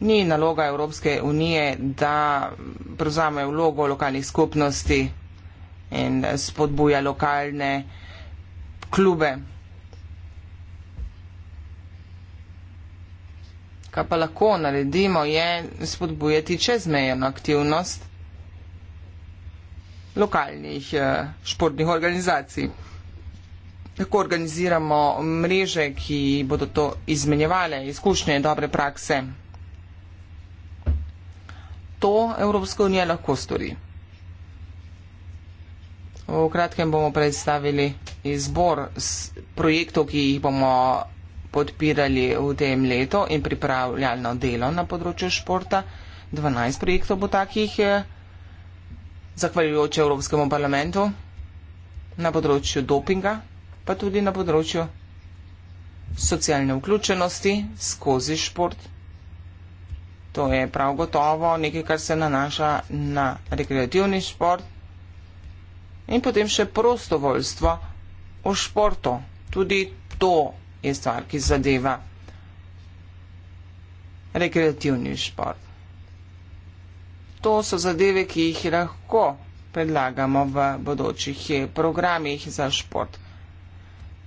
Speaker 1: ni naloga Evropske unije, da prevzame vlogo lokalnih skupnosti in spodbuja lokalne klube. Kaj pa lahko naredimo, je spodbujati čezmejno aktivnost lokalnih eh, športnih organizacij. Tako organiziramo mreže, ki bodo to izmenjevale, izkušnje, dobre prakse to Evropska unija lahko stori. V kratkem bomo predstavili izbor projektov, ki jih bomo podpirali v tem letu in pripravljalno delo na področju športa. 12 projektov bo takih, eh, zahvaljujoč Evropskemu parlamentu, na področju dopinga, pa tudi na področju socialne vključenosti skozi šport. To je prav gotovo nekaj, kar se nanaša na rekreativni šport in potem še prostovoljstvo v športu. Tudi to je stvar, ki zadeva rekreativni šport. To so zadeve, ki jih lahko predlagamo v bodočih programih za šport.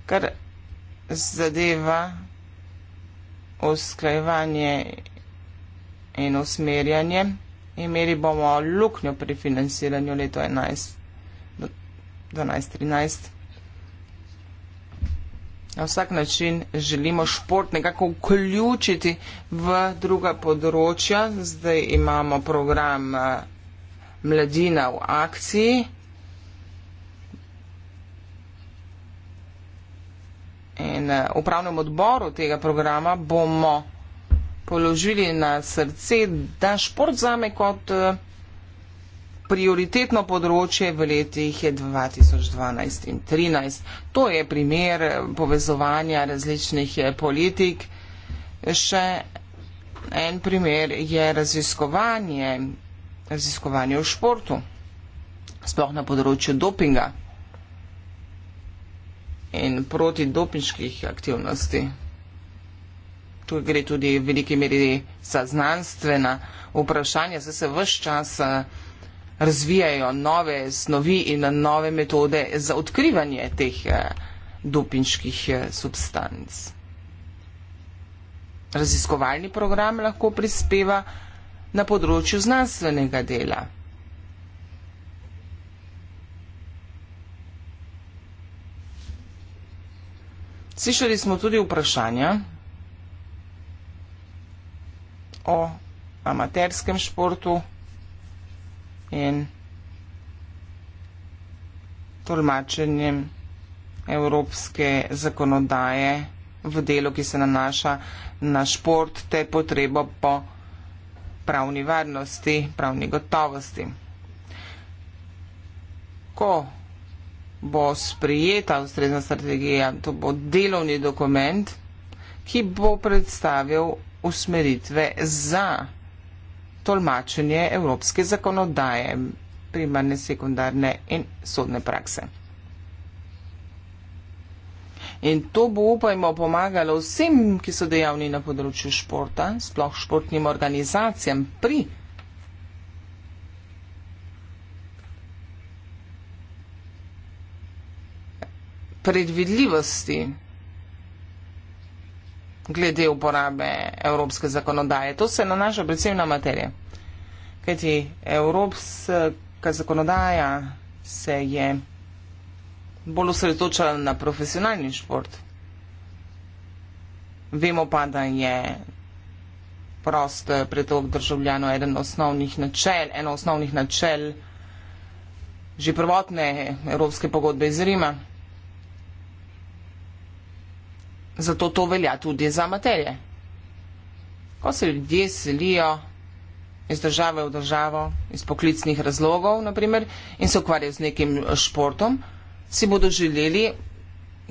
Speaker 1: Kar zadeva usklajevanje eno usmerjanje. Imeli bomo luknjo pri financiranju leto 2011-2013. Na vsak način želimo šport nekako vključiti v druga področja. Zdaj imamo program eh, Mladina v akciji. In eh, v upravnem odboru tega programa bomo položili na srce, da šport zame kot eh, prioritetno področje v letih 2012 in 2013. To je primer eh, povezovanja različnih eh, politik. Še en primer je raziskovanje, raziskovanje v športu, sploh na področju dopinga in proti dopinških aktivnosti tu gre tudi v veliki meri za znanstvena vprašanja, se se vse čas eh, razvijajo nove snovi in nove metode za odkrivanje teh eh, dopinških eh, substanc. Raziskovalni program lahko prispeva na področju znanstvenega dela. Slišali smo tudi vprašanja, o amaterskem športu in tolmačenjem evropske zakonodaje v delu, ki se nanaša na šport, te potrebo po pravni varnosti, pravni gotovosti. Ko bo sprijeta ustrezna strategija, to bo delovni dokument, ki bo predstavil usmeritve za tolmačenje evropske zakonodaje, primarne, sekundarne in sodne prakse. In to bo, upajmo, pomagalo vsem, ki so dejavni na področju športa, sploh športnim organizacijam pri predvidljivosti glede uporabe evropske zakonodaje. To se nanaša predvsem na materije. Kajti evropska zakonodaja se je bolj osredotočala na profesionalni šport. Vemo pa, da je prost pretok državljanov eden osnovnih načel, eno osnovnih načel že prvotne evropske pogodbe iz Rima. Zato to velja tudi za materije. Ko se ljudje selijo iz države v državo, iz poklicnih razlogov, naprimer, in se ukvarjajo z nekim športom, si bodo želeli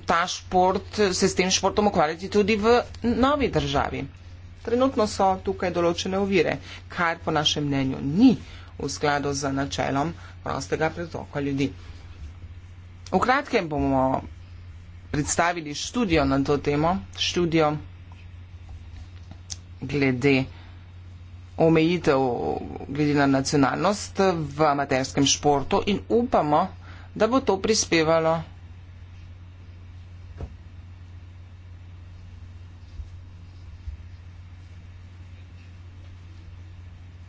Speaker 1: ta šport, se s tem športom ukvarjati tudi v novi državi. Trenutno so tukaj določene ovire, kar po našem mnenju ni v skladu z načelom prostega pretoka ljudi. V kratkem bomo predstavili študijo na to temo, študijo glede omejitev glede na nacionalnost v amaterskem športu in upamo, da bo to prispevalo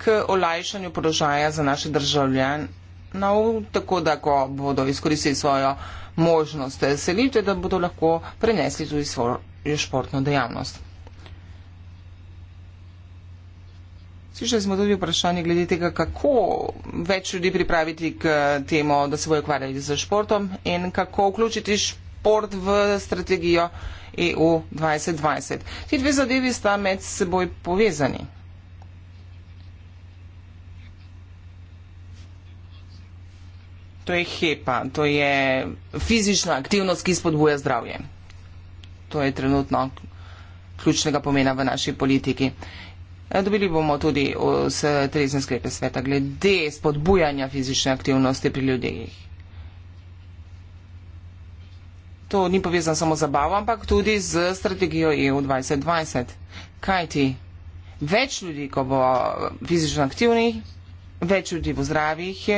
Speaker 1: k olajšanju položaja za naše državljane nov, tako da ko bodo izkoristili svojo možnost selitve, da bodo lahko prenesli tudi svojo športno dejavnost. Slišali smo tudi vprašanje glede tega, kako več ljudi pripraviti k temu, da se bojo ukvarjali z športom in kako vključiti šport v strategijo EU 2020. Ti dve zadevi sta med seboj povezani. To je hepa, to je fizična aktivnost, ki spodbuja zdravje. To je trenutno ključnega pomena v naši politiki. E, dobili bomo tudi vse trezne sklepe sveta glede spodbujanja fizične aktivnosti pri ljudeh. To ni povezano samo z zabavo, ampak tudi z strategijo EU 2020. Kaj ti? Več ljudi, ko bo fizično aktivnih, več ljudi bo zdravih,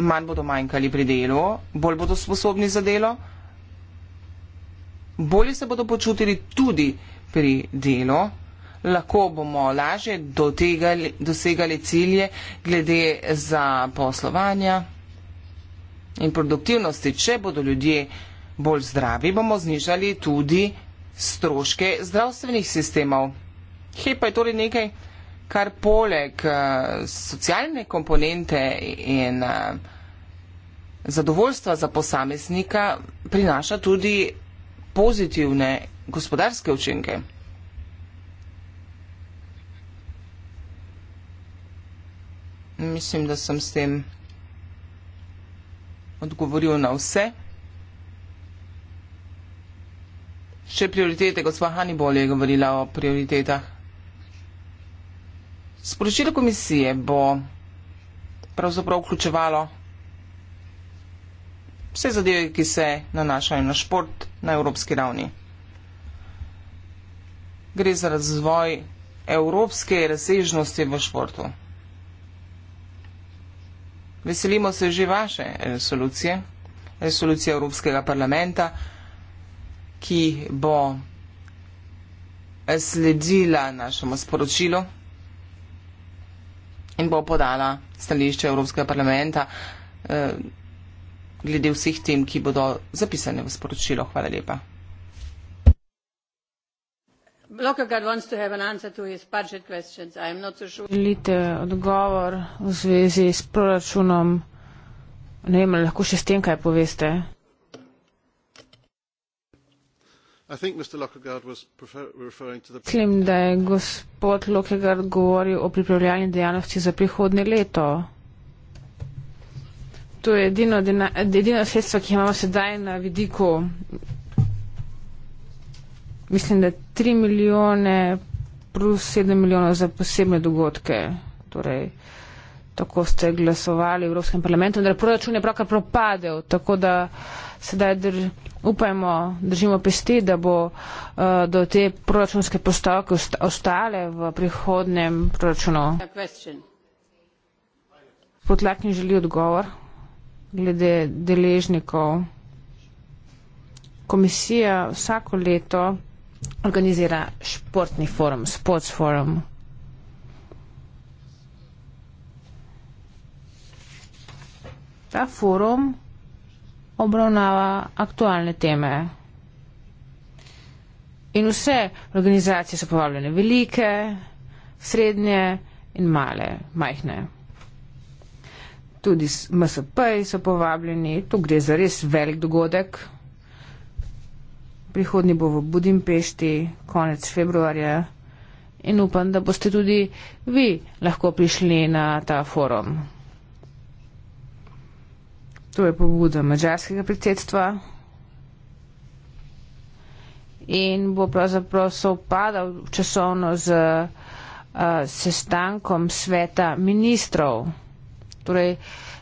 Speaker 1: manj bodo manjkali pri delu, bolj bodo sposobni za delo, bolje se bodo počutili tudi pri delu, lahko bomo lažje dotegali, dosegali cilje glede za poslovanja in produktivnosti. Če bodo ljudje bolj zdravi, bomo znižali tudi stroške zdravstvenih sistemov. Hej, pa je torej nekaj kar poleg uh, socialne komponente in uh, zadovoljstva za posameznika prinaša tudi pozitivne gospodarske učinke. Mislim, da sem s tem odgovoril na vse. Še prioritete, gospod Hannibal je govorila o prioritetah. Sporočilo komisije bo pravzaprav vključevalo vse zadeve, ki se nanašajo na šport na evropski ravni. Gre za razvoj evropske razsežnosti v športu. Veselimo se že vaše resolucije, resolucije Evropskega parlamenta, ki bo sledila našemu sporočilu in bo podala stališče Evropskega parlamenta eh, glede vseh tem, ki bodo zapisane v sporočilo. Hvala lepa.
Speaker 3: Želite odgovor v zvezi s proračunom? Ne vem, lahko še s tem kaj poveste?
Speaker 5: Mislim, da
Speaker 3: je gospod Lokegard govoril o pripravljalni dejavnosti za prihodne leto. To je edino, edino sredstvo, ki imamo sedaj na vidiku. Mislim, da 3 milijone plus 7 milijonov za posebne dogodke. Torej, tako ste glasovali v Evropskem parlamentu, da proračun je pravkar propadel. Tako da sedaj drž, upajmo, držimo pesti, da bo uh, do te proračunske postavke ostale v prihodnem proračunu. Potlaknjen želi odgovor glede deležnikov. Komisija vsako leto organizira športni forum, sports forum. Ta forum obravnava aktualne teme. In vse organizacije so povabljene velike, srednje in male, majhne. Tudi MSP so povabljeni, tu gre za res velik dogodek. Prihodni bo v Budimpešti konec februarja in upam, da boste tudi vi lahko prišli na ta forum. To je pobuda mađarskega predsedstva in bo pravzaprav sovpadal časovno z eh, sestankom sveta ministrov. Torej,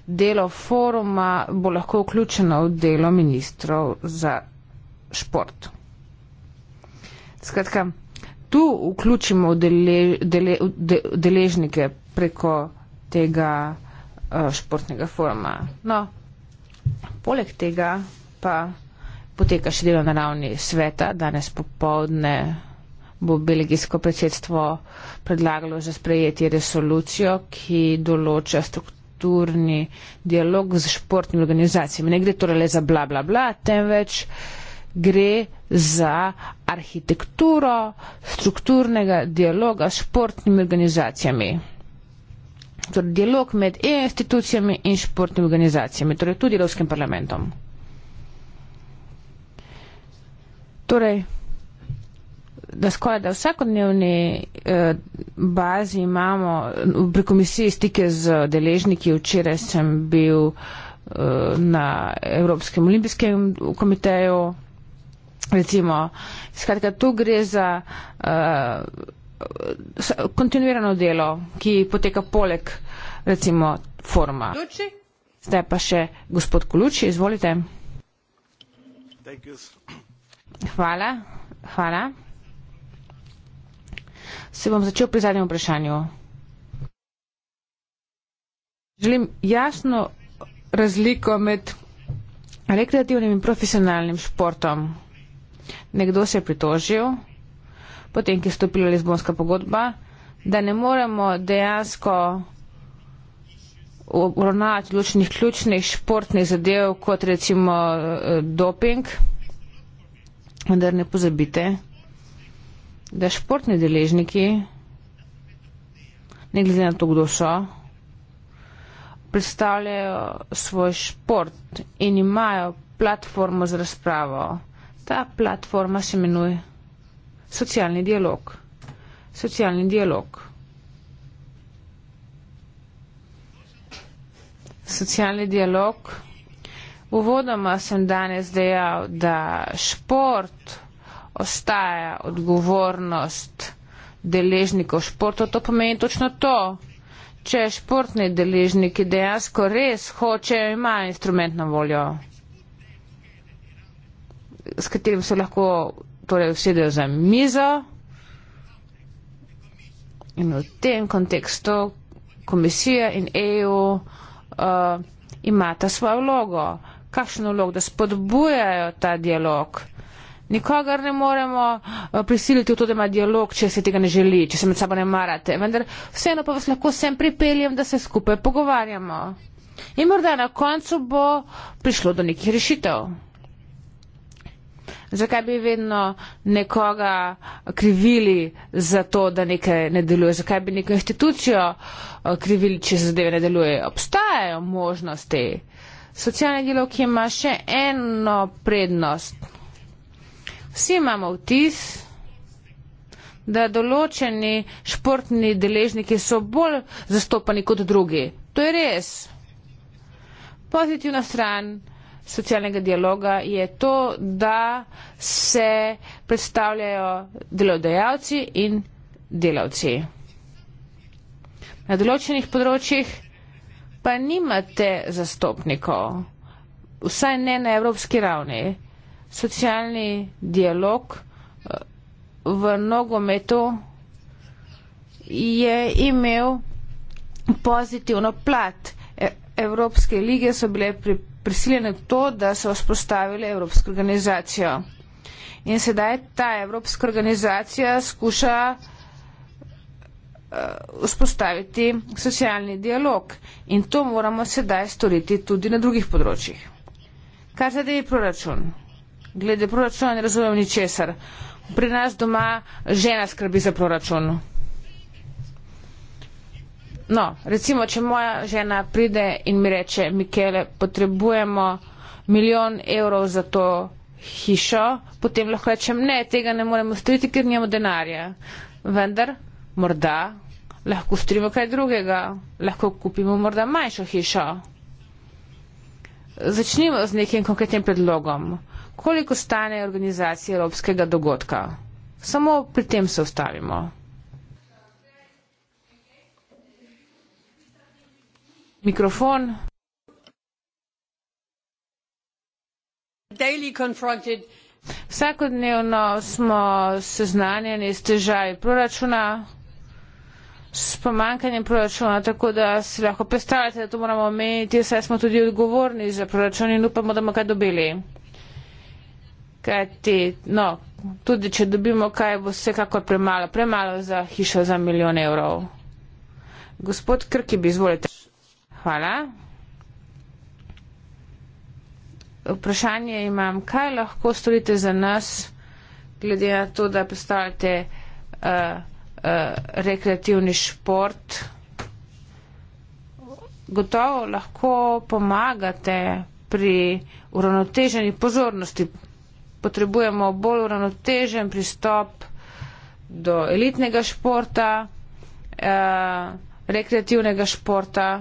Speaker 3: delo foruma bo lahko vključeno v delo ministrov za šport. Skratka, tu vključimo delež, dele, de, deležnike preko tega uh, športnega foruma. No, Poleg tega pa poteka še delo na ravni sveta. Danes popovdne bo belgijsko predsedstvo predlagalo za sprejeti resolucijo, ki določa strukturni dialog z športnimi organizacijami. Ne gre torej le za bla bla bla, temveč gre za arhitekturo strukturnega dialoga s športnimi organizacijami torej dialog med institucijami in športnimi organizacijami, torej tudi delovskim parlamentom. Torej, da skoraj da vsakodnevni eh, bazi imamo eh, pri komisiji stike z deležniki. Včeraj sem bil eh, na Evropskem olimpijskem komiteju. Recimo, skratka, tu gre za. Eh, kontinuirano delo, ki poteka poleg recimo forma. Koluči. Zdaj pa še gospod Koluči, izvolite. Hvala, hvala. Se bom začel pri zadnjem vprašanju. Želim jasno razliko med rekreativnim in profesionalnim športom. Nekdo se je pritožil, potem, ki je stopila Lizbonska pogodba, da ne moremo dejansko uravnavati ločnih ključnih športnih zadev, kot recimo eh, doping, vendar ne pozabite, da športni deležniki, ne glede na to, kdo so, predstavljajo svoj šport in imajo platformo za razpravo. Ta platforma se imenuje socialni dialog. Socialni dialog. Socialni dialog. Uvodoma sem danes dejal, da šport ostaja odgovornost deležnikov športa. To pomeni točno to. Če športni deležniki dejansko res hočejo, imajo instrument na voljo, s katerim se lahko torej usedejo za mizo in v tem kontekstu komisija in EU uh, imata svojo vlogo. Kakšno vlogo, da spodbujajo ta dialog? Nikogar ne moremo uh, prisiliti v to, da ima dialog, če se tega ne želi, če se med sabo ne marate. Vendar vseeno pa vas lahko sem pripeljem, da se skupaj pogovarjamo. In morda na koncu bo prišlo do nekih rešitev zakaj bi vedno nekoga krivili za to, da nekaj ne deluje, zakaj bi neko institucijo eh, krivili, če zadeve ne deluje. Obstajajo možnosti. Socialna delovka ima še eno prednost. Vsi imamo vtis, da določeni športni deležniki so bolj zastopani kot drugi. To je res. Pozitivna stran socialnega dialoga je to, da se predstavljajo delodajalci in delavci. Na določenih področjih pa nimate zastopnikov, vsaj ne na evropski ravni. Socialni dialog eh, v nogometu je imel pozitivno plat. E, evropske lige so bile pripravljene prisiljene to, da so vzpostavili Evropsko organizacijo. In sedaj ta Evropska organizacija skuša eh, vzpostaviti socialni dialog in to moramo sedaj storiti tudi na drugih področjih. Kar zadeva proračun? Glede proračuna ne razumem ničesar. Pri nas doma žena skrbi za proračun. No, recimo, če moja žena pride in mi reče, Mikele, potrebujemo milijon evrov za to hišo, potem lahko rečem, ne, tega ne moremo storiti, ker nimamo denarja. Vendar, morda, lahko storimo kaj drugega, lahko kupimo morda manjšo hišo. Začnimo z nekim konkretnim predlogom. Koliko stane organizacija evropskega dogodka? Samo pri tem se ustavimo. Mikrofon. Vsakodnevno smo seznanjeni s težavi proračuna, s pomankanjem proračuna, tako da si lahko predstavljate, da to moramo omeniti, saj smo tudi odgovorni za proračun in upamo, da bomo kaj dobili. Kajti, no, tudi če dobimo kaj, bo vsekakor premalo, premalo za hišo za milijon evrov. Gospod Krki, bi izvolite. Hvala. Vprašanje imam, kaj lahko storite za nas, glede na to, da postavljate uh, eh, uh, eh, rekreativni šport. Gotovo lahko pomagate pri uravnoteženi pozornosti. Potrebujemo bolj uravnotežen pristop do elitnega športa, eh, rekreativnega športa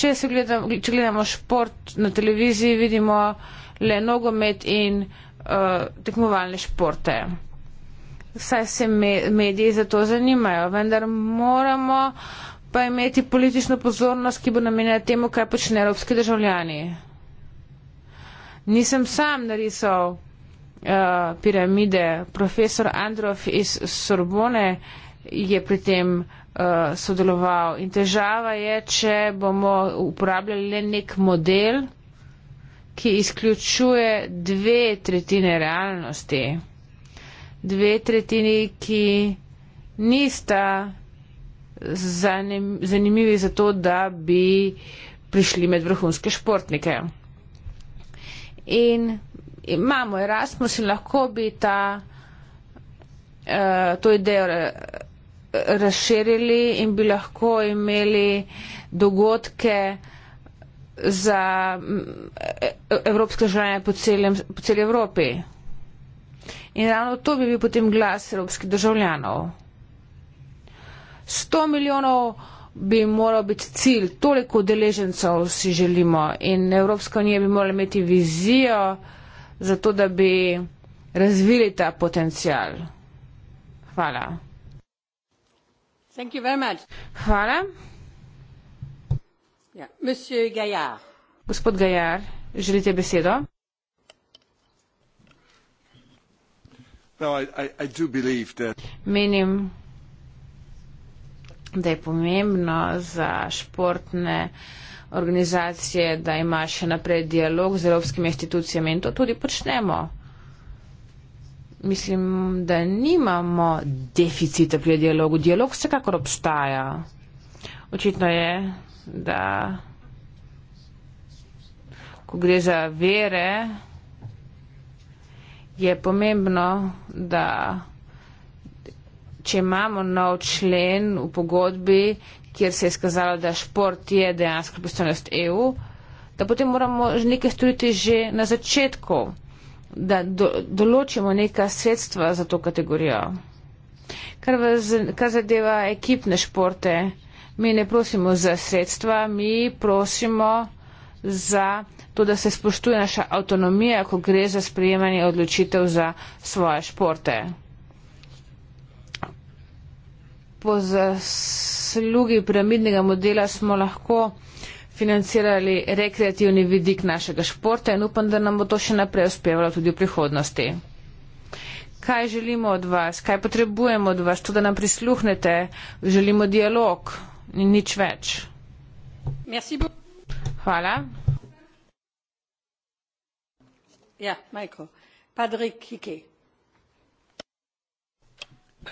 Speaker 3: če, gledam, če gledamo šport na televiziji, vidimo le nogomet in uh, tekmovalne športe. Saj se me, mediji za to zanimajo, vendar moramo pa imeti politično pozornost, ki bo namenjena temu, kaj počne evropski državljani. Nisem sam narisal uh, piramide. Profesor Androv iz Sorbone uh, je pri tem uh, sodeloval. In težava je, če bomo uporabljali le nek model, ki izključuje dve tretjine realnosti. Dve tretjini, ki nista zanim, zanimivi za to, da bi prišli med vrhunske športnike. In imamo Erasmus in lahko bi ta, uh, to idejo razširili in bi lahko imeli dogodke za mm, e, e, evropske državljane po, po celi Evropi. In ravno to bi bil potem glas evropskih državljanov. 100 milijonov bi moral biti cilj, toliko udeležencev si želimo in Evropska unija bi morala imeti vizijo za to, da bi razvili ta potencial. Hvala. Ja, gospod gayarr želite besedo? menim da je pomembno za športne organizacije da imajo še naprej dialog z evropskimi inštitucijami in to tudi počnemo mislim, da nimamo deficita pri dialogu. Dialog vsekakor obstaja. Očitno je, da ko gre za vere, je pomembno, da če imamo nov člen v pogodbi, kjer se je skazalo, da šport je dejansko pristojnost EU, da potem moramo nekaj storiti že na začetku da do, določimo neka sredstva za to kategorijo. Kar, v, kar zadeva ekipne športe, mi ne prosimo za sredstva, mi prosimo za to, da se spoštuje naša avtonomija, ko gre za sprejemanje odločitev za svoje športe. Po zaslugi piramidnega modela smo lahko financirali rekreativni vidik našega športa in upam, da nam bo to še naprej uspevalo tudi v prihodnosti. Kaj želimo od vas, kaj potrebujemo od vas, to, da nam prisluhnete, želimo dialog in nič več. Hvala.
Speaker 4: Ja, Majko. Padri Kiki.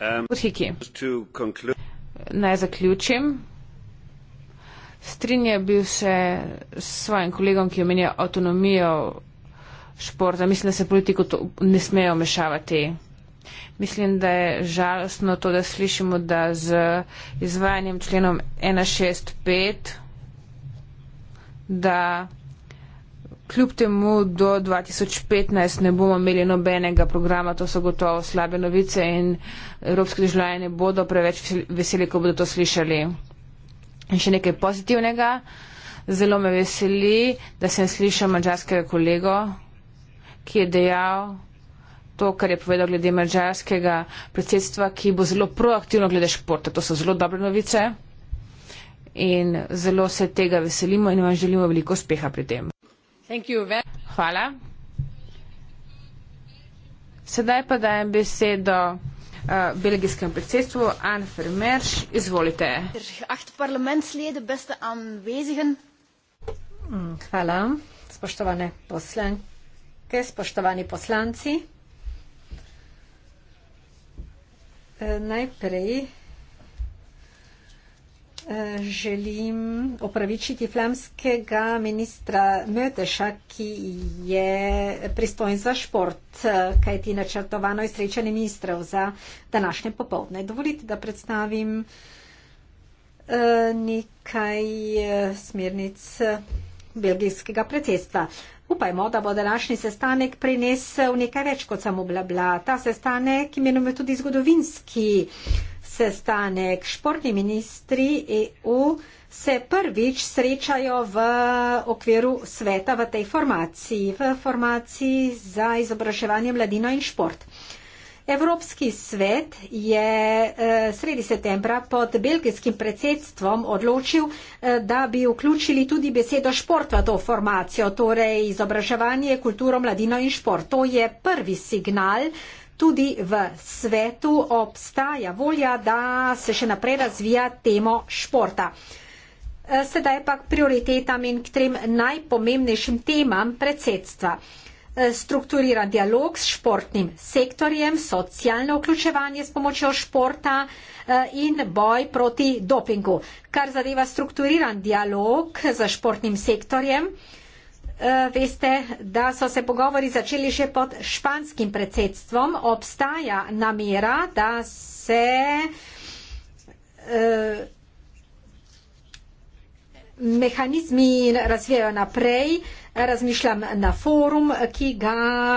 Speaker 4: Um, Hiki.
Speaker 3: Naj zaključim strinjal bi se s svojim kolegom, ki omenja avtonomijo športa. Mislim, da se politiko ne smejo mešavati. Mislim, da je žalostno to, da slišimo, da z izvajanjem členom 165, da kljub temu do 2015 ne bomo imeli nobenega programa, to so gotovo slabe novice in evropski državljani bodo preveč veseli, ko bodo to slišali. In še nekaj pozitivnega. Zelo me veseli, da sem slišal mađarskega kolego, ki je dejal to, kar je povedal glede mađarskega predsedstva, ki bo zelo proaktivno glede športa. To so zelo dobre novice in zelo se tega veselimo in vam želimo veliko uspeha pri tem. Hvala. Sedaj pa dajem besedo. Eh, belgijskem predsedstvu. Anne Vermeers,
Speaker 2: izvolite. Acht parlamentsleden, beste aanwezigen. Mm, hvala, spoštovane poslanke, spoštovani poslanci. Eh, najprej Eh, želim opravičiti flamskega ministra Möteša, ki je pristojen za šport, eh, kajti načrtovano je srečanje ministrov za današnje popovdne. Dovolite, da predstavim eh, nekaj smernic belgijskega predsedstva. Upajmo, da bo današnji sestanek prinesel nekaj več kot samo blabla. Ta sestanek imenujemo tudi zgodovinski sestanek. Športni ministri EU se prvič srečajo v okviru sveta v tej formaciji, v formaciji za izobraževanje mladino in šport. Evropski svet je eh, sredi septembra pod belgijskim predsedstvom odločil, eh, da bi vključili tudi besedo šport v to formacijo, torej izobraževanje, kulturo, mladino in šport. To je prvi signal, tudi v svetu obstaja volja, da se še naprej razvija temo športa. E, sedaj pa k prioritetam in k trem najpomembnejšim temam predsedstva. E, strukturiran dialog s športnim sektorjem, socialno vključevanje s pomočjo športa e, in boj proti dopingu. Kar zadeva strukturiran dialog za športnim sektorjem, Eh, veste, da so se pogovori začeli še pod španskim predsedstvom. Obstaja namera, da se eh, mehanizmi razvijajo naprej. Razmišljam na forum, ki ga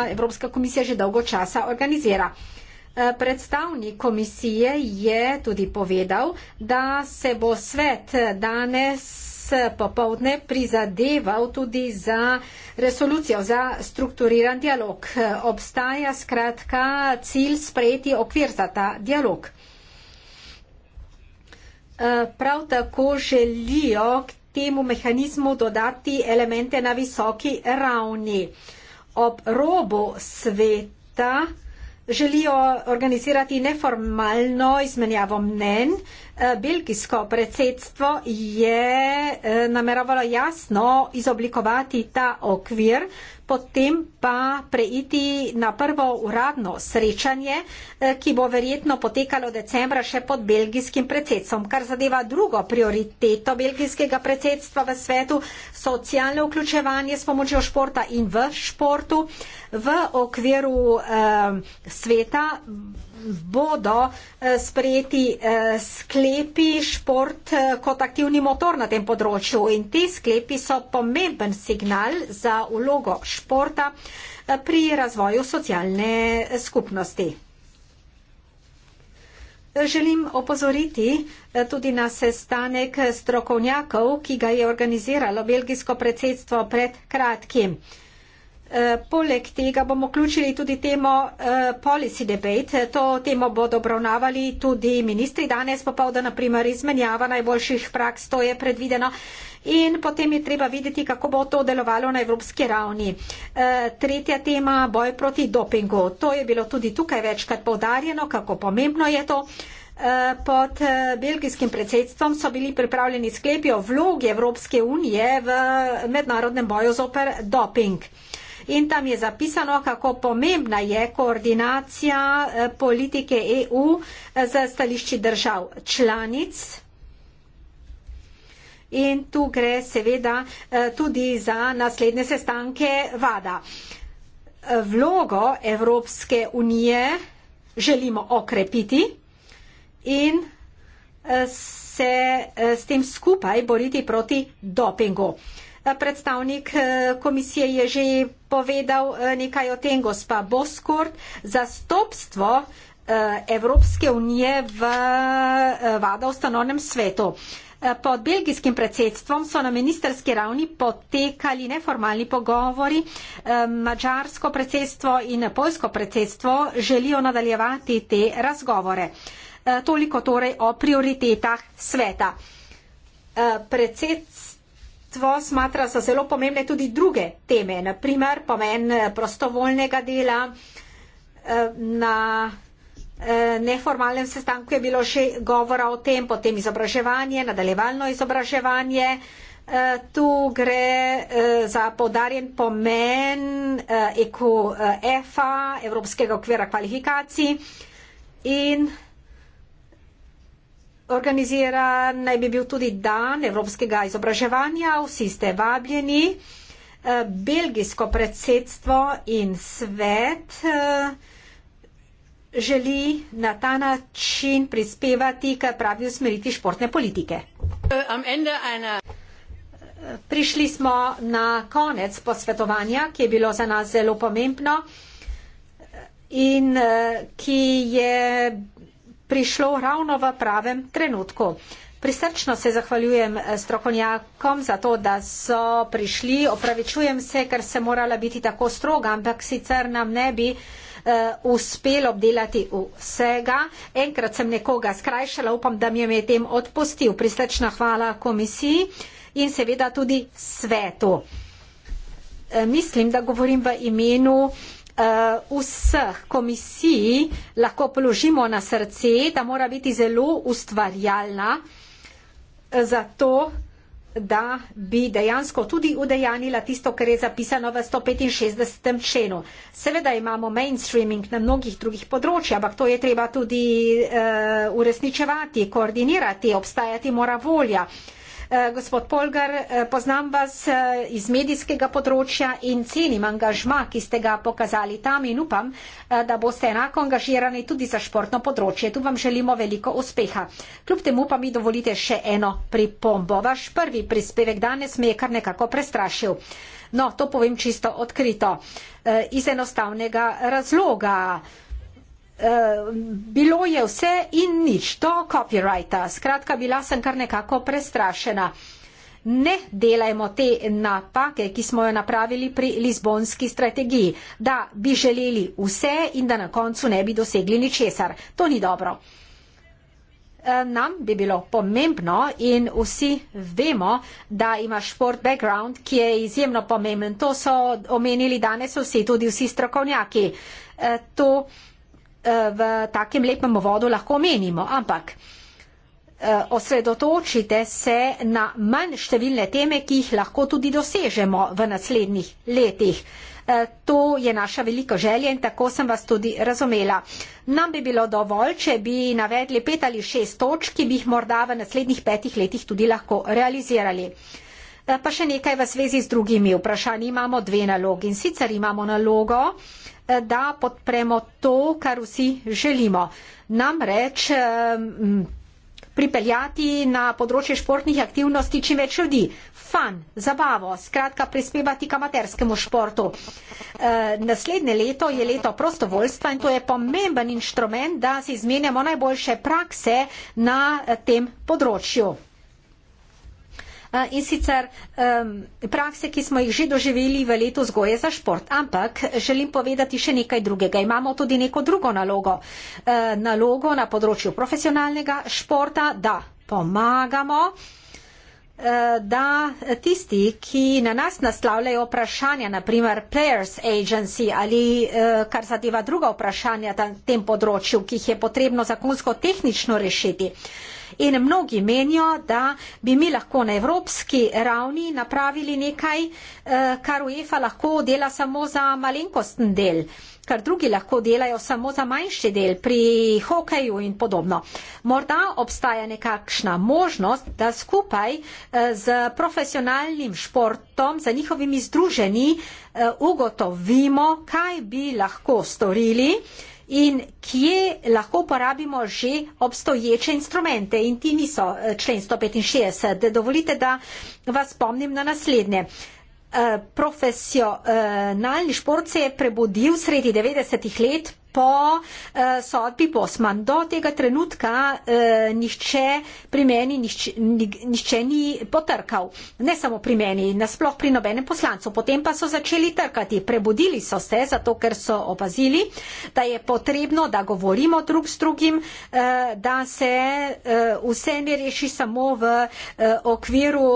Speaker 2: Evropska komisija že dolgo časa organizira. Eh, predstavnik komisije je tudi povedal, da se bo svet danes Eh, popovdne prizadeval tudi za resolucijo, za strukturiran dialog. Eh, obstaja skratka cilj sprejeti okvir za ta dialog. Eh, prav tako želijo k temu mehanizmu dodati elemente na visoki ravni. Ob robu sveta želijo organizirati neformalno izmenjavo mnen, Eh, belgijsko predsedstvo je eh, nameravalo jasno izoblikovati ta okvir, potem pa preiti na prvo uradno srečanje, eh, ki bo verjetno potekalo decembra še pod belgijskim predsedstvom. Kar zadeva drugo prioriteto belgijskega predsedstva v svetu, socialno vključevanje s pomočjo športa in v športu v okviru eh, sveta bodo eh, sprejeti eh, sklepi šport eh, kot aktivni motor na tem področju in ti sklepi so pomemben signal za ulogo športa pri razvoju socialne skupnosti. Želim opozoriti tudi na sestanek strokovnjakov, ki ga je organiziralo belgijsko predsedstvo pred kratkim. E, poleg tega bomo vključili tudi temo e, policy debate. E, to temo bodo obravnavali tudi ministri danes popovdne, naprimer izmenjava najboljših praks, to je predvideno. In potem je treba videti, kako bo to delovalo na evropski ravni. Tretja tema, boj proti dopingu. To je bilo tudi tukaj večkrat povdarjeno, kako pomembno je to. Pod belgijskim predsedstvom so bili pripravljeni sklepi o vlogi Evropske unije v mednarodnem boju zoper doping in tam je zapisano, kako pomembna je koordinacija eh, politike EU eh, za stališči držav članic. In tu gre seveda eh, tudi za naslednje sestanke vada. Vlogo Evropske unije želimo okrepiti in se s tem skupaj boriti proti dopingu. Eh, predstavnik eh, komisije je že povedal eh, nekaj o tem, gospa Boskort, zastopstvo Evropske unije v vada ustanovnem svetu. Pod belgijskim predsedstvom so na ministerski ravni potekali neformalni pogovori. Mačarsko predsedstvo in polsko predsedstvo želijo nadaljevati te razgovore. Toliko torej o prioritetah sveta. Predsedstvo društvo smatra za zelo pomembne tudi druge teme, naprimer pomen eh, prostovoljnega dela. Eh, na eh, neformalnem sestanku je bilo še govora o tem, potem izobraževanje, nadaljevalno izobraževanje. Tu gre za podarjen pomen EQF-a, e e Evropskega okvira kvalifikacij. In organizira naj bi bil tudi dan evropskega izobraževanja, vsi ste vabljeni. Eh, belgijsko predsedstvo in svet eh, želi na ta način prispevati k pravi usmeriti športne politike. Prišli smo na konec posvetovanja, ki je bilo za nas zelo pomembno in eh, ki je prišlo ravno v pravem trenutku. Prisrčno se zahvaljujem eh, strokovnjakom za to, da so prišli. Opravičujem se, ker sem morala biti tako stroga, ampak sicer nam ne bi uh, uspelo obdelati vsega. Enkrat sem nekoga skrajšala, upam, da mi je med tem odpustil. Prisrčna hvala komisiji in seveda tudi svetu. Uh, mislim, da govorim v imenu uh, Eh, vseh komisij lahko položimo na srce, da mora biti zelo ustvarjalna eh, za to, da bi dejansko tudi udejanila tisto, kar je zapisano v 165. členu. Seveda imamo mainstreaming na mnogih drugih področjih, ampak to je treba tudi uh, uresničevati, koordinirati, obstajati mora volja. Uh, Eh, gospod Polgar, eh, poznam vas eh, iz medijskega področja in cenim angažma, ki ste ga pokazali tam in upam, da boste enako angažirani tudi za športno področje. Tu vam želimo veliko uspeha. Kljub temu pa mi dovolite še eno pripombo. Vaš prvi prispevek danes me je kar nekako prestrašil. No, to povem čisto odkrito. Iz enostavnega razloga. Eh, bilo je vse in nič, to copyrighta. Skratka, bila sem kar nekako prestrašena. Ne delajmo te napake, ki smo jo napravili pri Lizbonski strategiji, da bi želeli vse in da na koncu ne bi dosegli ničesar. To ni dobro. Eh, nam bi bilo pomembno in vsi vemo, da imaš šport background, ki je izjemno pomemben. To so omenili danes vsi, tudi vsi strokovnjaki. Eh, to Eh, v takem lepem vodu lahko menimo, ampak eh, osredotočite se na manj številne teme, ki jih lahko tudi dosežemo v naslednjih letih. Eh, to je naša velika želja in tako sem vas tudi razumela. Nam bi bilo dovolj, če bi navedli pet ali šest točk, ki bi jih morda v naslednjih petih letih tudi lahko realizirali. Eh, pa še nekaj v zvezi z drugimi vprašanji. Imamo dve nalogi in sicer imamo nalogo, eh, da podpremo to, kar vsi želimo. Namreč eh, pripeljati na področje športnih aktivnosti čim več ljudi. Fan, zabavo, skratka prispevati k amaterskemu športu. E, naslednje leto je leto prostovoljstva in to je pomemben inštrument, da se izmenjamo najboljše prakse na tem področju. Eh, in sicer um, prakse, ki smo jih že doživeli v letu zgoje za šport. Ampak želim povedati še nekaj drugega. Imamo tudi neko drugo nalogo. Uh, nalogo na področju profesionalnega športa, da pomagamo eh, da tisti, ki na nas naslavljajo vprašanja, naprimer Players Agency ali kar zadeva druga vprašanja na tem področju, ki jih je potrebno zakonsko tehnično rešiti in mnogi menijo, da bi mi lahko na evropski ravni napravili nekaj, eh, kar UEFA lahko dela samo za malenkosten del kar drugi lahko delajo samo za manjši del pri hokeju in podobno. Morda obstaja nekakšna možnost, da skupaj eh, z profesionalnim športom, za njihovimi združeni, eh, ugotovimo, kaj bi lahko storili, in kje lahko uporabimo že obstoječe instrumente. In ti niso eh, člen 165. Dovolite, da vas spomnim na naslednje. Eh, profesionalni šport se je prebudil sredi 90-ih let po uh, sodbi Bosman. Do tega trenutka uh, nihče pri meni nihče, nihče ni potrkal. Ne samo pri meni, nasploh pri nobenem poslancu. Potem pa so začeli trkati. Prebudili so se, zato ker so opazili, da je potrebno, da govorimo drug s drugim, uh, da se uh, vse ne reši samo v uh, okviru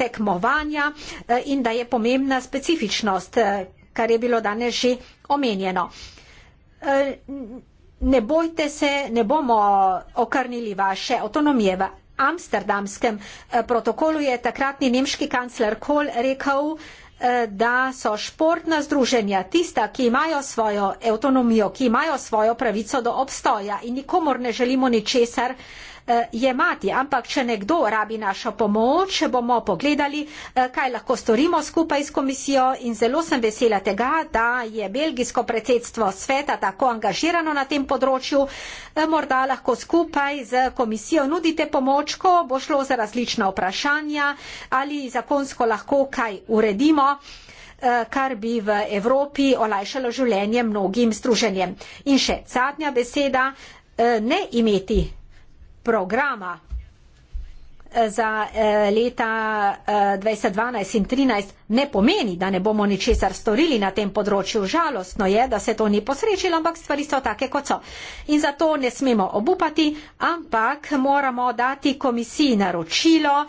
Speaker 2: tekmovanja uh, in da je pomembna specifičnost, uh, kar je bilo danes že omenjeno. Uh, Eh, ne bojte se, ne bomo okrnili vaše avtonomije. V amsterdamskem eh, protokolu je takratni nemški kancler Kohl rekel, eh, da so športna združenja tista, ki imajo svojo avtonomijo, ki imajo svojo pravico do obstoja in nikomor ne želimo ničesar. Eh, jemati, ampak če nekdo rabi našo pomoč, bomo pogledali, eh, kaj lahko storimo skupaj s komisijo in zelo sem vesela tega, da je belgijsko predsedstvo sveta tako angažirano na tem področju. Eh, morda lahko skupaj z komisijo nudite pomoč, ko bo šlo za različna vprašanja ali zakonsko lahko kaj uredimo kar bi v Evropi olajšalo življenje mnogim združenjem. In še zadnja beseda, ne imeti programa eh, za eh, leta 2012 eh, in 2013 ne pomeni, da ne bomo ničesar storili na tem področju. Žalostno je, da se to ni posrečilo, ampak stvari so take, kot so. In zato ne smemo obupati, ampak moramo dati komisiji naročilo,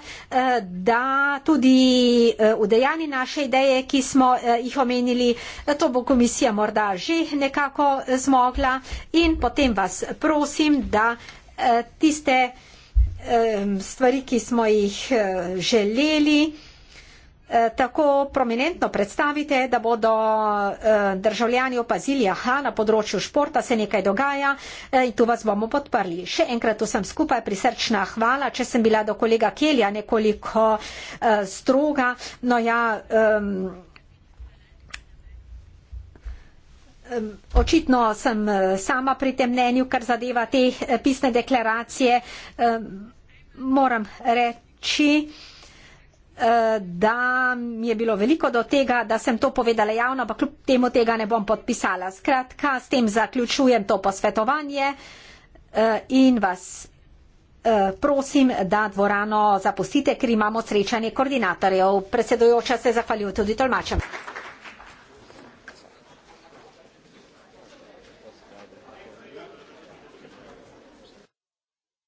Speaker 2: da tudi udejani naše ideje, ki smo jih omenili, to bo komisija morda že nekako zmogla in potem vas prosim, da tiste stvari, ki smo jih eh, želeli eh, tako prominentno predstavite, da bodo eh, državljani opazili, aha, na področju športa se nekaj dogaja in tu vas bomo podprli. Še enkrat vsem skupaj prisrčna hvala, če sem bila do kolega Kelja nekoliko stroga, no ja. Um, očitno sem e, sama pri tem mnenju, kar zadeva te e, pisne deklaracije, moram reči, e, da mi je bilo veliko do tega, da sem to povedala javno, pa kljub temu tega ne bom podpisala. Skratka, s tem zaključujem to posvetovanje in vas prosim, da dvorano zapustite, ker imamo srečanje koordinatorjev. Predsedujoča se zahvaljujem tudi tolmačem.